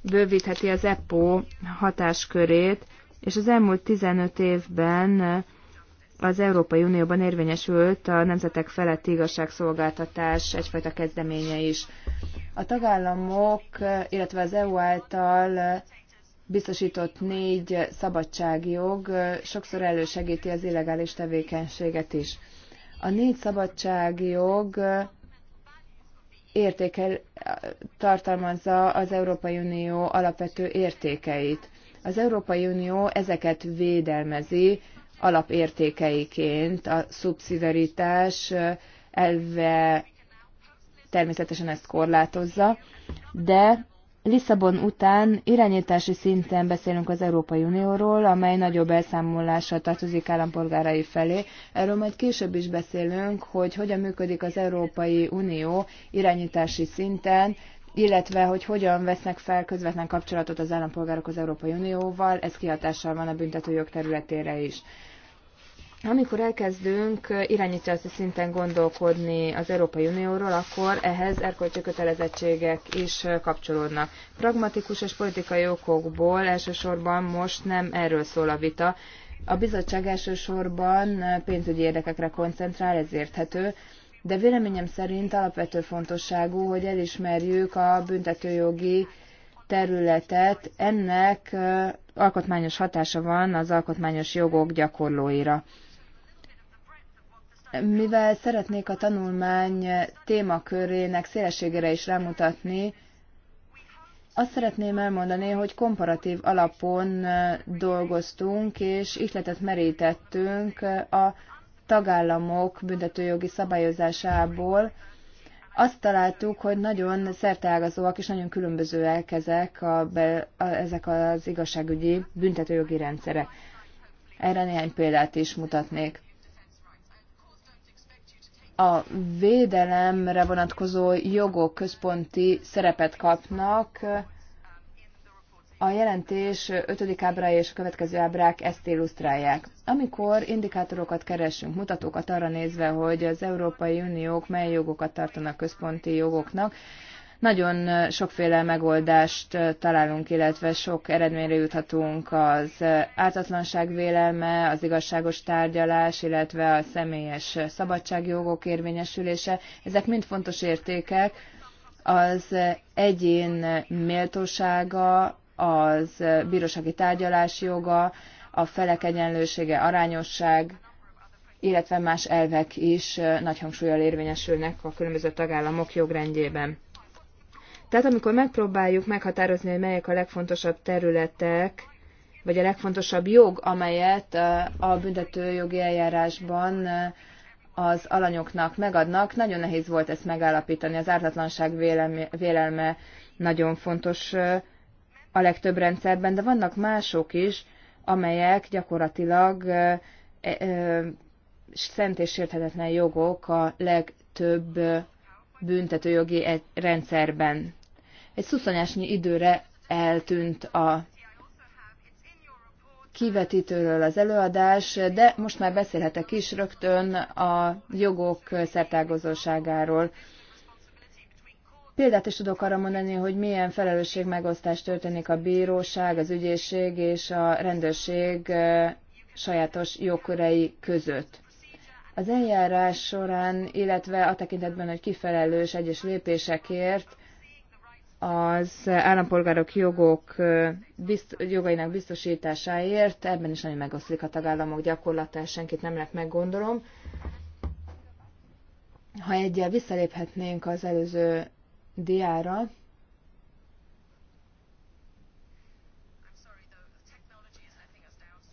bővítheti az EPO hatáskörét, és az elmúlt 15 évben az Európai Unióban érvényesült a nemzetek feletti igazságszolgáltatás egyfajta kezdeménye is. A tagállamok, illetve az EU által biztosított négy szabadságjog sokszor elősegíti az illegális tevékenységet is. A négy szabadságjog értékel, tartalmazza az Európai Unió alapvető értékeit. Az Európai Unió ezeket védelmezi alapértékeiként. A szubszidaritás elve természetesen ezt korlátozza, de Lisszabon után irányítási szinten beszélünk az Európai Unióról, amely nagyobb elszámolással tartozik állampolgárai felé. Erről majd később is beszélünk, hogy hogyan működik az Európai Unió irányítási szinten, illetve hogy hogyan vesznek fel közvetlen kapcsolatot az állampolgárok az Európai Unióval, ez kihatással van a büntetőjog területére is. Amikor elkezdünk irányítási szinten gondolkodni az Európai Unióról, akkor ehhez erkölcsi kötelezettségek is kapcsolódnak. Pragmatikus és politikai okokból elsősorban most nem erről szól a vita. A bizottság elsősorban pénzügyi érdekekre koncentrál, ez érthető, de véleményem szerint alapvető fontosságú, hogy elismerjük a büntetőjogi területet, ennek alkotmányos hatása van az alkotmányos jogok gyakorlóira. Mivel szeretnék a tanulmány témakörének szélességére is rámutatni, azt szeretném elmondani, hogy komparatív alapon dolgoztunk, és ihletet merítettünk a tagállamok büntetőjogi szabályozásából. Azt találtuk, hogy nagyon szerteágazóak és nagyon különbözőek ezek, a, a, ezek az igazságügyi büntetőjogi rendszerek. Erre néhány példát is mutatnék a védelemre vonatkozó jogok központi szerepet kapnak. A jelentés ötödik ábra és a következő ábrák ezt illusztrálják. Amikor indikátorokat keresünk, mutatókat arra nézve, hogy az Európai Uniók mely jogokat tartanak központi jogoknak, nagyon sokféle megoldást találunk, illetve sok eredményre juthatunk az ártatlanság vélelme, az igazságos tárgyalás, illetve a személyes szabadságjogok érvényesülése. Ezek mind fontos értékek. Az egyén méltósága, az bírósági tárgyalás joga, a felek egyenlősége, arányosság, illetve más elvek is nagy hangsúlyal érvényesülnek a különböző tagállamok jogrendjében. Tehát amikor megpróbáljuk meghatározni, hogy melyek a legfontosabb területek, vagy a legfontosabb jog, amelyet a büntetőjogi eljárásban az alanyoknak megadnak, nagyon nehéz volt ezt megállapítani. Az ártatlanság vélelme nagyon fontos a legtöbb rendszerben, de vannak mások is, amelyek gyakorlatilag e, szent és sérthetetlen jogok a legtöbb büntetőjogi e- rendszerben. Egy szuszonyásnyi időre eltűnt a kivetítőről az előadás, de most már beszélhetek is rögtön a jogok szertágozóságáról. Példát is tudok arra mondani, hogy milyen felelősségmegosztás történik a bíróság, az ügyészség és a rendőrség sajátos jogkörei között. Az eljárás során, illetve a tekintetben, hogy kifelelős egyes lépésekért az állampolgárok jogok bizt, jogainak biztosításáért, ebben is nagyon megoszlik a tagállamok gyakorlata, senkit nem lehet meggondolom. Ha egyel visszaléphetnénk az előző diára,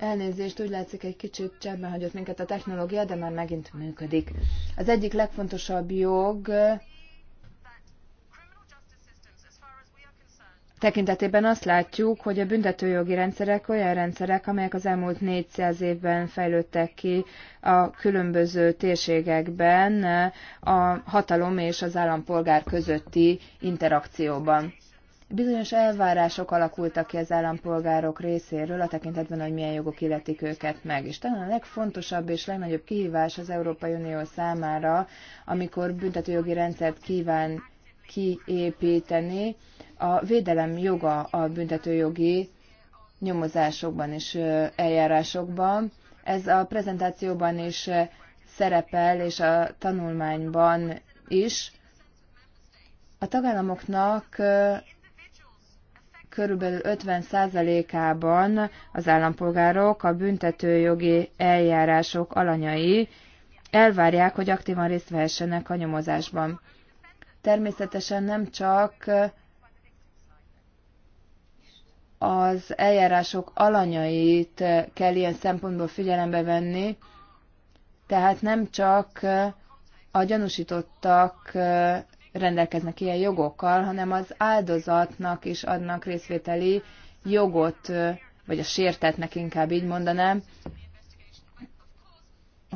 Elnézést, úgy látszik egy kicsit csebben hagyott minket a technológia, de már megint működik. Az egyik legfontosabb jog tekintetében azt látjuk, hogy a büntetőjogi rendszerek olyan rendszerek, amelyek az elmúlt 400 évben fejlődtek ki a különböző térségekben a hatalom és az állampolgár közötti interakcióban. Bizonyos elvárások alakultak ki az állampolgárok részéről a tekintetben, hogy milyen jogok illetik őket meg. És talán a legfontosabb és legnagyobb kihívás az Európai Unió számára, amikor büntetőjogi rendszert kíván kiépíteni, a védelem joga a büntetőjogi nyomozásokban és eljárásokban. Ez a prezentációban is szerepel, és a tanulmányban is. A tagállamoknak körülbelül 50%-ában az állampolgárok a büntetőjogi eljárások alanyai elvárják, hogy aktívan részt vehessenek a nyomozásban. Természetesen nem csak az eljárások alanyait kell ilyen szempontból figyelembe venni, tehát nem csak a gyanúsítottak rendelkeznek ilyen jogokkal, hanem az áldozatnak is adnak részvételi jogot, vagy a sértetnek inkább így mondanám,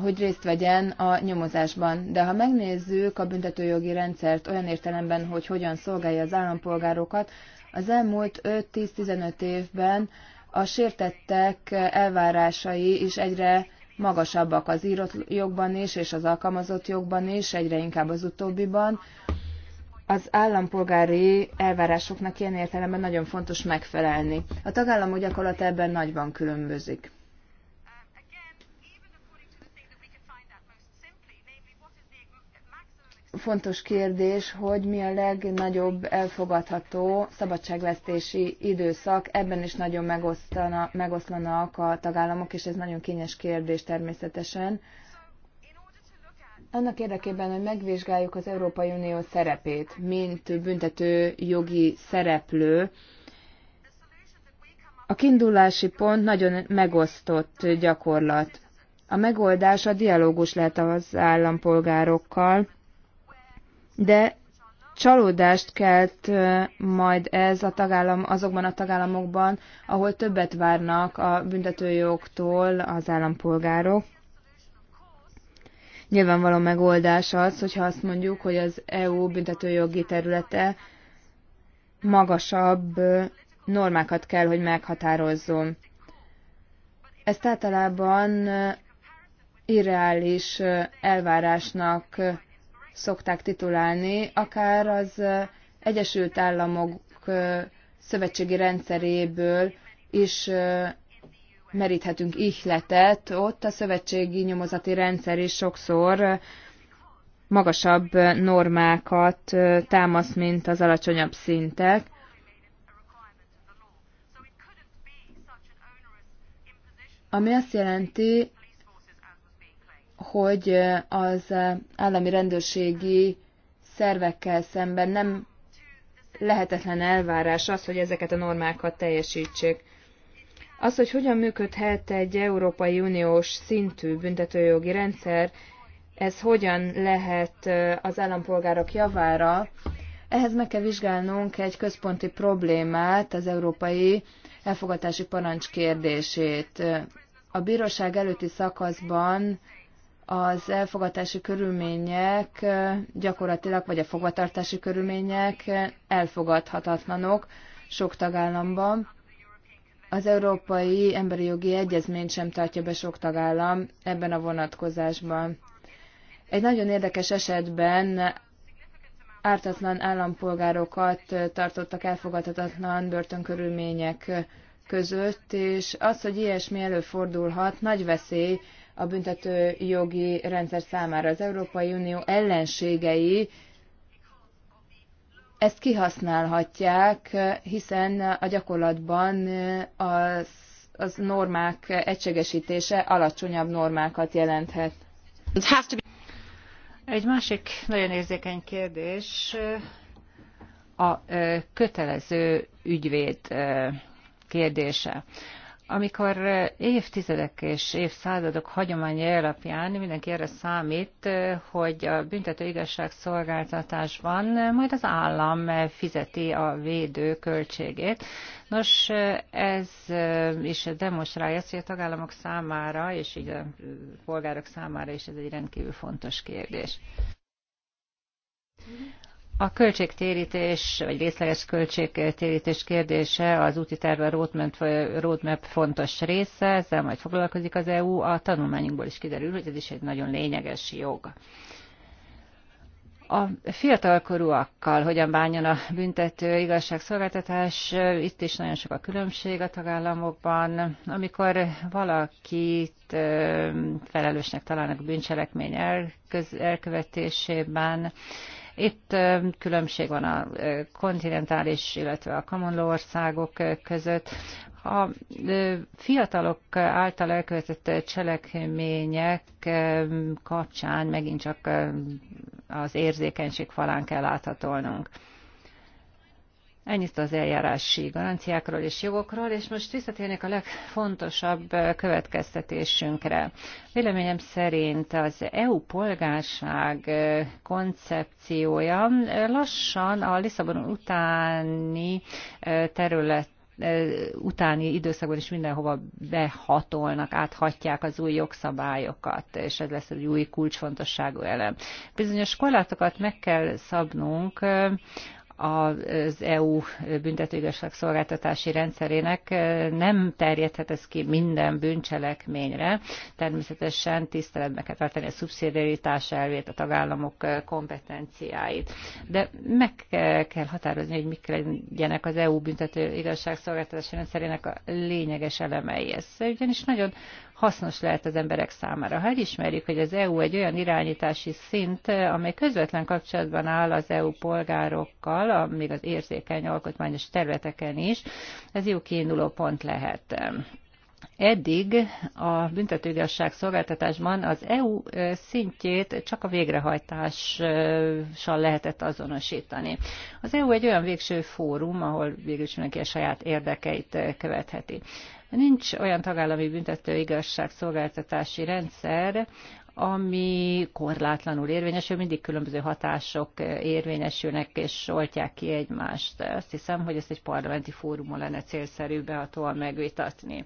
hogy részt vegyen a nyomozásban. De ha megnézzük a büntetőjogi rendszert olyan értelemben, hogy hogyan szolgálja az állampolgárokat, az elmúlt 5-10-15 évben a sértettek elvárásai is egyre magasabbak az írott jogban is, és az alkalmazott jogban is, egyre inkább az utóbbiban az állampolgári elvárásoknak ilyen értelemben nagyon fontos megfelelni. A tagállamok gyakorlat ebben nagyban különbözik. Fontos kérdés, hogy mi a legnagyobb elfogadható szabadságvesztési időszak. Ebben is nagyon megoszlanak a tagállamok, és ez nagyon kényes kérdés természetesen annak érdekében, hogy megvizsgáljuk az Európai Unió szerepét, mint büntető jogi szereplő, a kiindulási pont nagyon megosztott gyakorlat. A megoldás a dialógus lehet az állampolgárokkal, de csalódást kelt majd ez a tagállam, azokban a tagállamokban, ahol többet várnak a büntetőjogtól az állampolgárok nyilvánvaló megoldás az, hogyha azt mondjuk, hogy az EU büntetőjogi területe magasabb normákat kell, hogy meghatározzon. Ezt általában irreális elvárásnak szokták titulálni, akár az Egyesült Államok szövetségi rendszeréből is meríthetünk ihletet, ott a szövetségi nyomozati rendszer is sokszor magasabb normákat támaszt, mint az alacsonyabb szintek. Ami azt jelenti, hogy az állami rendőrségi szervekkel szemben nem lehetetlen elvárás az, hogy ezeket a normákat teljesítsék. Az, hogy hogyan működhet egy Európai Uniós szintű büntetőjogi rendszer, ez hogyan lehet az állampolgárok javára, ehhez meg kell vizsgálnunk egy központi problémát, az európai elfogadási parancs kérdését. A bíróság előtti szakaszban az elfogadási körülmények gyakorlatilag, vagy a fogvatartási körülmények elfogadhatatlanok sok tagállamban. Az Európai Emberi Jogi Egyezményt sem tartja be sok tagállam ebben a vonatkozásban. Egy nagyon érdekes esetben ártatlan állampolgárokat tartottak elfogadhatatlan börtönkörülmények között, és az, hogy ilyesmi előfordulhat, nagy veszély a büntető jogi rendszer számára. Az Európai Unió ellenségei ezt kihasználhatják, hiszen a gyakorlatban az, az normák egységesítése alacsonyabb normákat jelenthet. Egy másik nagyon érzékeny kérdés a kötelező ügyvéd kérdése. Amikor eh, évtizedek és évszázadok hagyományi alapján mindenki erre számít, eh, hogy a büntető szolgáltatásban eh, majd az állam fizeti a védő költségét. Nos, ez is demonstrálja azt, hogy a tagállamok számára, és így a polgárok számára is ez egy rendkívül fontos kérdés. A költségtérítés, vagy részleges költségtérítés kérdése az úti terve roadmap fontos része, ezzel majd foglalkozik az EU, a tanulmányunkból is kiderül, hogy ez is egy nagyon lényeges jog. A fiatalkorúakkal hogyan bánjon a büntető igazságszolgáltatás, itt is nagyon sok a különbség a tagállamokban. Amikor valakit felelősnek találnak a bűncselekmény elkövetésében, itt különbség van a kontinentális, illetve a common országok között. A fiatalok által elkövetett cselekmények kapcsán megint csak az érzékenység falán kell láthatolnunk. Ennyit az eljárási garanciákról és jogokról, és most visszatérnék a legfontosabb következtetésünkre. Véleményem szerint az EU polgárság koncepciója lassan a Lisszabon utáni terület utáni időszakban is mindenhova behatolnak, áthatják az új jogszabályokat, és ez lesz egy új kulcsfontosságú elem. Bizonyos korlátokat meg kell szabnunk az EU szolgáltatási rendszerének nem terjedhet ez ki minden bűncselekményre. Természetesen tiszteletbe kell tartani a szubszidiaritás elvét, a tagállamok kompetenciáit. De meg kell határozni, hogy mik legyenek az EU szolgáltatási rendszerének a lényeges elemei. Ez ugyanis nagyon hasznos lehet az emberek számára. Ha elismerjük, hogy az EU egy olyan irányítási szint, amely közvetlen kapcsolatban áll az EU polgárokkal, még az érzékeny alkotmányos területeken is, ez jó kiinduló pont lehet. Eddig a büntetőigazság szolgáltatásban az EU szintjét csak a végrehajtással lehetett azonosítani. Az EU egy olyan végső fórum, ahol végül is mindenki a saját érdekeit követheti. Nincs olyan tagállami büntető igazságszolgáltatási rendszer, ami korlátlanul érvényesül, mindig különböző hatások érvényesülnek és oltják ki egymást. Azt hiszem, hogy ezt egy parlamenti fórumon lenne célszerű behatóan megvitatni.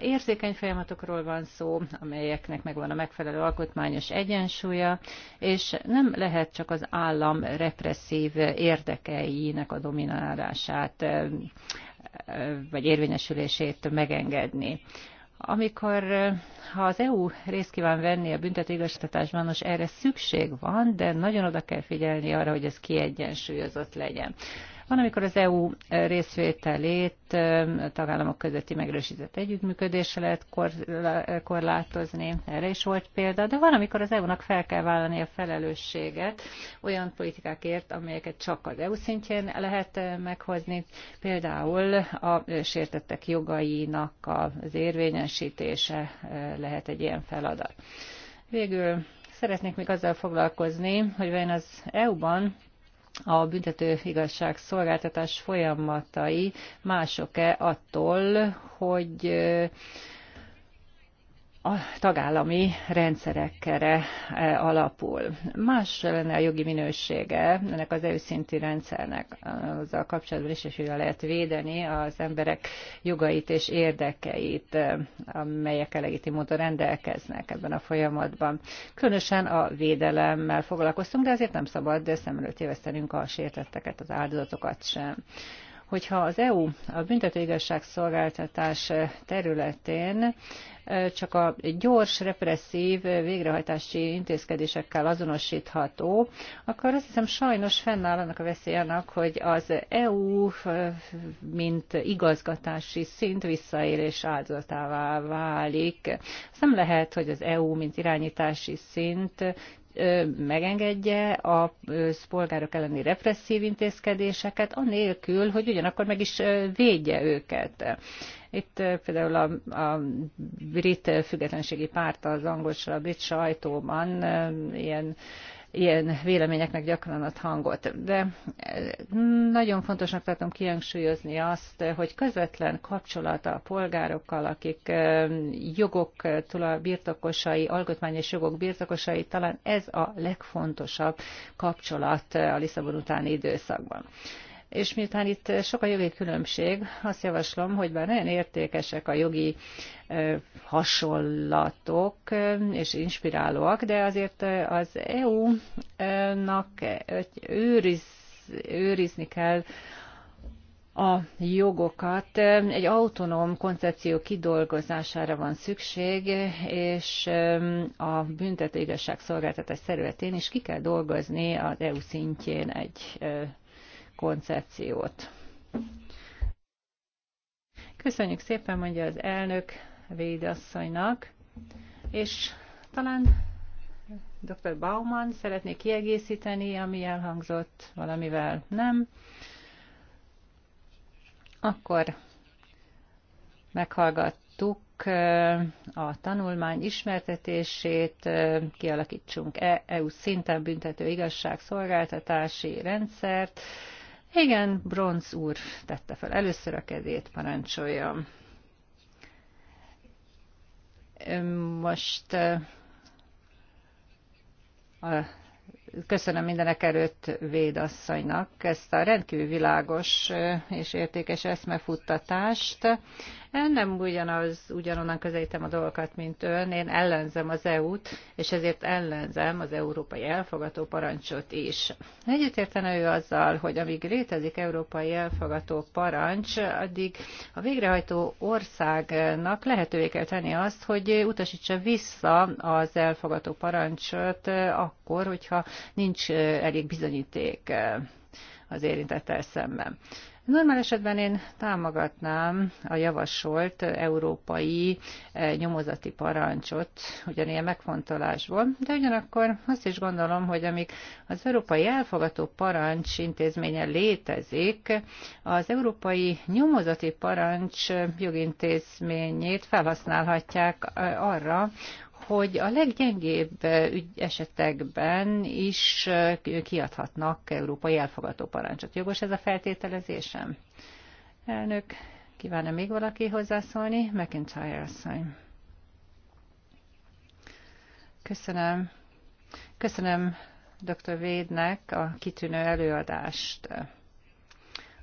Érzékeny folyamatokról van szó, amelyeknek megvan a megfelelő alkotmányos egyensúlya, és nem lehet csak az állam represszív érdekeinek a dominálását vagy érvényesülését megengedni. Amikor ha az EU részt kíván venni a büntetőigazgatásban, most erre szükség van, de nagyon oda kell figyelni arra, hogy ez kiegyensúlyozott legyen. Van, amikor az EU részvételét a tagállamok közötti megerősített együttműködésre lehet korlátozni, erre is volt példa, de van, amikor az EU-nak fel kell vállalni a felelősséget olyan politikákért, amelyeket csak az EU szintjén lehet meghozni, például a sértettek jogainak az érvényesítése lehet egy ilyen feladat. Végül szeretnék még azzal foglalkozni, hogy vajon az EU-ban a büntető igazság szolgáltatás folyamatai mások-e attól, hogy a tagállami rendszerekre e, alapul. Más lenne a jogi minősége ennek az őszinti rendszernek azzal kapcsolatban is, és hogyan lehet védeni az emberek jogait és érdekeit, e, amelyek legitim módon rendelkeznek ebben a folyamatban. Különösen a védelemmel foglalkoztunk, de azért nem szabad szemről tévesztenünk a sértetteket, az áldozatokat sem hogyha az EU a büntetőigazságszolgáltatás területén csak a gyors, represszív végrehajtási intézkedésekkel azonosítható, akkor azt hiszem sajnos fennáll annak a veszélyának, hogy az EU, mint igazgatási szint visszaélés áldozatává válik. Azt nem lehet, hogy az EU, mint irányítási szint megengedje a polgárok elleni represszív intézkedéseket, anélkül, hogy ugyanakkor meg is védje őket. Itt például a, a brit függetlenségi párt az angol a brit sajtóban ilyen ilyen véleményeknek gyakran ad hangot. De eh, nagyon fontosnak tartom kihangsúlyozni azt, hogy közvetlen kapcsolata a polgárokkal, akik eh, jogok birtokosai, alkotmányos jogok birtokosai, talán ez a legfontosabb kapcsolat eh, a Lisszabon utáni időszakban és miután itt sok a jogi különbség, azt javaslom, hogy bár nagyon értékesek a jogi hasonlatok és inspirálóak, de azért az EU-nak őriz, őrizni kell a jogokat. Egy autonóm koncepció kidolgozására van szükség, és a büntetőigazság szolgáltatás területén is ki kell dolgozni az EU szintjén egy koncepciót. Köszönjük szépen, mondja az elnök védasszonynak, és talán dr. Bauman szeretné kiegészíteni, ami elhangzott valamivel, nem? Akkor meghallgattuk a tanulmány ismertetését, kialakítsunk EU szinten büntető igazságszolgáltatási rendszert, igen, Bronz úr tette fel először a kezét, parancsolja. Most eh, a köszönöm mindenek előtt Védasszonynak ezt a rendkívül világos eh, és értékes eszmefuttatást. Nem ugyanaz, ugyanonnan közelítem a dolgokat, mint ön. Én ellenzem az EU-t, és ezért ellenzem az európai elfogató parancsot is. Egyetértene ő azzal, hogy amíg létezik európai elfogató parancs, addig a végrehajtó országnak lehetővé kell tenni azt, hogy utasítsa vissza az elfogató parancsot akkor, hogyha nincs elég bizonyíték az érintettel szemben. Normál esetben én támogatnám a javasolt európai eh, nyomozati parancsot ugyanilyen megfontolásból, de ugyanakkor azt is gondolom, hogy amíg az európai elfogató parancs intézménye létezik, az európai nyomozati parancs eh, jogintézményét felhasználhatják eh, arra, hogy a leggyengébb esetekben is kiadhatnak európai elfogadó parancsot. Jogos ez a feltételezésem? Elnök, -e még valaki hozzászólni? McIntyre asszony. Köszönöm. Köszönöm dr. Védnek a kitűnő előadást.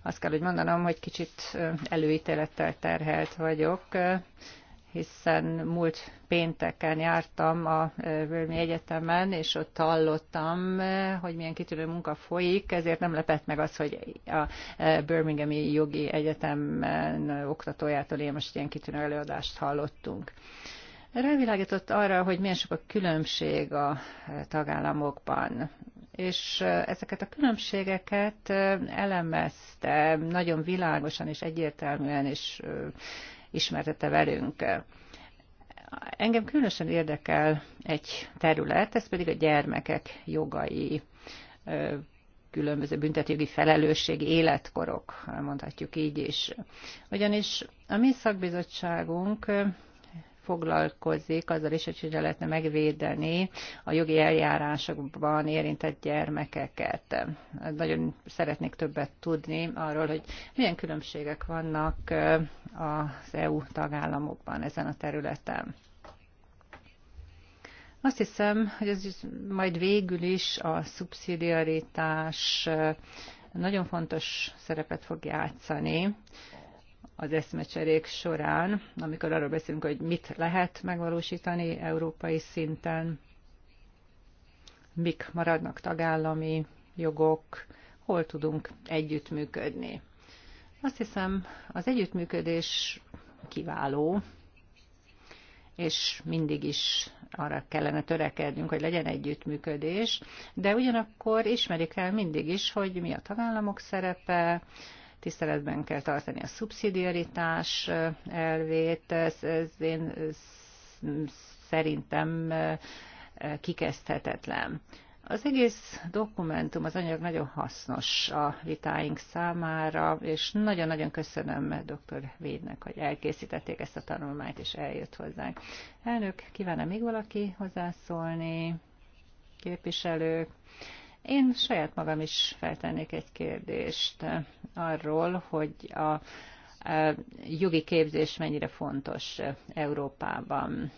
Azt kell, hogy mondanom, hogy kicsit előítélettel terhelt vagyok hiszen múlt pénteken jártam a Völmi Egyetemen, és ott hallottam, hogy milyen kitűnő munka folyik, ezért nem lepett meg az, hogy a Birminghami Jogi Egyetemen oktatójától én most ilyen kitűnő előadást hallottunk. Rávilágított arra, hogy milyen sok a különbség a tagállamokban és ezeket a különbségeket elemezte nagyon világosan és egyértelműen és ismertete velünk. Engem különösen érdekel egy terület, ez pedig a gyermekek jogai, különböző büntetőjogi felelősség, életkorok, mondhatjuk így is. Ugyanis a mi szakbizottságunk foglalkozik azzal is, hogy hogyan lehetne megvédeni a jogi eljárásokban érintett gyermekeket. Nagyon szeretnék többet tudni arról, hogy milyen különbségek vannak az EU tagállamokban ezen a területen. Azt hiszem, hogy ez majd végül is a szubszidiaritás nagyon fontos szerepet fog játszani, az eszmecserék során, amikor arról beszélünk, hogy mit lehet megvalósítani európai szinten, mik maradnak tagállami jogok, hol tudunk együttműködni. Azt hiszem, az együttműködés kiváló, és mindig is arra kellene törekednünk, hogy legyen együttműködés, de ugyanakkor ismerik el mindig is, hogy mi a tagállamok szerepe, tiszteletben kell tartani a szubszidiaritás eh, elvét. Ez, ez én szerintem eh, kikezdhetetlen. Az egész dokumentum, az anyag nagyon hasznos a vitáink számára, és nagyon-nagyon köszönöm dr. Védnek, hogy elkészítették ezt a tanulmányt, és eljött hozzánk. Elnök, kívánna még valaki hozzászólni? Képviselők? Én saját magam is feltennék egy kérdést arról, hogy a jogi képzés mennyire fontos Európában.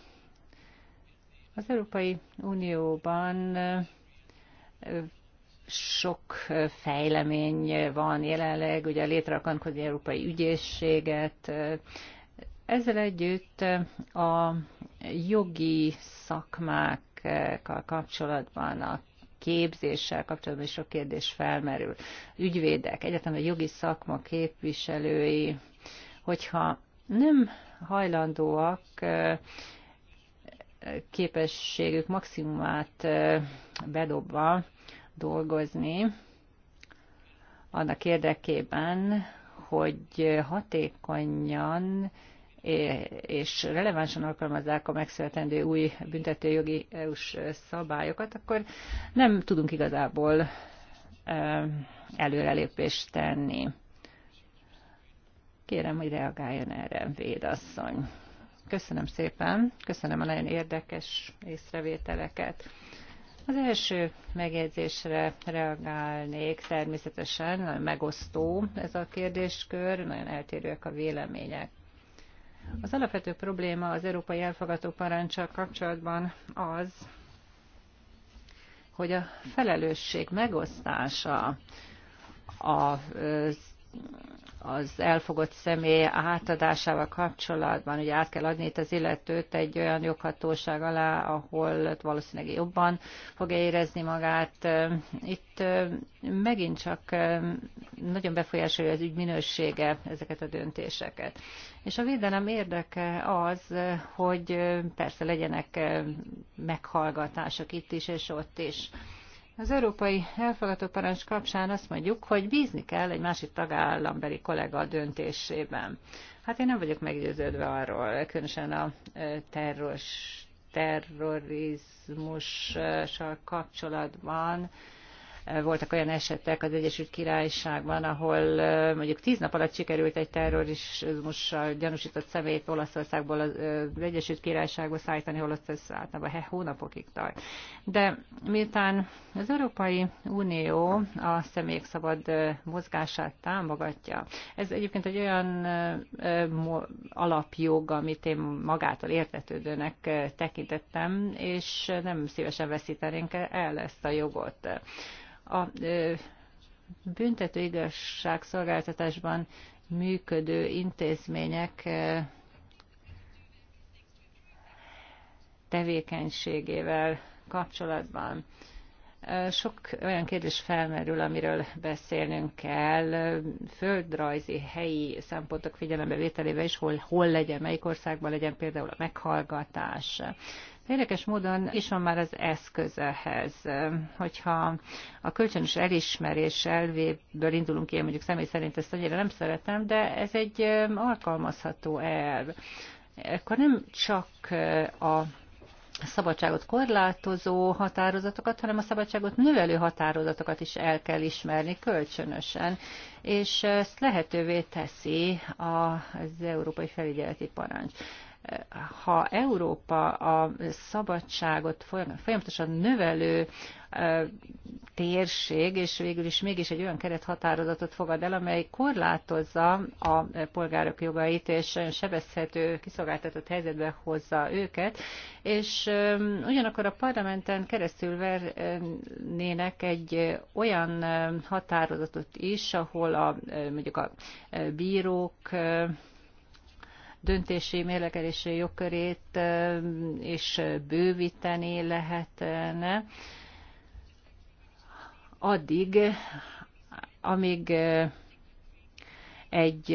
Az Európai Unióban sok fejlemény van jelenleg, ugye létre az európai ügyészséget. Ezzel együtt a jogi szakmákkal kapcsolatban a képzéssel kapcsolatban is sok kérdés felmerül. Ügyvédek, egyetem a jogi szakma képviselői, hogyha nem hajlandóak képességük maximumát bedobva dolgozni, annak érdekében, hogy hatékonyan és relevánsan alkalmazzák a megszületendő új büntetőjogi EU-s szabályokat, akkor nem tudunk igazából előrelépést tenni. Kérem, hogy reagáljon erre, védasszony. Köszönöm szépen, köszönöm a nagyon érdekes észrevételeket. Az első megjegyzésre reagálnék természetesen, nagyon megosztó ez a kérdéskör, nagyon eltérőek a vélemények. Az alapvető probléma az európai elfogadó parancsal kapcsolatban az, hogy a felelősség megosztása az az elfogott személy átadásával kapcsolatban, ugye át kell adni itt az illetőt egy olyan joghatóság alá, ahol valószínűleg jobban fogja érezni magát. Itt megint csak nagyon befolyásolja az ügy minősége ezeket a döntéseket. És a védelem érdeke az, hogy persze legyenek meghallgatások itt is és ott is. Az európai elfogadó parancs kapcsán azt mondjuk, hogy bízni kell egy másik tagállambeli kollega a döntésében. Hát én nem vagyok meggyőződve arról, különösen a e, terroris, terrorizmussal kapcsolatban, voltak olyan esetek az Egyesült Királyságban, ahol mondjuk tíz nap alatt sikerült egy terrorizmussal gyanúsított szemét Olaszországból az Egyesült Királyságba szállítani, holott ez általában hónapokig tart. De miután az Európai Unió a személyek szabad mozgását támogatja, ez egyébként egy olyan alapjog, amit én magától értetődőnek tekintettem, és nem szívesen veszítenénk el ezt a jogot. A büntető igazságszolgáltatásban működő intézmények tevékenységével kapcsolatban. Sok olyan kérdés felmerül, amiről beszélnünk kell, földrajzi, helyi szempontok figyelembevételével is, hol, hol legyen, melyik országban legyen például a meghallgatás. Érdekes módon is van már az eszközehez, hogyha a kölcsönös elismerés elvéből indulunk ki, mondjuk személy szerint ezt annyira nem szeretem, de ez egy alkalmazható elv. Akkor nem csak a szabadságot korlátozó határozatokat, hanem a szabadságot növelő határozatokat is el kell ismerni kölcsönösen, és ezt lehetővé teszi az Európai Felügyeleti Parancs ha Európa a szabadságot folyamatosan növelő térség, és végül is mégis egy olyan kerethatározatot fogad el, amely korlátozza a polgárok jogait, és sebezhető, kiszolgáltatott helyzetbe hozza őket, és ugyanakkor a parlamenten keresztül vernének egy olyan határozatot is, ahol a, mondjuk a bírók döntési mérlegelési jogkörét is bővíteni lehetne. Addig, amíg egy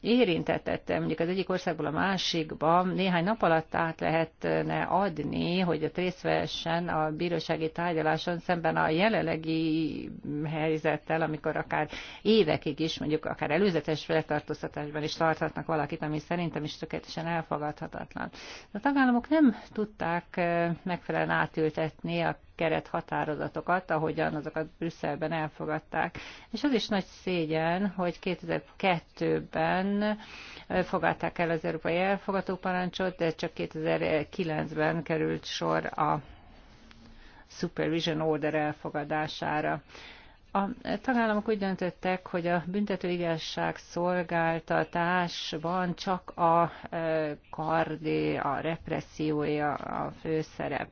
érintettet mondjuk az egyik országból a másikba néhány nap alatt át lehetne adni, hogy a részt vehessen a bírósági tárgyaláson szemben a jelenlegi helyzettel, amikor akár évekig is, mondjuk akár előzetes feltartóztatásban is tarthatnak valakit, ami szerintem is tökéletesen elfogadhatatlan. A tagállamok nem tudták megfelelően átültetni a keret határozatokat, ahogyan azokat Brüsszelben elfogadták. És az is nagy szégyen, hogy 2002-ben fogadták el az Európai Elfogató Parancsot, de csak 2009-ben került sor a Supervision Order elfogadására. A tagállamok úgy döntöttek, hogy a büntetőigazság szolgáltatásban csak a kardé, a repressziója a főszerep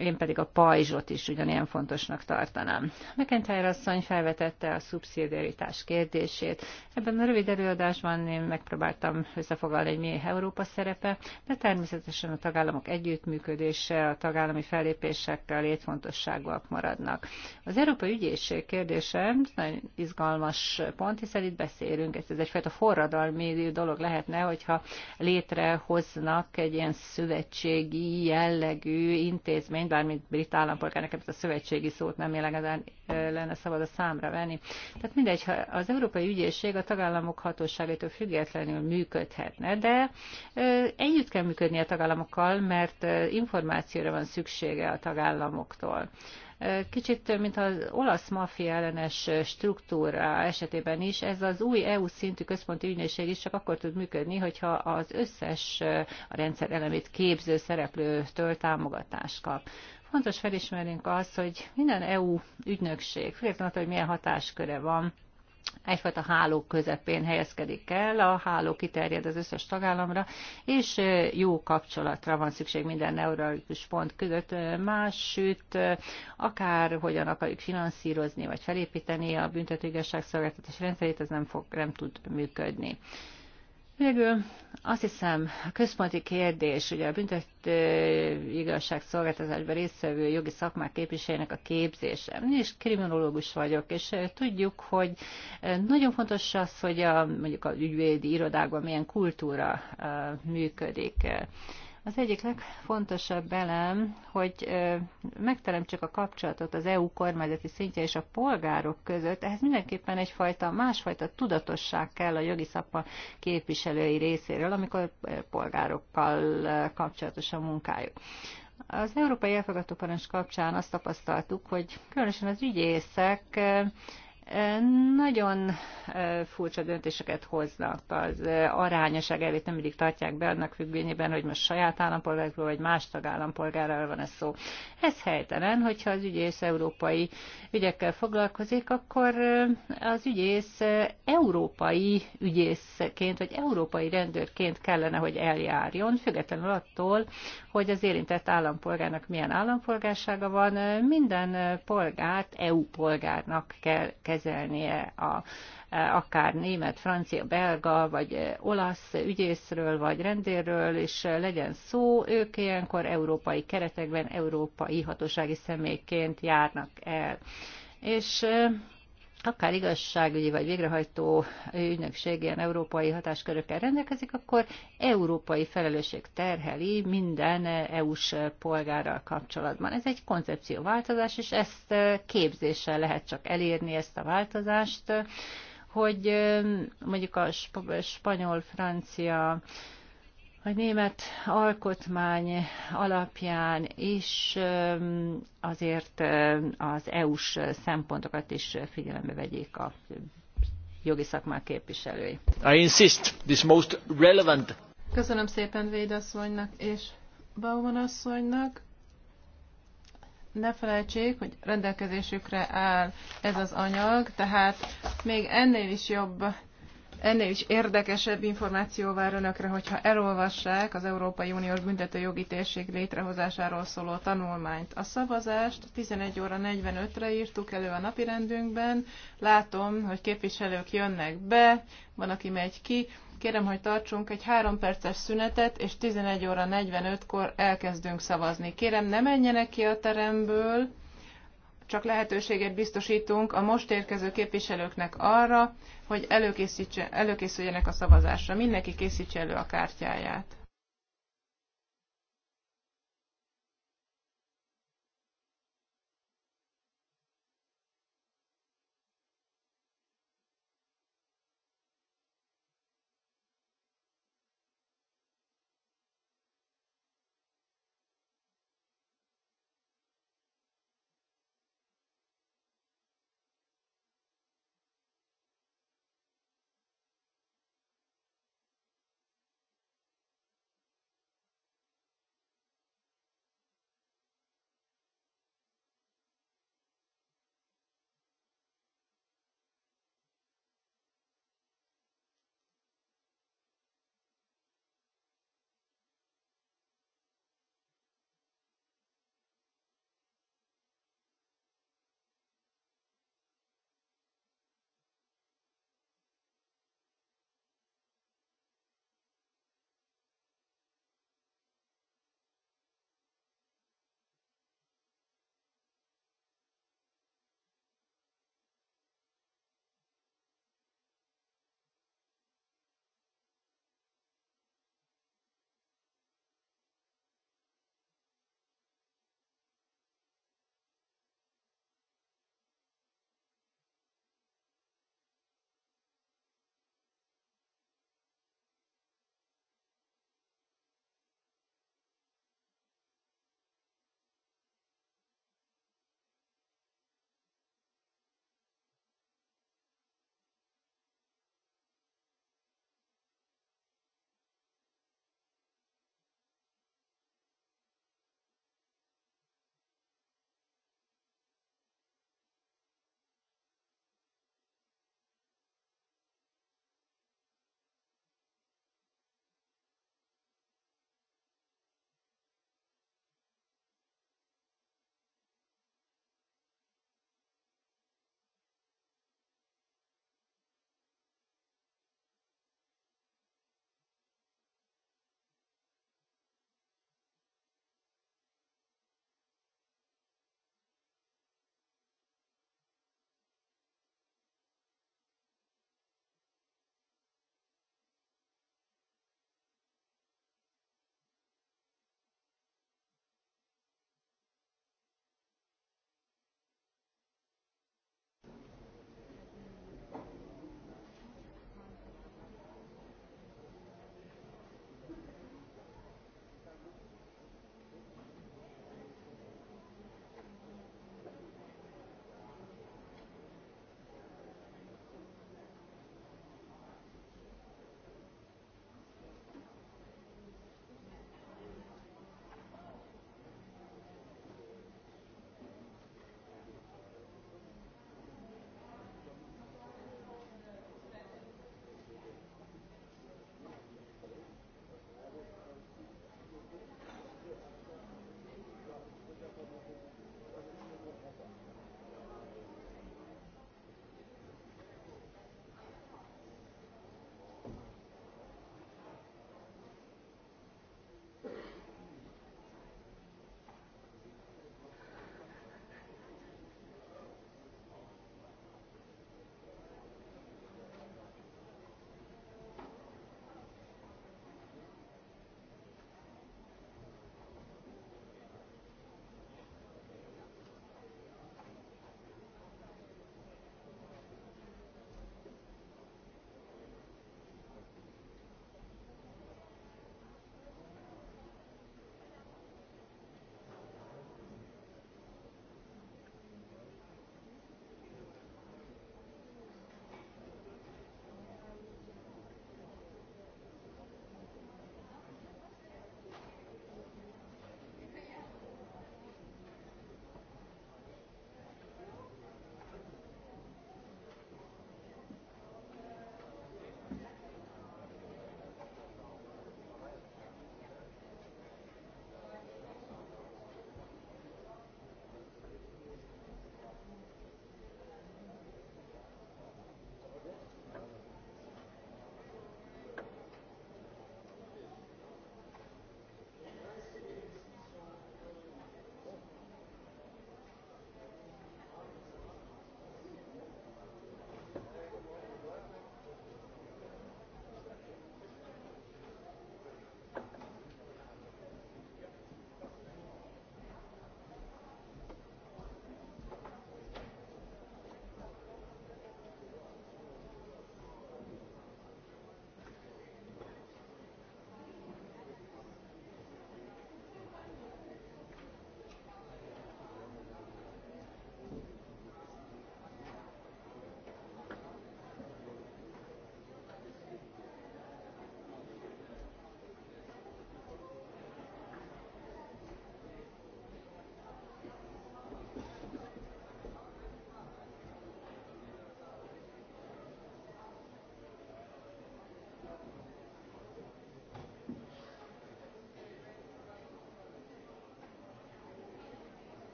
én pedig a pajzsot is ugyanilyen fontosnak tartanám. McIntyre asszony felvetette a szubszidiaritás kérdését. Ebben a rövid előadásban én megpróbáltam összefoglalni, hogy mi Európa szerepe, de természetesen a tagállamok együttműködése, a tagállami fellépésekkel létfontosságúak maradnak. Az Európai Ügyészség kérdése nagyon izgalmas pont, hiszen itt beszélünk, ez egyfajta forradalmi dolog lehetne, hogyha létrehoznak egy ilyen szövetségi jellegű intézményt, bár mint brit állampolgár nekem ezt a szövetségi szót nem jelenleg lenne szabad a számra venni. Tehát mindegy, ha az Európai Ügyészség a tagállamok hatóságaitól függetlenül működhetne, de együtt kell működni a tagállamokkal, mert információra van szüksége a tagállamoktól. Kicsit, mint az olasz maffia ellenes struktúra esetében is, ez az új EU szintű központi ügynökség is csak akkor tud működni, hogyha az összes a rendszer elemét képző szereplőtől támogatást kap. Fontos felismerünk azt, hogy minden EU ügynökség, függetlenül attól, hogy milyen hatásköre van, egyfajta háló közepén helyezkedik el, a háló kiterjed az összes tagállamra, és jó kapcsolatra van szükség minden neuralikus pont között. Másütt, akár hogyan akarjuk finanszírozni, vagy felépíteni a büntetőigazságszolgáltatás rendszerét, ez nem, fog, nem tud működni. Végül azt hiszem, a központi kérdés, ugye a büntető eh, igazságszolgáltatásban résztvevő jogi szakmák képviselőnek a képzése. Én is kriminológus vagyok, és eh, tudjuk, hogy eh, nagyon fontos az, hogy a, mondjuk a ügyvédi irodákban milyen kultúra működik az egyik legfontosabb elem, hogy megteremtsük a kapcsolatot az EU kormányzati szintje és a polgárok között, ehhez mindenképpen egyfajta, másfajta tudatosság kell a jogi szappa képviselői részéről, amikor polgárokkal kapcsolatos a munkájuk. Az európai elfogadó parancs kapcsán azt tapasztaltuk, hogy különösen az ügyészek nagyon furcsa döntéseket hoznak. Az arányoság elvét nem mindig tartják be annak függvényében, hogy most saját állampolgárról vagy más tagállampolgárral van ez szó. Ez helytelen, hogyha az ügyész európai ügyekkel foglalkozik, akkor az ügyész európai ügyészként vagy európai rendőrként kellene, hogy eljárjon, függetlenül attól, hogy az érintett állampolgárnak milyen állampolgársága van. Minden polgárt EU polgárnak kell kezelnie a akár német, francia, belga, vagy olasz ügyészről, vagy rendőrről és legyen szó, ők ilyenkor európai keretekben európai hatósági személyként járnak el. És akár igazságügyi vagy végrehajtó ügynökség ilyen európai hatáskörökkel rendelkezik, akkor európai felelősség terheli minden EU-s polgárral kapcsolatban. Ez egy koncepcióváltozás, és ezt képzéssel lehet csak elérni, ezt a változást, hogy mondjuk a spanyol, francia, a német alkotmány alapján is azért az EU-s szempontokat is figyelembe vegyék a jogi szakmák képviselői. I insist, this most relevant. Köszönöm szépen Védasszonynak és Bauman asszonynak. Ne felejtsék, hogy rendelkezésükre áll ez az anyag, tehát még ennél is jobb ennél is érdekesebb információ vár önökre, hogyha elolvassák az Európai Uniós Büntetőjogi Térség létrehozásáról szóló tanulmányt. A szavazást 11 óra 45-re írtuk elő a napirendünkben. Látom, hogy képviselők jönnek be, van, aki megy ki. Kérem, hogy tartsunk egy három perces szünetet, és 11 óra 45-kor elkezdünk szavazni. Kérem, ne menjenek ki a teremből, csak lehetőséget biztosítunk a most érkező képviselőknek arra, hogy előkészüljenek a szavazásra. Mindenki késztse elő a kártyáját.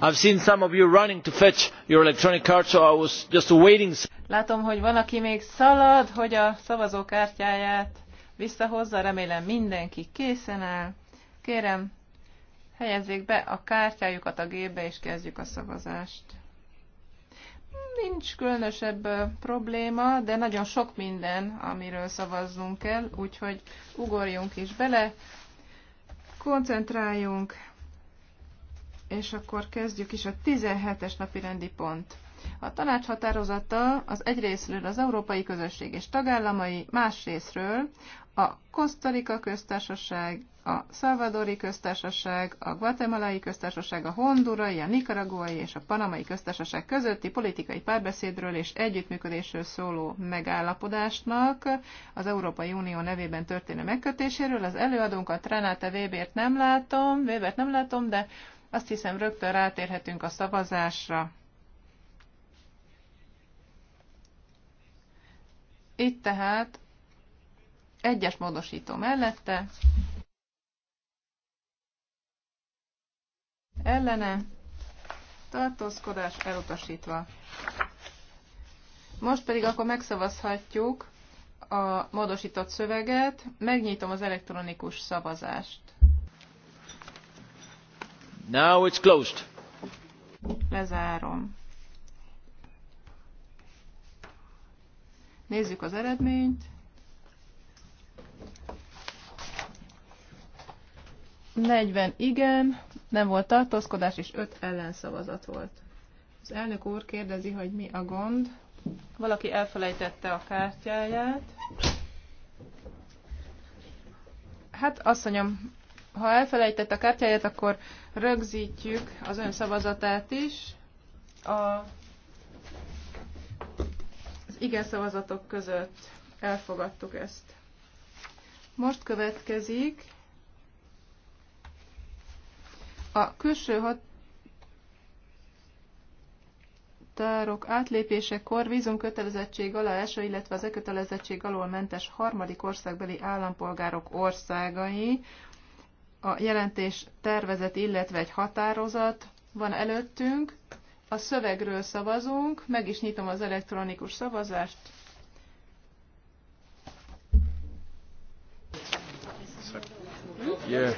have seen some of you running to fetch your electronic card, so I was just waiting. Látom, hogy van, aki még szalad, hogy a szavazókártyáját visszahozza. Remélem mindenki készen áll. Kérem, helyezzék be a kártyájukat a gépbe, és kezdjük a szavazást. Nincs különösebb probléma, de nagyon sok minden, amiről szavaznunk kell, úgyhogy ugorjunk is bele, koncentráljunk, és akkor kezdjük is a 17-es napi rendi pont. A tanács határozata az egyrésztről az Európai Közösség és tagállamai, másrésztről a Kosztarika Köztársaság, a Salvadori Köztársaság, a Guatemalai Köztársaság, a Hondurai, a Nikaraguai és a Panamai Köztársaság közötti politikai párbeszédről és együttműködésről szóló megállapodásnak az Európai Unió nevében történő megkötéséről. Az előadónkat Renáta Wébert nem látom, Wébert nem látom, de azt hiszem rögtön rátérhetünk a szavazásra. Itt tehát egyes módosító mellette, ellene, tartózkodás elutasítva. Most pedig akkor megszavazhatjuk a módosított szöveget, megnyitom az elektronikus szavazást. Now it's closed. Lezárom. Nézzük az eredményt. 40 igen, nem volt tartózkodás, és 5 ellenszavazat volt. Az elnök úr kérdezi, hogy mi a gond. Valaki elfelejtette a kártyáját. Hát asszonyom, ha elfelejtett a kártyáját, akkor rögzítjük az ön szavazatát is a, az igen szavazatok között. Elfogadtuk ezt. Most következik a külső határok átlépésekor vízum kötelezettség alá eső, illetve az e kötelezettség alól mentes harmadik országbeli állampolgárok országai, a jelentés tervezet, illetve egy határozat van előttünk. A szövegről szavazunk, meg is nyitom az elektronikus szavazást. Yeah.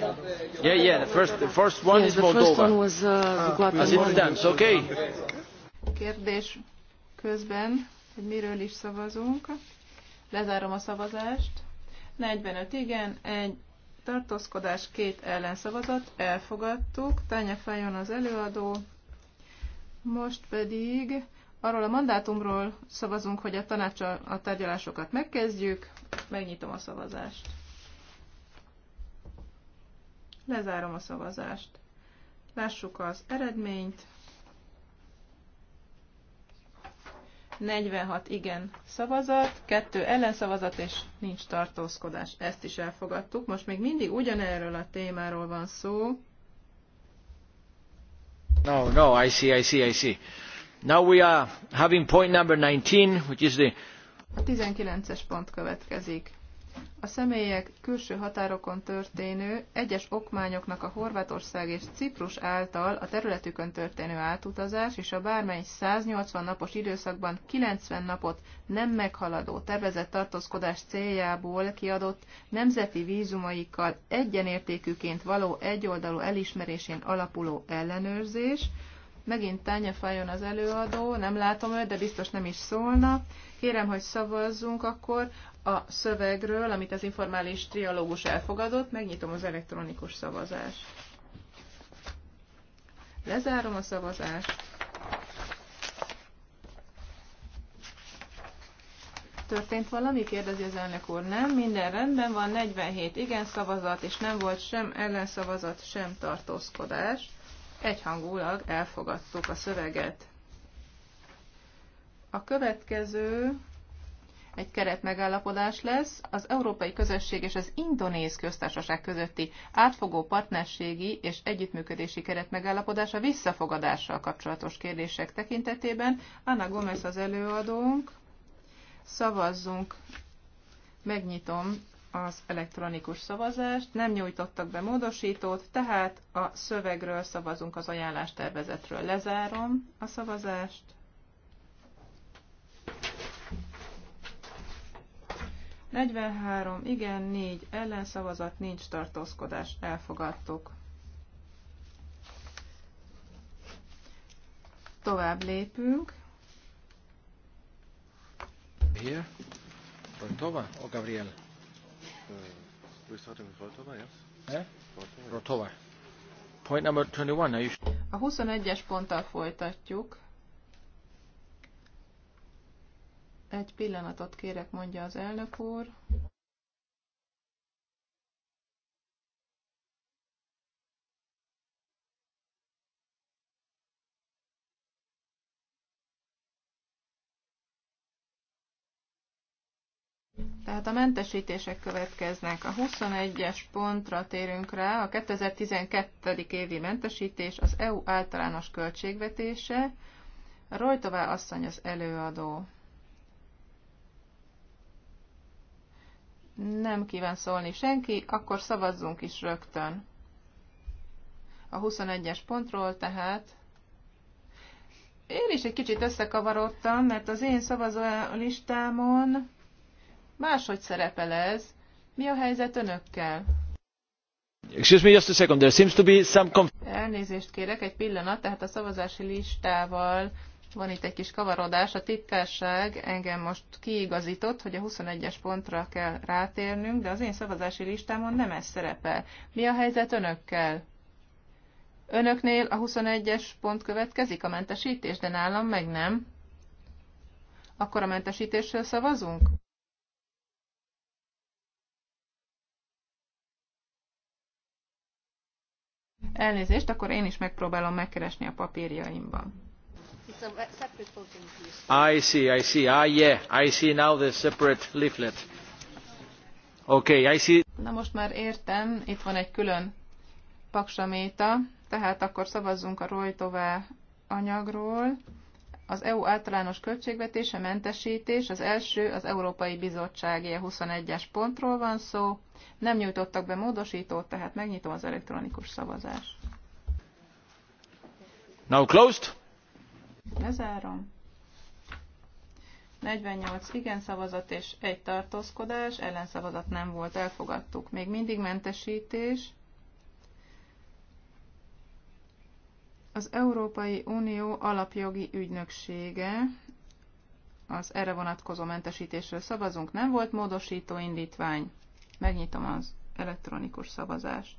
Yeah, yeah. The first, the first one yeah, is the Moldova. First one was, uh, ah. Guatemala. Ah, okay. Kérdés közben, hogy miről is szavazunk. Lezárom a szavazást. 45 igen, egy tartózkodás, két ellenszavazat, elfogadtuk. Tánya feljön az előadó. Most pedig arról a mandátumról szavazunk, hogy a tanácsa a tárgyalásokat megkezdjük. Megnyitom a szavazást. Lezárom a szavazást. Lássuk az eredményt. 46 igen szavazat, 2 ellenszavazat és nincs tartózkodás. Ezt is elfogadtuk. Most még mindig ugyanerről a témáról van szó. No, no, I see, I see, I see. Now we are having point number 19, which is the... A 19-es pont következik a személyek külső határokon történő egyes okmányoknak a Horvátország és Ciprus által a területükön történő átutazás és a bármely 180 napos időszakban 90 napot nem meghaladó tervezett tartózkodás céljából kiadott nemzeti vízumaikkal egyenértékűként való egyoldalú elismerésén alapuló ellenőrzés. Megint Tánya az előadó, nem látom őt, de biztos nem is szólna. Kérem, hogy szavazzunk akkor a szövegről, amit az informális trialógus elfogadott. Megnyitom az elektronikus szavazást. Lezárom a szavazást. történt valami? kérdezi az elnök úr. Nem, minden rendben van, 47 igen szavazat, és nem volt sem ellenszavazat, sem tartózkodás. Egyhangulag elfogadtuk a szöveget. A következő egy keretmegállapodás lesz az Európai Közösség és az Indonéz Köztársaság közötti átfogó partnerségi és együttműködési keretmegállapodása. a visszafogadással kapcsolatos kérdések tekintetében. Anna Gomez az előadónk. Szavazzunk. Megnyitom az elektronikus szavazást. Nem nyújtottak be módosítót, tehát a szövegről szavazunk az ajánlástervezetről. Lezárom a szavazást. 43, igen, 4 ellenszavazat, nincs tartózkodás, elfogadtuk. Tovább lépünk. Here? Rotova o oh, Gabriel? Uh, we're starting with Rotova, yes? Eh? Rotova. Point number 21. A 21-es ponttal folytatjuk. Egy pillanatot kérek, mondja az elnök úr. Tehát a mentesítések következnek. A 21-es pontra térünk rá, a 2012. évi mentesítés, az EU általános költségvetése. Rojtová asszony az előadó. nem kíván szólni senki, akkor szavazzunk is rögtön. A 21-es pontról tehát én is egy kicsit összekavarodtam, mert az én szavazó listámon máshogy szerepel ez. Mi a helyzet önökkel? Excuse me just a second, there seems to be some Elnézést kérek, egy pillanat, tehát a szavazási listával van itt egy kis kavarodás. A titkárság engem most kiigazított, hogy a 21-es pontra kell rátérnünk, de az én szavazási listámon nem ez szerepel. Mi a helyzet önökkel? Önöknél a 21-es pont következik a mentesítés, de nálam meg nem. Akkor a mentesítésről szavazunk? Elnézést, akkor én is megpróbálom megkeresni a papírjaimban separate voting I see, I see. Ah, yeah, I see now the separate leaflet. Okay, I see. Na most már értem, itt van egy külön paksaméta, tehát akkor szavazzunk a Rojtová anyagról. Az EU általános költségvetése mentesítés, az első az Európai Bizottság 21-es pontról van szó. Nem nyújtottak be módosítót, tehát megnyitom az elektronikus szavazást. Now closed. Lezárom. 48 igen szavazat és egy tartózkodás, ellenszavazat nem volt, elfogadtuk. Még mindig mentesítés. Az Európai Unió alapjogi ügynöksége, az erre vonatkozó mentesítésről szavazunk, nem volt módosító indítvány. Megnyitom az elektronikus szavazást.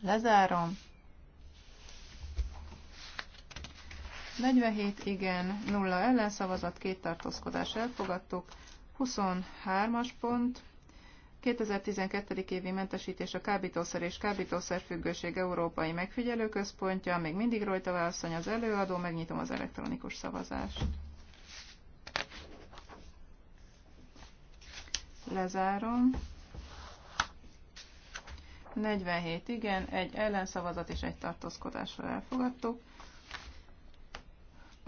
Lezárom. 47 igen, 0 ellenszavazat, két tartózkodás elfogadtuk. 23-as pont. 2012. évi mentesítés a kábítószer és kábítószerfüggőség Európai Megfigyelőközpontja. Még mindig rajta válaszony az előadó, megnyitom az elektronikus szavazást. Lezárom. 47 igen, egy ellenszavazat és egy tartózkodásra elfogadtuk.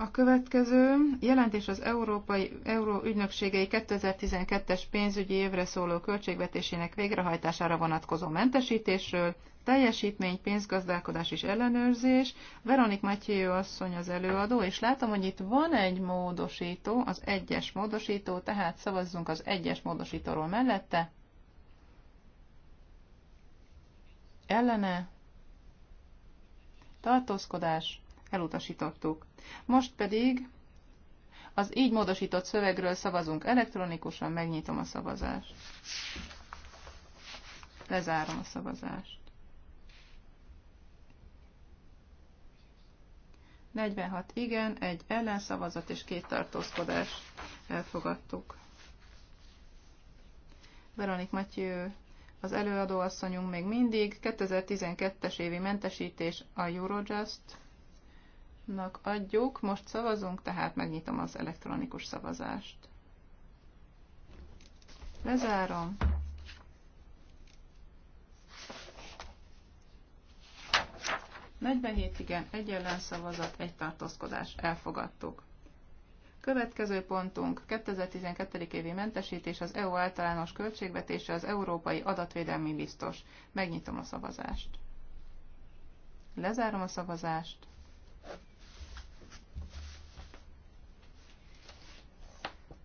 A következő jelentés az Európai Euró ügynökségei 2012-es pénzügyi évre szóló költségvetésének végrehajtására vonatkozó mentesítésről, teljesítmény, pénzgazdálkodás és ellenőrzés. Veronik Matyéjó asszony az előadó, és látom, hogy itt van egy módosító, az egyes módosító, tehát szavazzunk az egyes módosítóról mellette. Ellene. Tartózkodás. Elutasítottuk. Most pedig az így módosított szövegről szavazunk elektronikusan, megnyitom a szavazást. Lezárom a szavazást. 46 igen, egy ellenszavazat és két tartózkodás elfogadtuk. Veronik Matyő, az előadóasszonyunk még mindig 2012-es évi mentesítés a Eurojust nak adjuk. Most szavazunk, tehát megnyitom az elektronikus szavazást. Lezárom. hét igen, egy szavazat, egy tartózkodás. Elfogadtuk. Következő pontunk 2012. évi mentesítés az EU általános költségvetése az Európai Adatvédelmi Biztos. Megnyitom a szavazást. Lezárom a szavazást.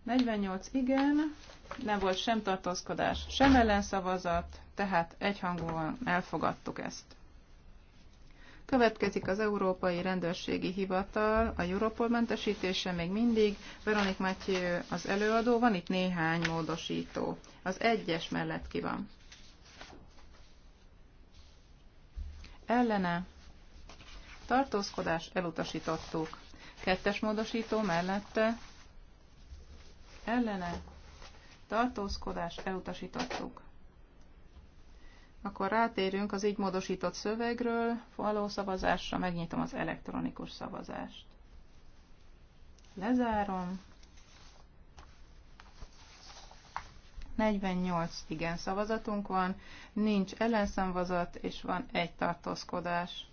48 igen, nem volt sem tartózkodás, sem ellenszavazat, tehát egyhangúan elfogadtuk ezt. Következik az Európai Rendőrségi Hivatal, a Europol mentesítése még mindig. Veronik Matyő az előadó, van itt néhány módosító. Az egyes mellett ki van. Ellene. Tartózkodás elutasítottuk. Kettes módosító mellette ellene tartózkodás elutasítottuk. Akkor rátérünk az így módosított szövegről, való szavazásra, megnyitom az elektronikus szavazást. Lezárom. 48 igen szavazatunk van, nincs ellenszavazat, és van egy tartózkodás.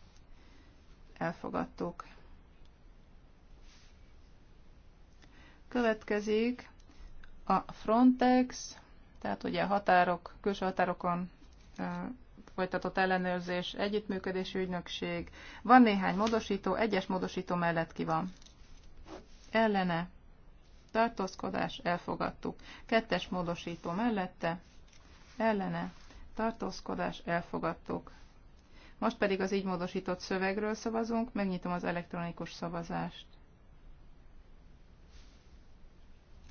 Elfogadtuk. Következik a Frontex, tehát ugye a határok, külső határokon folytatott ellenőrzés, együttműködési ügynökség. Van néhány módosító, egyes módosító mellett ki van. Ellene, tartózkodás, elfogadtuk. Kettes módosító mellette, ellene, tartózkodás, elfogadtuk. Most pedig az így módosított szövegről szavazunk, megnyitom az elektronikus szavazást.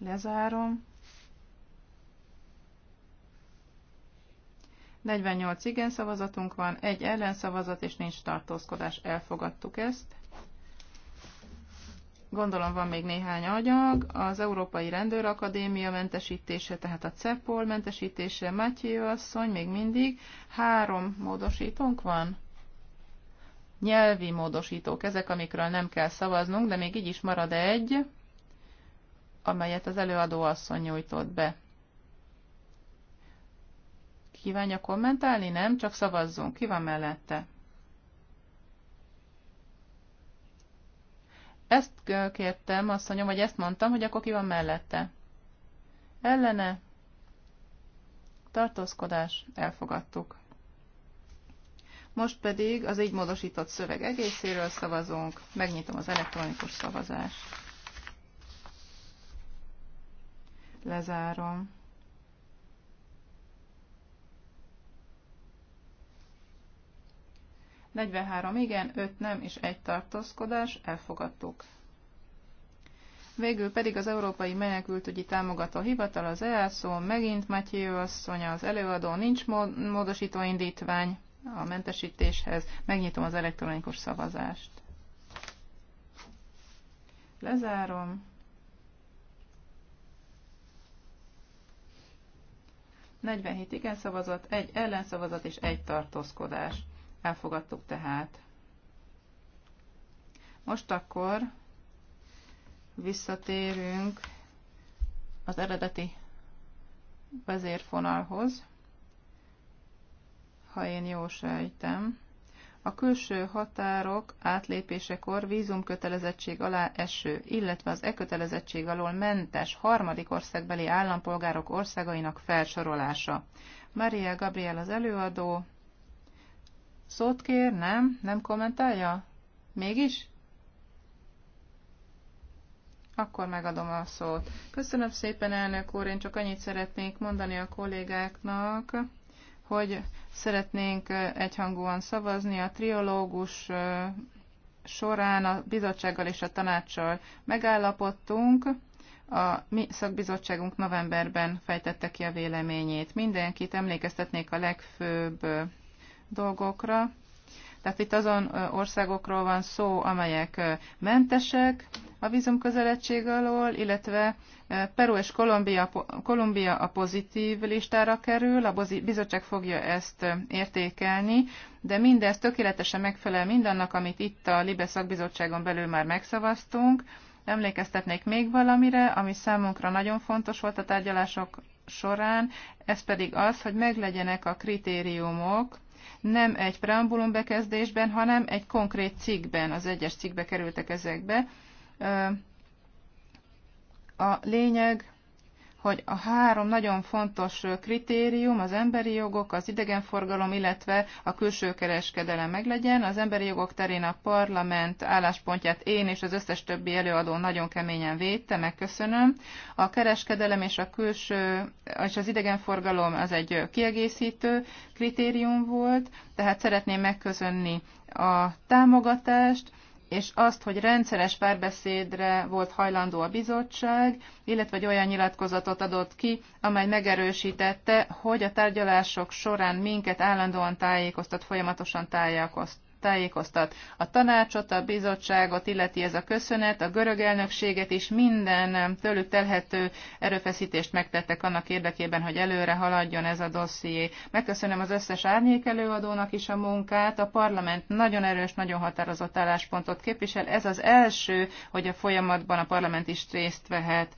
Lezárom. 48 igen szavazatunk van, egy ellenszavazat és nincs tartózkodás. Elfogadtuk ezt. Gondolom van még néhány anyag. Az Európai Rendőrakadémia mentesítése, tehát a CEPOL mentesítése, Matyő asszony még mindig. Három módosítónk van. Nyelvi módosítók, ezek amikről nem kell szavaznunk, de még így is marad egy amelyet az előadó asszony nyújtott be. Kívánja kommentálni? Nem? Csak szavazzunk. Ki van mellette? Ezt kértem, asszonyom, hogy ezt mondtam, hogy akkor ki van mellette. Ellene. Tartózkodás. Elfogadtuk. Most pedig az így módosított szöveg egészéről szavazunk. Megnyitom az elektronikus szavazást. Lezárom. Negyvenhárom igen, öt nem és egy tartózkodás, elfogadtuk. Végül pedig az Európai Menekültügyi Támogató Hivatal, az EASZO, megint Matyő asszony, az előadó, nincs módosító indítvány a mentesítéshez. Megnyitom az elektronikus szavazást. Lezárom. 47 igen szavazat, egy ellenszavazat és egy tartózkodás. Elfogadtuk tehát. Most akkor visszatérünk az eredeti vezérfonalhoz, ha én jól sejtem a külső határok átlépésekor vízumkötelezettség alá eső, illetve az e kötelezettség alól mentes harmadik országbeli állampolgárok országainak felsorolása. Maria Gabriel az előadó. Szót kér, nem? Nem kommentálja? Mégis? Akkor megadom a szót. Köszönöm szépen, elnök úr, én csak annyit szeretnék mondani a kollégáknak, hogy szeretnénk egyhangúan szavazni a triológus során a bizottsággal és a tanácssal megállapodtunk. A mi szakbizottságunk novemberben fejtette ki a véleményét. Mindenkit emlékeztetnék a legfőbb dolgokra. Tehát itt azon országokról van szó, amelyek mentesek, a vízum közeledtség alól, illetve e, Peru és Kolumbia, Kolumbia a pozitív listára kerül, a bizottság fogja ezt e, értékelni, de mindez tökéletesen megfelel mindannak, amit itt a Libe szakbizottságon belül már megszavaztunk. Emlékeztetnék még valamire, ami számunkra nagyon fontos volt a tárgyalások során, ez pedig az, hogy meglegyenek a kritériumok, nem egy preambulum bekezdésben, hanem egy konkrét cikkben, az egyes cikkbe kerültek ezekbe, a lényeg, hogy a három nagyon fontos kritérium, az emberi jogok, az idegenforgalom, illetve a külső kereskedelem meglegyen. Az emberi jogok terén a parlament álláspontját én és az összes többi előadó nagyon keményen védte, megköszönöm. A kereskedelem és a külső, és az idegenforgalom az egy kiegészítő kritérium volt, tehát szeretném megköszönni a támogatást, és azt, hogy rendszeres párbeszédre volt hajlandó a bizottság, illetve egy olyan nyilatkozatot adott ki, amely megerősítette, hogy a tárgyalások során minket állandóan tájékoztat, folyamatosan tájékoztat. A tanácsot, a bizottságot illeti ez a köszönet, a görög elnökséget is minden tőlük telhető erőfeszítést megtettek annak érdekében, hogy előre haladjon ez a dosszié. Megköszönöm az összes árnyékelőadónak is a munkát. A parlament nagyon erős, nagyon határozott álláspontot képvisel. Ez az első, hogy a folyamatban a parlament is részt vehet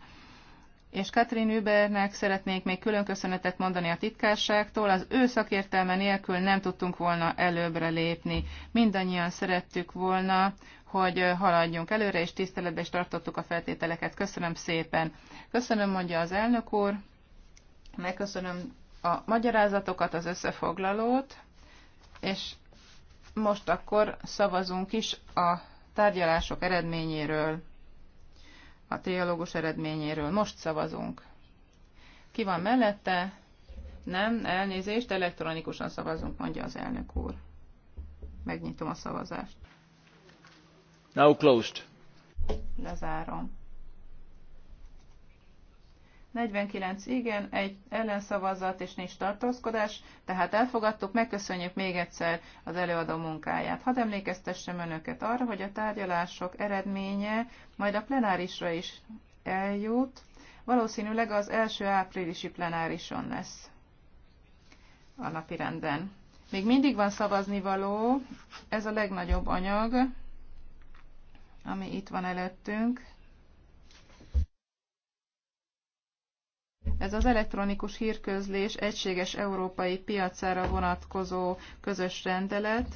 és Katrin Übernek szeretnék még külön köszönetet mondani a titkárságtól. Az ő szakértelme nélkül nem tudtunk volna előbbre lépni. Mindannyian szerettük volna, hogy haladjunk előre, és tiszteletbe is tartottuk a feltételeket. Köszönöm szépen. Köszönöm, mondja az elnök úr. Megköszönöm a magyarázatokat, az összefoglalót, és most akkor szavazunk is a tárgyalások eredményéről a triológus eredményéről. Most szavazunk. Ki van mellette? Nem, elnézést, elektronikusan szavazunk, mondja az elnök úr. Megnyitom a szavazást. Now closed. Lezárom. 49 igen, egy ellenszavazat és nincs tartózkodás, tehát elfogadtuk, megköszönjük még egyszer az előadó munkáját. Hadd emlékeztessem önöket arra, hogy a tárgyalások eredménye majd a plenárisra is eljut, valószínűleg az első áprilisi plenárison lesz a napirenden. Még mindig van szavaznivaló, ez a legnagyobb anyag, ami itt van előttünk, Ez az elektronikus hírközlés egységes európai piacára vonatkozó közös rendelet,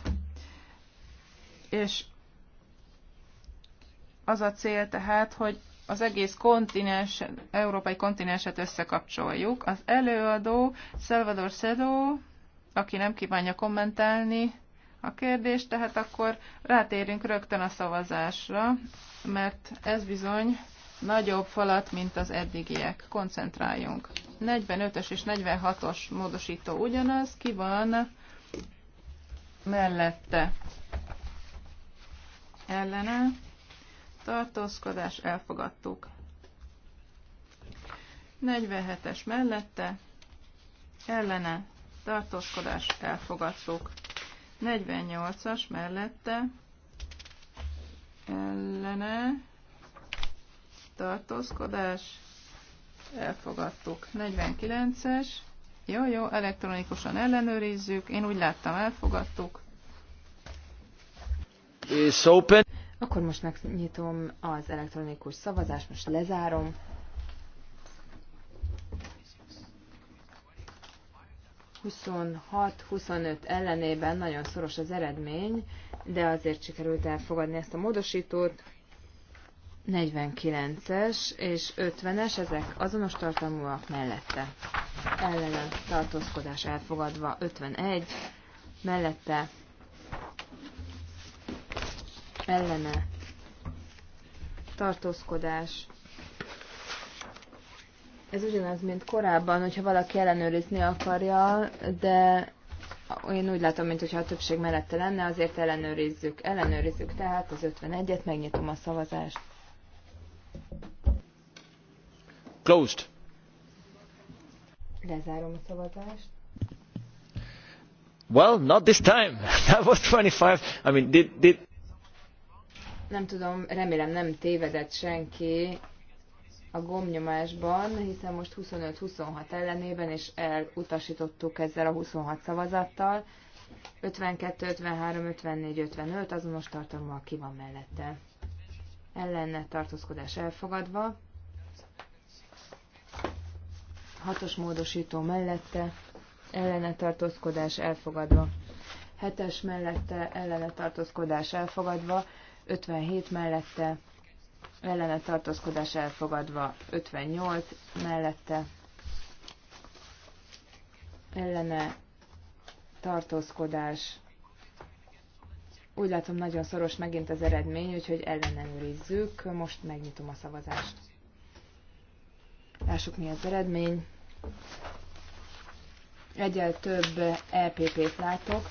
és az a cél tehát, hogy az egész kontinens, európai kontinenset összekapcsoljuk. Az előadó Salvador Szedó, aki nem kívánja kommentálni a kérdést, tehát akkor rátérünk rögtön a szavazásra, mert ez bizony nagyobb falat, mint az eddigiek. Koncentráljunk. 45-ös és 46-os módosító ugyanaz, ki van mellette. Ellene. Tartózkodás, elfogadtuk. 47-es mellette. Ellene. Tartózkodás, elfogadtuk. 48-as mellette. Ellene tartózkodás, elfogadtuk. 49-es, jó, jó, elektronikusan ellenőrizzük, én úgy láttam, elfogadtuk. It's open. Akkor most megnyitom az elektronikus szavazást, most lezárom. ...26-25 ellenében nagyon szoros az eredmény, de azért sikerült elfogadni ezt a módosítót. 49-es és 50-es, ezek azonos tartalmúak mellette. Ellene tartózkodás elfogadva 51, mellette ellene tartózkodás. Ez ugyanaz, mint korábban, hogyha valaki ellenőrizni akarja, de én úgy látom, mintha a többség mellette lenne, azért ellenőrizzük. Ellenőrizzük tehát az 51-et, megnyitom a szavazást. Closed. szavazást. Well, not this time. That was 25. I mean, did, did... Nem tudom, remélem nem tévedett senki a gomnyomásban, hiszen most 25-26 ellenében, és elutasítottuk ezzel a 26 szavazattal. 52, 53, 54, 55 azonos tartalommal ki van mellette. Ellenne tartózkodás elfogadva. Hatos módosító mellette ellene tartózkodás elfogadva. Hetes mellette ellene tartózkodás elfogadva. 57 mellette ellene tartózkodás elfogadva. 58 mellette ellene tartózkodás. Úgy látom, nagyon szoros megint az eredmény, úgyhogy ellenőrizzük. Most megnyitom a szavazást. Lássuk, mi az eredmény. Egyel több EPP-t látok.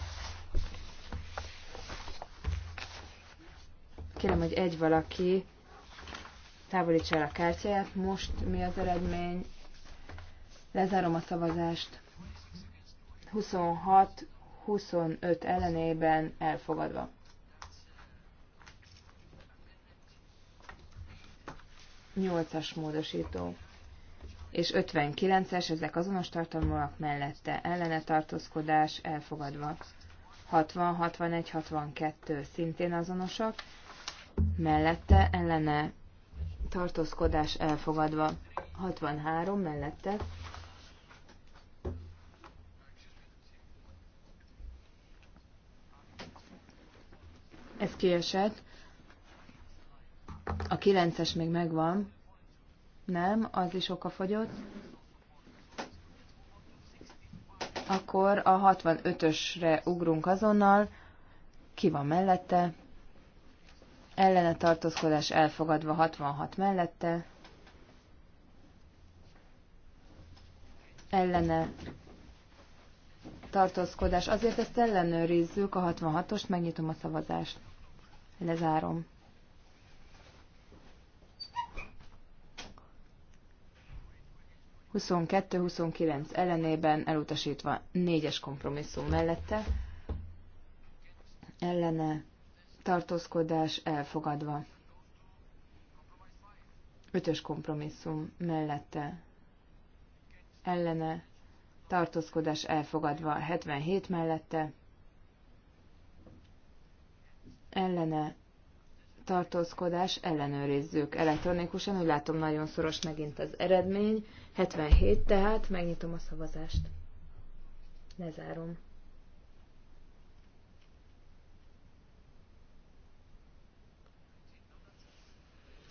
Kérem, hogy egy valaki távolítsa el a kártyáját. Most mi az eredmény? Lezárom a szavazást. 26-25 ellenében elfogadva. Nyolcas módosító és 59-es, ezek azonos tartalmúak mellette ellene tartózkodás elfogadva. 60, 61, 62 szintén azonosak, mellette ellene tartózkodás elfogadva. 63 mellette ez kiesett. A 9-es még megvan. Nem, az is oka fogyott. Akkor a 65-ösre ugrunk azonnal. Ki van mellette? Ellene tartózkodás elfogadva 66 mellette. Ellene tartózkodás. Azért ezt ellenőrizzük, a 66-ost, megnyitom a szavazást. Lezárom. 22-29 ellenében elutasítva 4-es kompromisszum mellette, ellene tartózkodás elfogadva. 5 kompromisszum mellette, ellene tartózkodás elfogadva 77 mellette, ellene tartózkodás, ellenőrizzük. Elektronikusan úgy látom nagyon szoros megint az eredmény. 77 tehát, megnyitom a szavazást. Lezárom.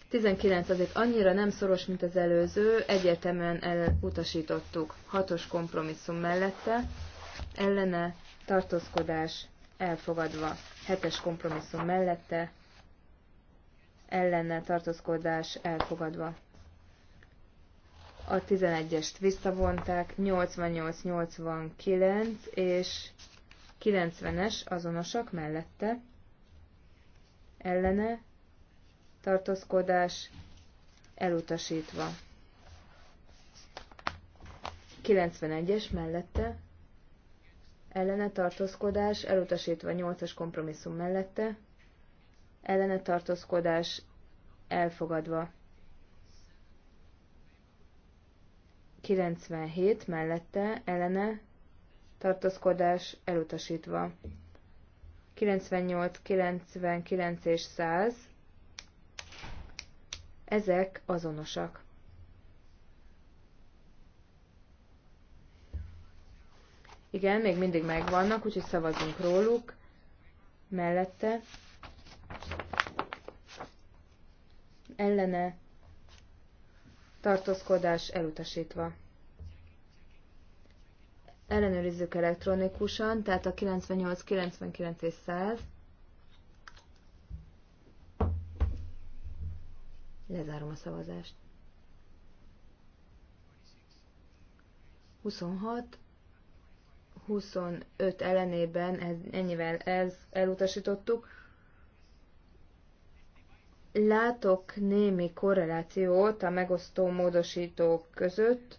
Tizenkilenc azért annyira nem szoros, mint az előző, egyértelműen elutasítottuk hatos kompromisszum mellette, ellene tartózkodás elfogadva, hetes kompromisszum mellette, ellenne tartózkodás elfogadva. A 11-est visszavonták, 88-89 és 90-es azonosak mellette ellene tartózkodás elutasítva. 91-es mellette ellene tartózkodás elutasítva 8-as kompromisszum mellette ellene tartózkodás elfogadva. 97 mellette ellene tartózkodás elutasítva. 98, 99 és 100 ezek azonosak. Igen, még mindig megvannak, úgyhogy szavazunk róluk. Mellette ellene tartózkodás elutasítva. Ellenőrizzük elektronikusan, tehát a 98, 99 és 100. Lezárom a szavazást. 26, 25 ellenében ez, ennyivel ez elutasítottuk látok némi korrelációt a megosztó módosítók között.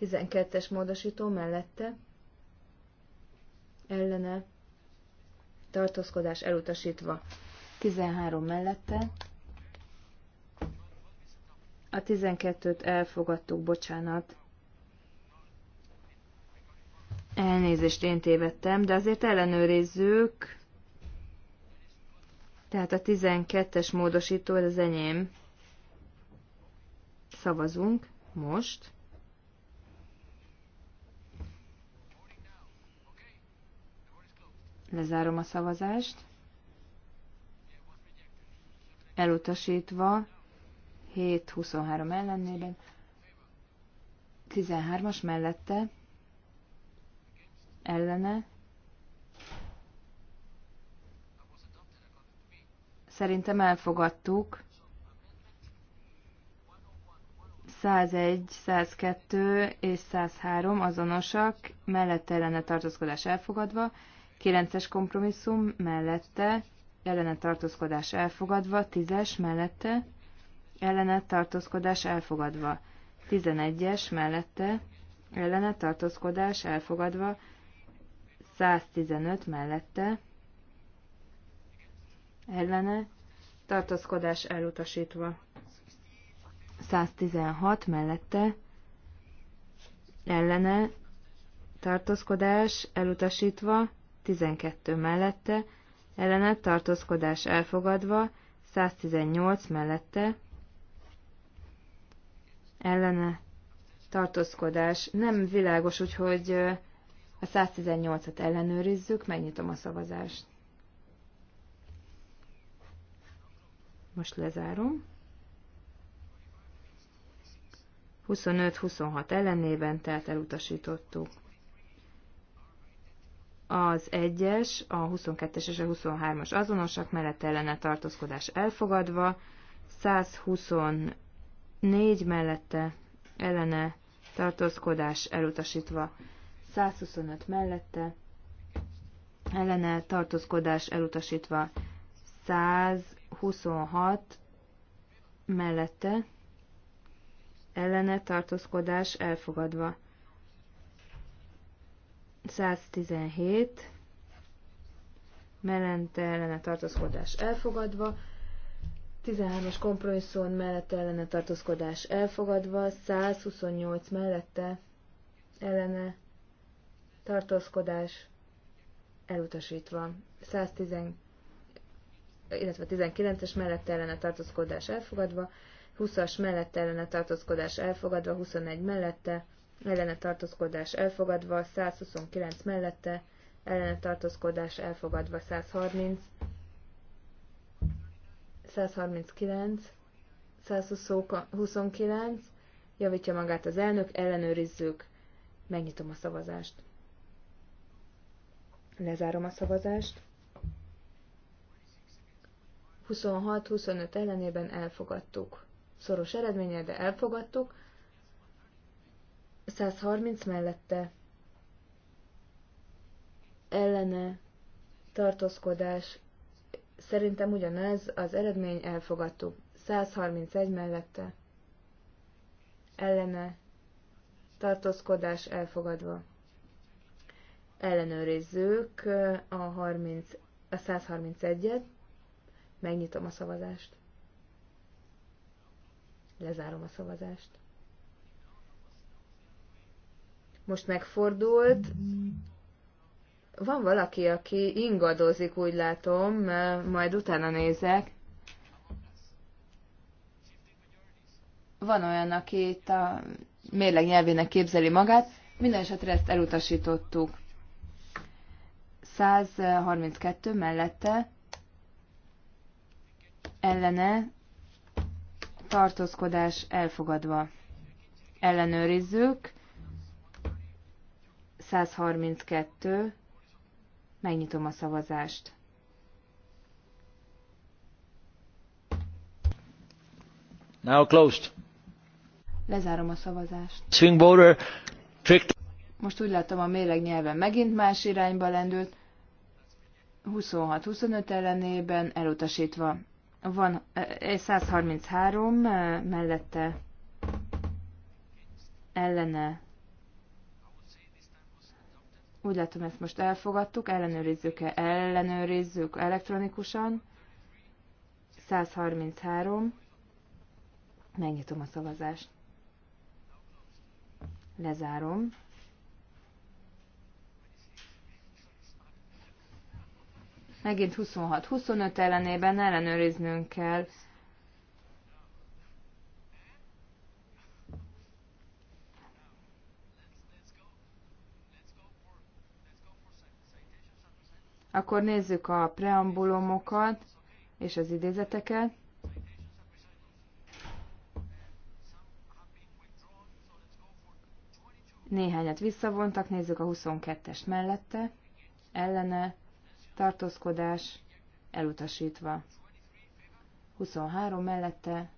12-es módosító mellette ellene tartózkodás elutasítva. 13 mellette. A 12-t elfogadtuk, bocsánat. Elnézést én tévedtem, de azért ellenőrizzük. Tehát a 12-es módosító, az enyém. Szavazunk most. Lezárom a szavazást. Elutasítva 7-23 ellenében. 13-as mellette ellene Szerintem elfogadtuk. 101, 102 és 103 azonosak, mellette ellene tartózkodás elfogadva, 9-es kompromisszum mellette, ellene tartózkodás elfogadva, 10-es mellette, ellene tartózkodás elfogadva, 11-es mellette, ellene tartózkodás elfogadva, 115 mellette, ellene, tartózkodás elutasítva. 116 mellette, ellene, tartózkodás elutasítva, 12 mellette, ellene, tartózkodás elfogadva, 118 mellette, ellene, tartózkodás nem világos, úgyhogy a 118-at ellenőrizzük, megnyitom a szavazást. Most lezárom. 25-26 ellenében, tehát elutasítottuk. Az 1-es, a 22-es és a 23-as azonosak mellett ellene tartózkodás elfogadva, 124 mellette ellene tartózkodás elutasítva, 125 mellette ellene tartózkodás elutasítva, 100 26 mellette ellene tartózkodás elfogadva. 117 mellette ellene tartózkodás elfogadva. 13-as kompromisszón mellette ellene tartózkodás elfogadva, 128 mellette ellene tartózkodás elutasítva, 112 illetve 19-es mellett ellene tartózkodás elfogadva, 20-as mellett ellene tartózkodás elfogadva, 21 mellette ellene tartózkodás elfogadva, 129 mellette ellene tartózkodás elfogadva, 130, 139, 129, javítja magát az elnök, ellenőrizzük, megnyitom a szavazást. Lezárom a szavazást. 26-25 ellenében elfogadtuk. Szoros eredménye, de elfogadtuk. 130 mellette ellene tartózkodás. Szerintem ugyanez az eredmény elfogadtuk. 131 mellette ellene tartózkodás elfogadva. Ellenőrizzük a, 30, a 131-et. Megnyitom a szavazást. Lezárom a szavazást. Most megfordult. Van valaki, aki ingadozik, úgy látom, majd utána nézek. Van olyan, aki itt a mérleg nyelvének képzeli magát. Minden esetre ezt elutasítottuk. 132 mellette ellene tartózkodás elfogadva. Ellenőrizzük. 132. Megnyitom a szavazást. Now closed. Lezárom a szavazást. Swing voter tricked. Most úgy látom a méreg nyelven megint más irányba lendült. 26-25 ellenében elutasítva. Van 133 mellette ellene. Úgy látom, ezt most elfogadtuk. Ellenőrizzük-e? Ellenőrizzük elektronikusan. 133. Megnyitom a szavazást. Lezárom. megint 26-25 ellenében ellenőriznünk kell. Akkor nézzük a preambulumokat és az idézeteket. Néhányat visszavontak, nézzük a 22 es mellette, ellene, tartózkodás elutasítva. 23 mellette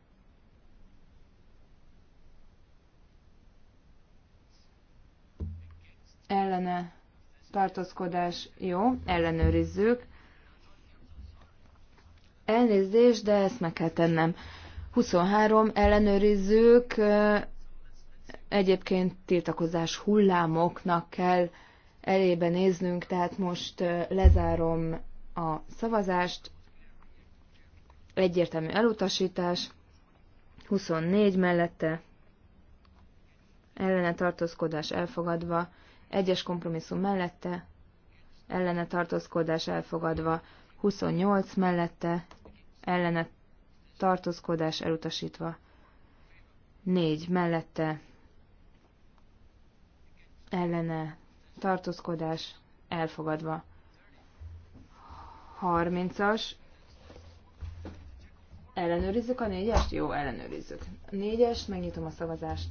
ellene tartózkodás jó, ellenőrizzük. Elnézést, de ezt meg kell tennem. 23 ellenőrizzük, egyébként tiltakozás hullámoknak kell elébe néznünk, tehát most lezárom a szavazást. Egyértelmű elutasítás, 24 mellette, ellene tartózkodás elfogadva, egyes kompromisszum mellette, ellene tartózkodás elfogadva, 28 mellette, ellene tartózkodás elutasítva, 4 mellette, ellene tartózkodás elfogadva. 30-as, ellenőrizzük a négyest? Jó, ellenőrizzük. A négyes, megnyitom a szavazást.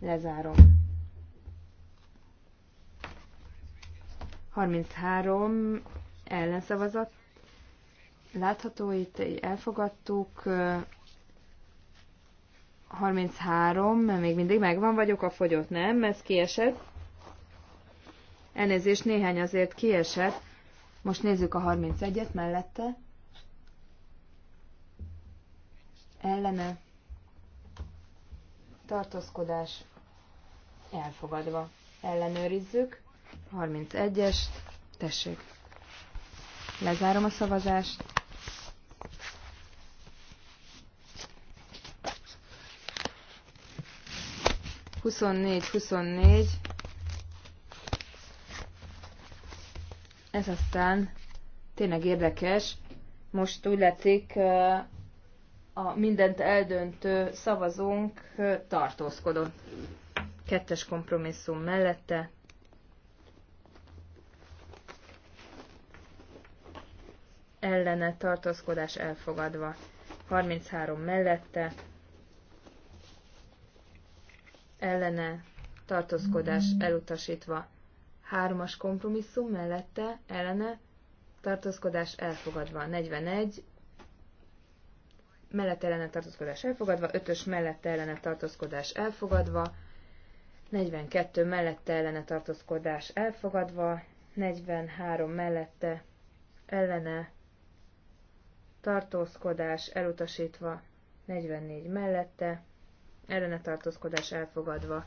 Lezárom. 33 ellenszavazat látható, itt elfogadtuk, 33, még mindig megvan vagyok, a fogyott nem, ez kiesett. Elnézést, néhány azért kiesett. Most nézzük a 31-et mellette. Ellene. Tartózkodás. Elfogadva. Ellenőrizzük. 31-es. Tessék. Lezárom a szavazást. 24-24, ez aztán tényleg érdekes. Most úgy látszik, a mindent eldöntő szavazónk tartózkodott. Kettes kompromisszum mellette. Ellene tartózkodás elfogadva. 33 mellette ellene tartózkodás elutasítva. Hármas kompromisszum mellette ellene tartózkodás elfogadva. 41 mellette ellene tartózkodás elfogadva, 5-ös mellette ellene tartózkodás elfogadva, 42 mellette ellene tartózkodás elfogadva, 43 mellette ellene tartózkodás elutasítva, 44 mellette ellene tartózkodás elfogadva.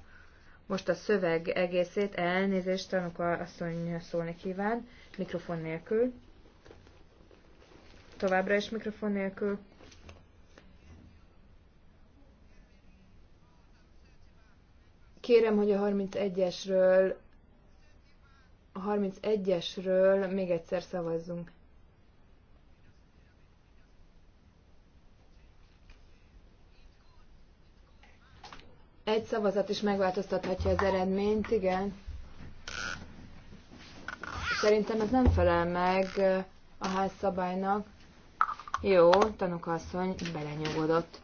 Most a szöveg egészét elnézést tanuk asszony szólni kíván, mikrofon nélkül. Továbbra is mikrofon nélkül. Kérem, hogy a 31-esről a 31-esről még egyszer szavazzunk. Egy szavazat is megváltoztathatja az eredményt, igen. Szerintem ez nem felel meg eh, a ház szabálynak. Jó, tanukasszony belenyugodott.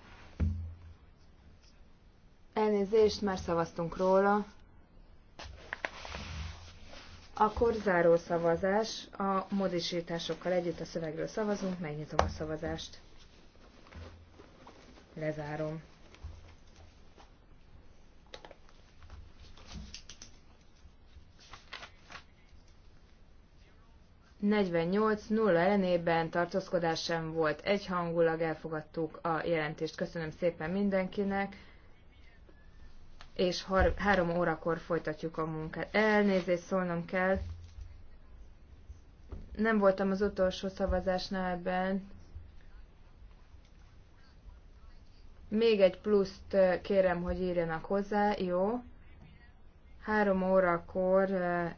Elnézést, már szavaztunk róla. Akkor záró szavazás. A modisításokkal együtt a szövegről szavazunk, megnyitom a szavazást. Lezárom. 48-0 ellenében tartózkodás sem volt. Egyhangulag elfogadtuk a jelentést. Köszönöm szépen mindenkinek, és har- három órakor folytatjuk a munkát. Elnézést szólnom kell. Nem voltam az utolsó szavazásnál ebben. Még egy pluszt kérem, hogy írjanak hozzá, jó? Három órakor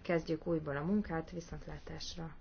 kezdjük újból a munkát, viszontlátásra!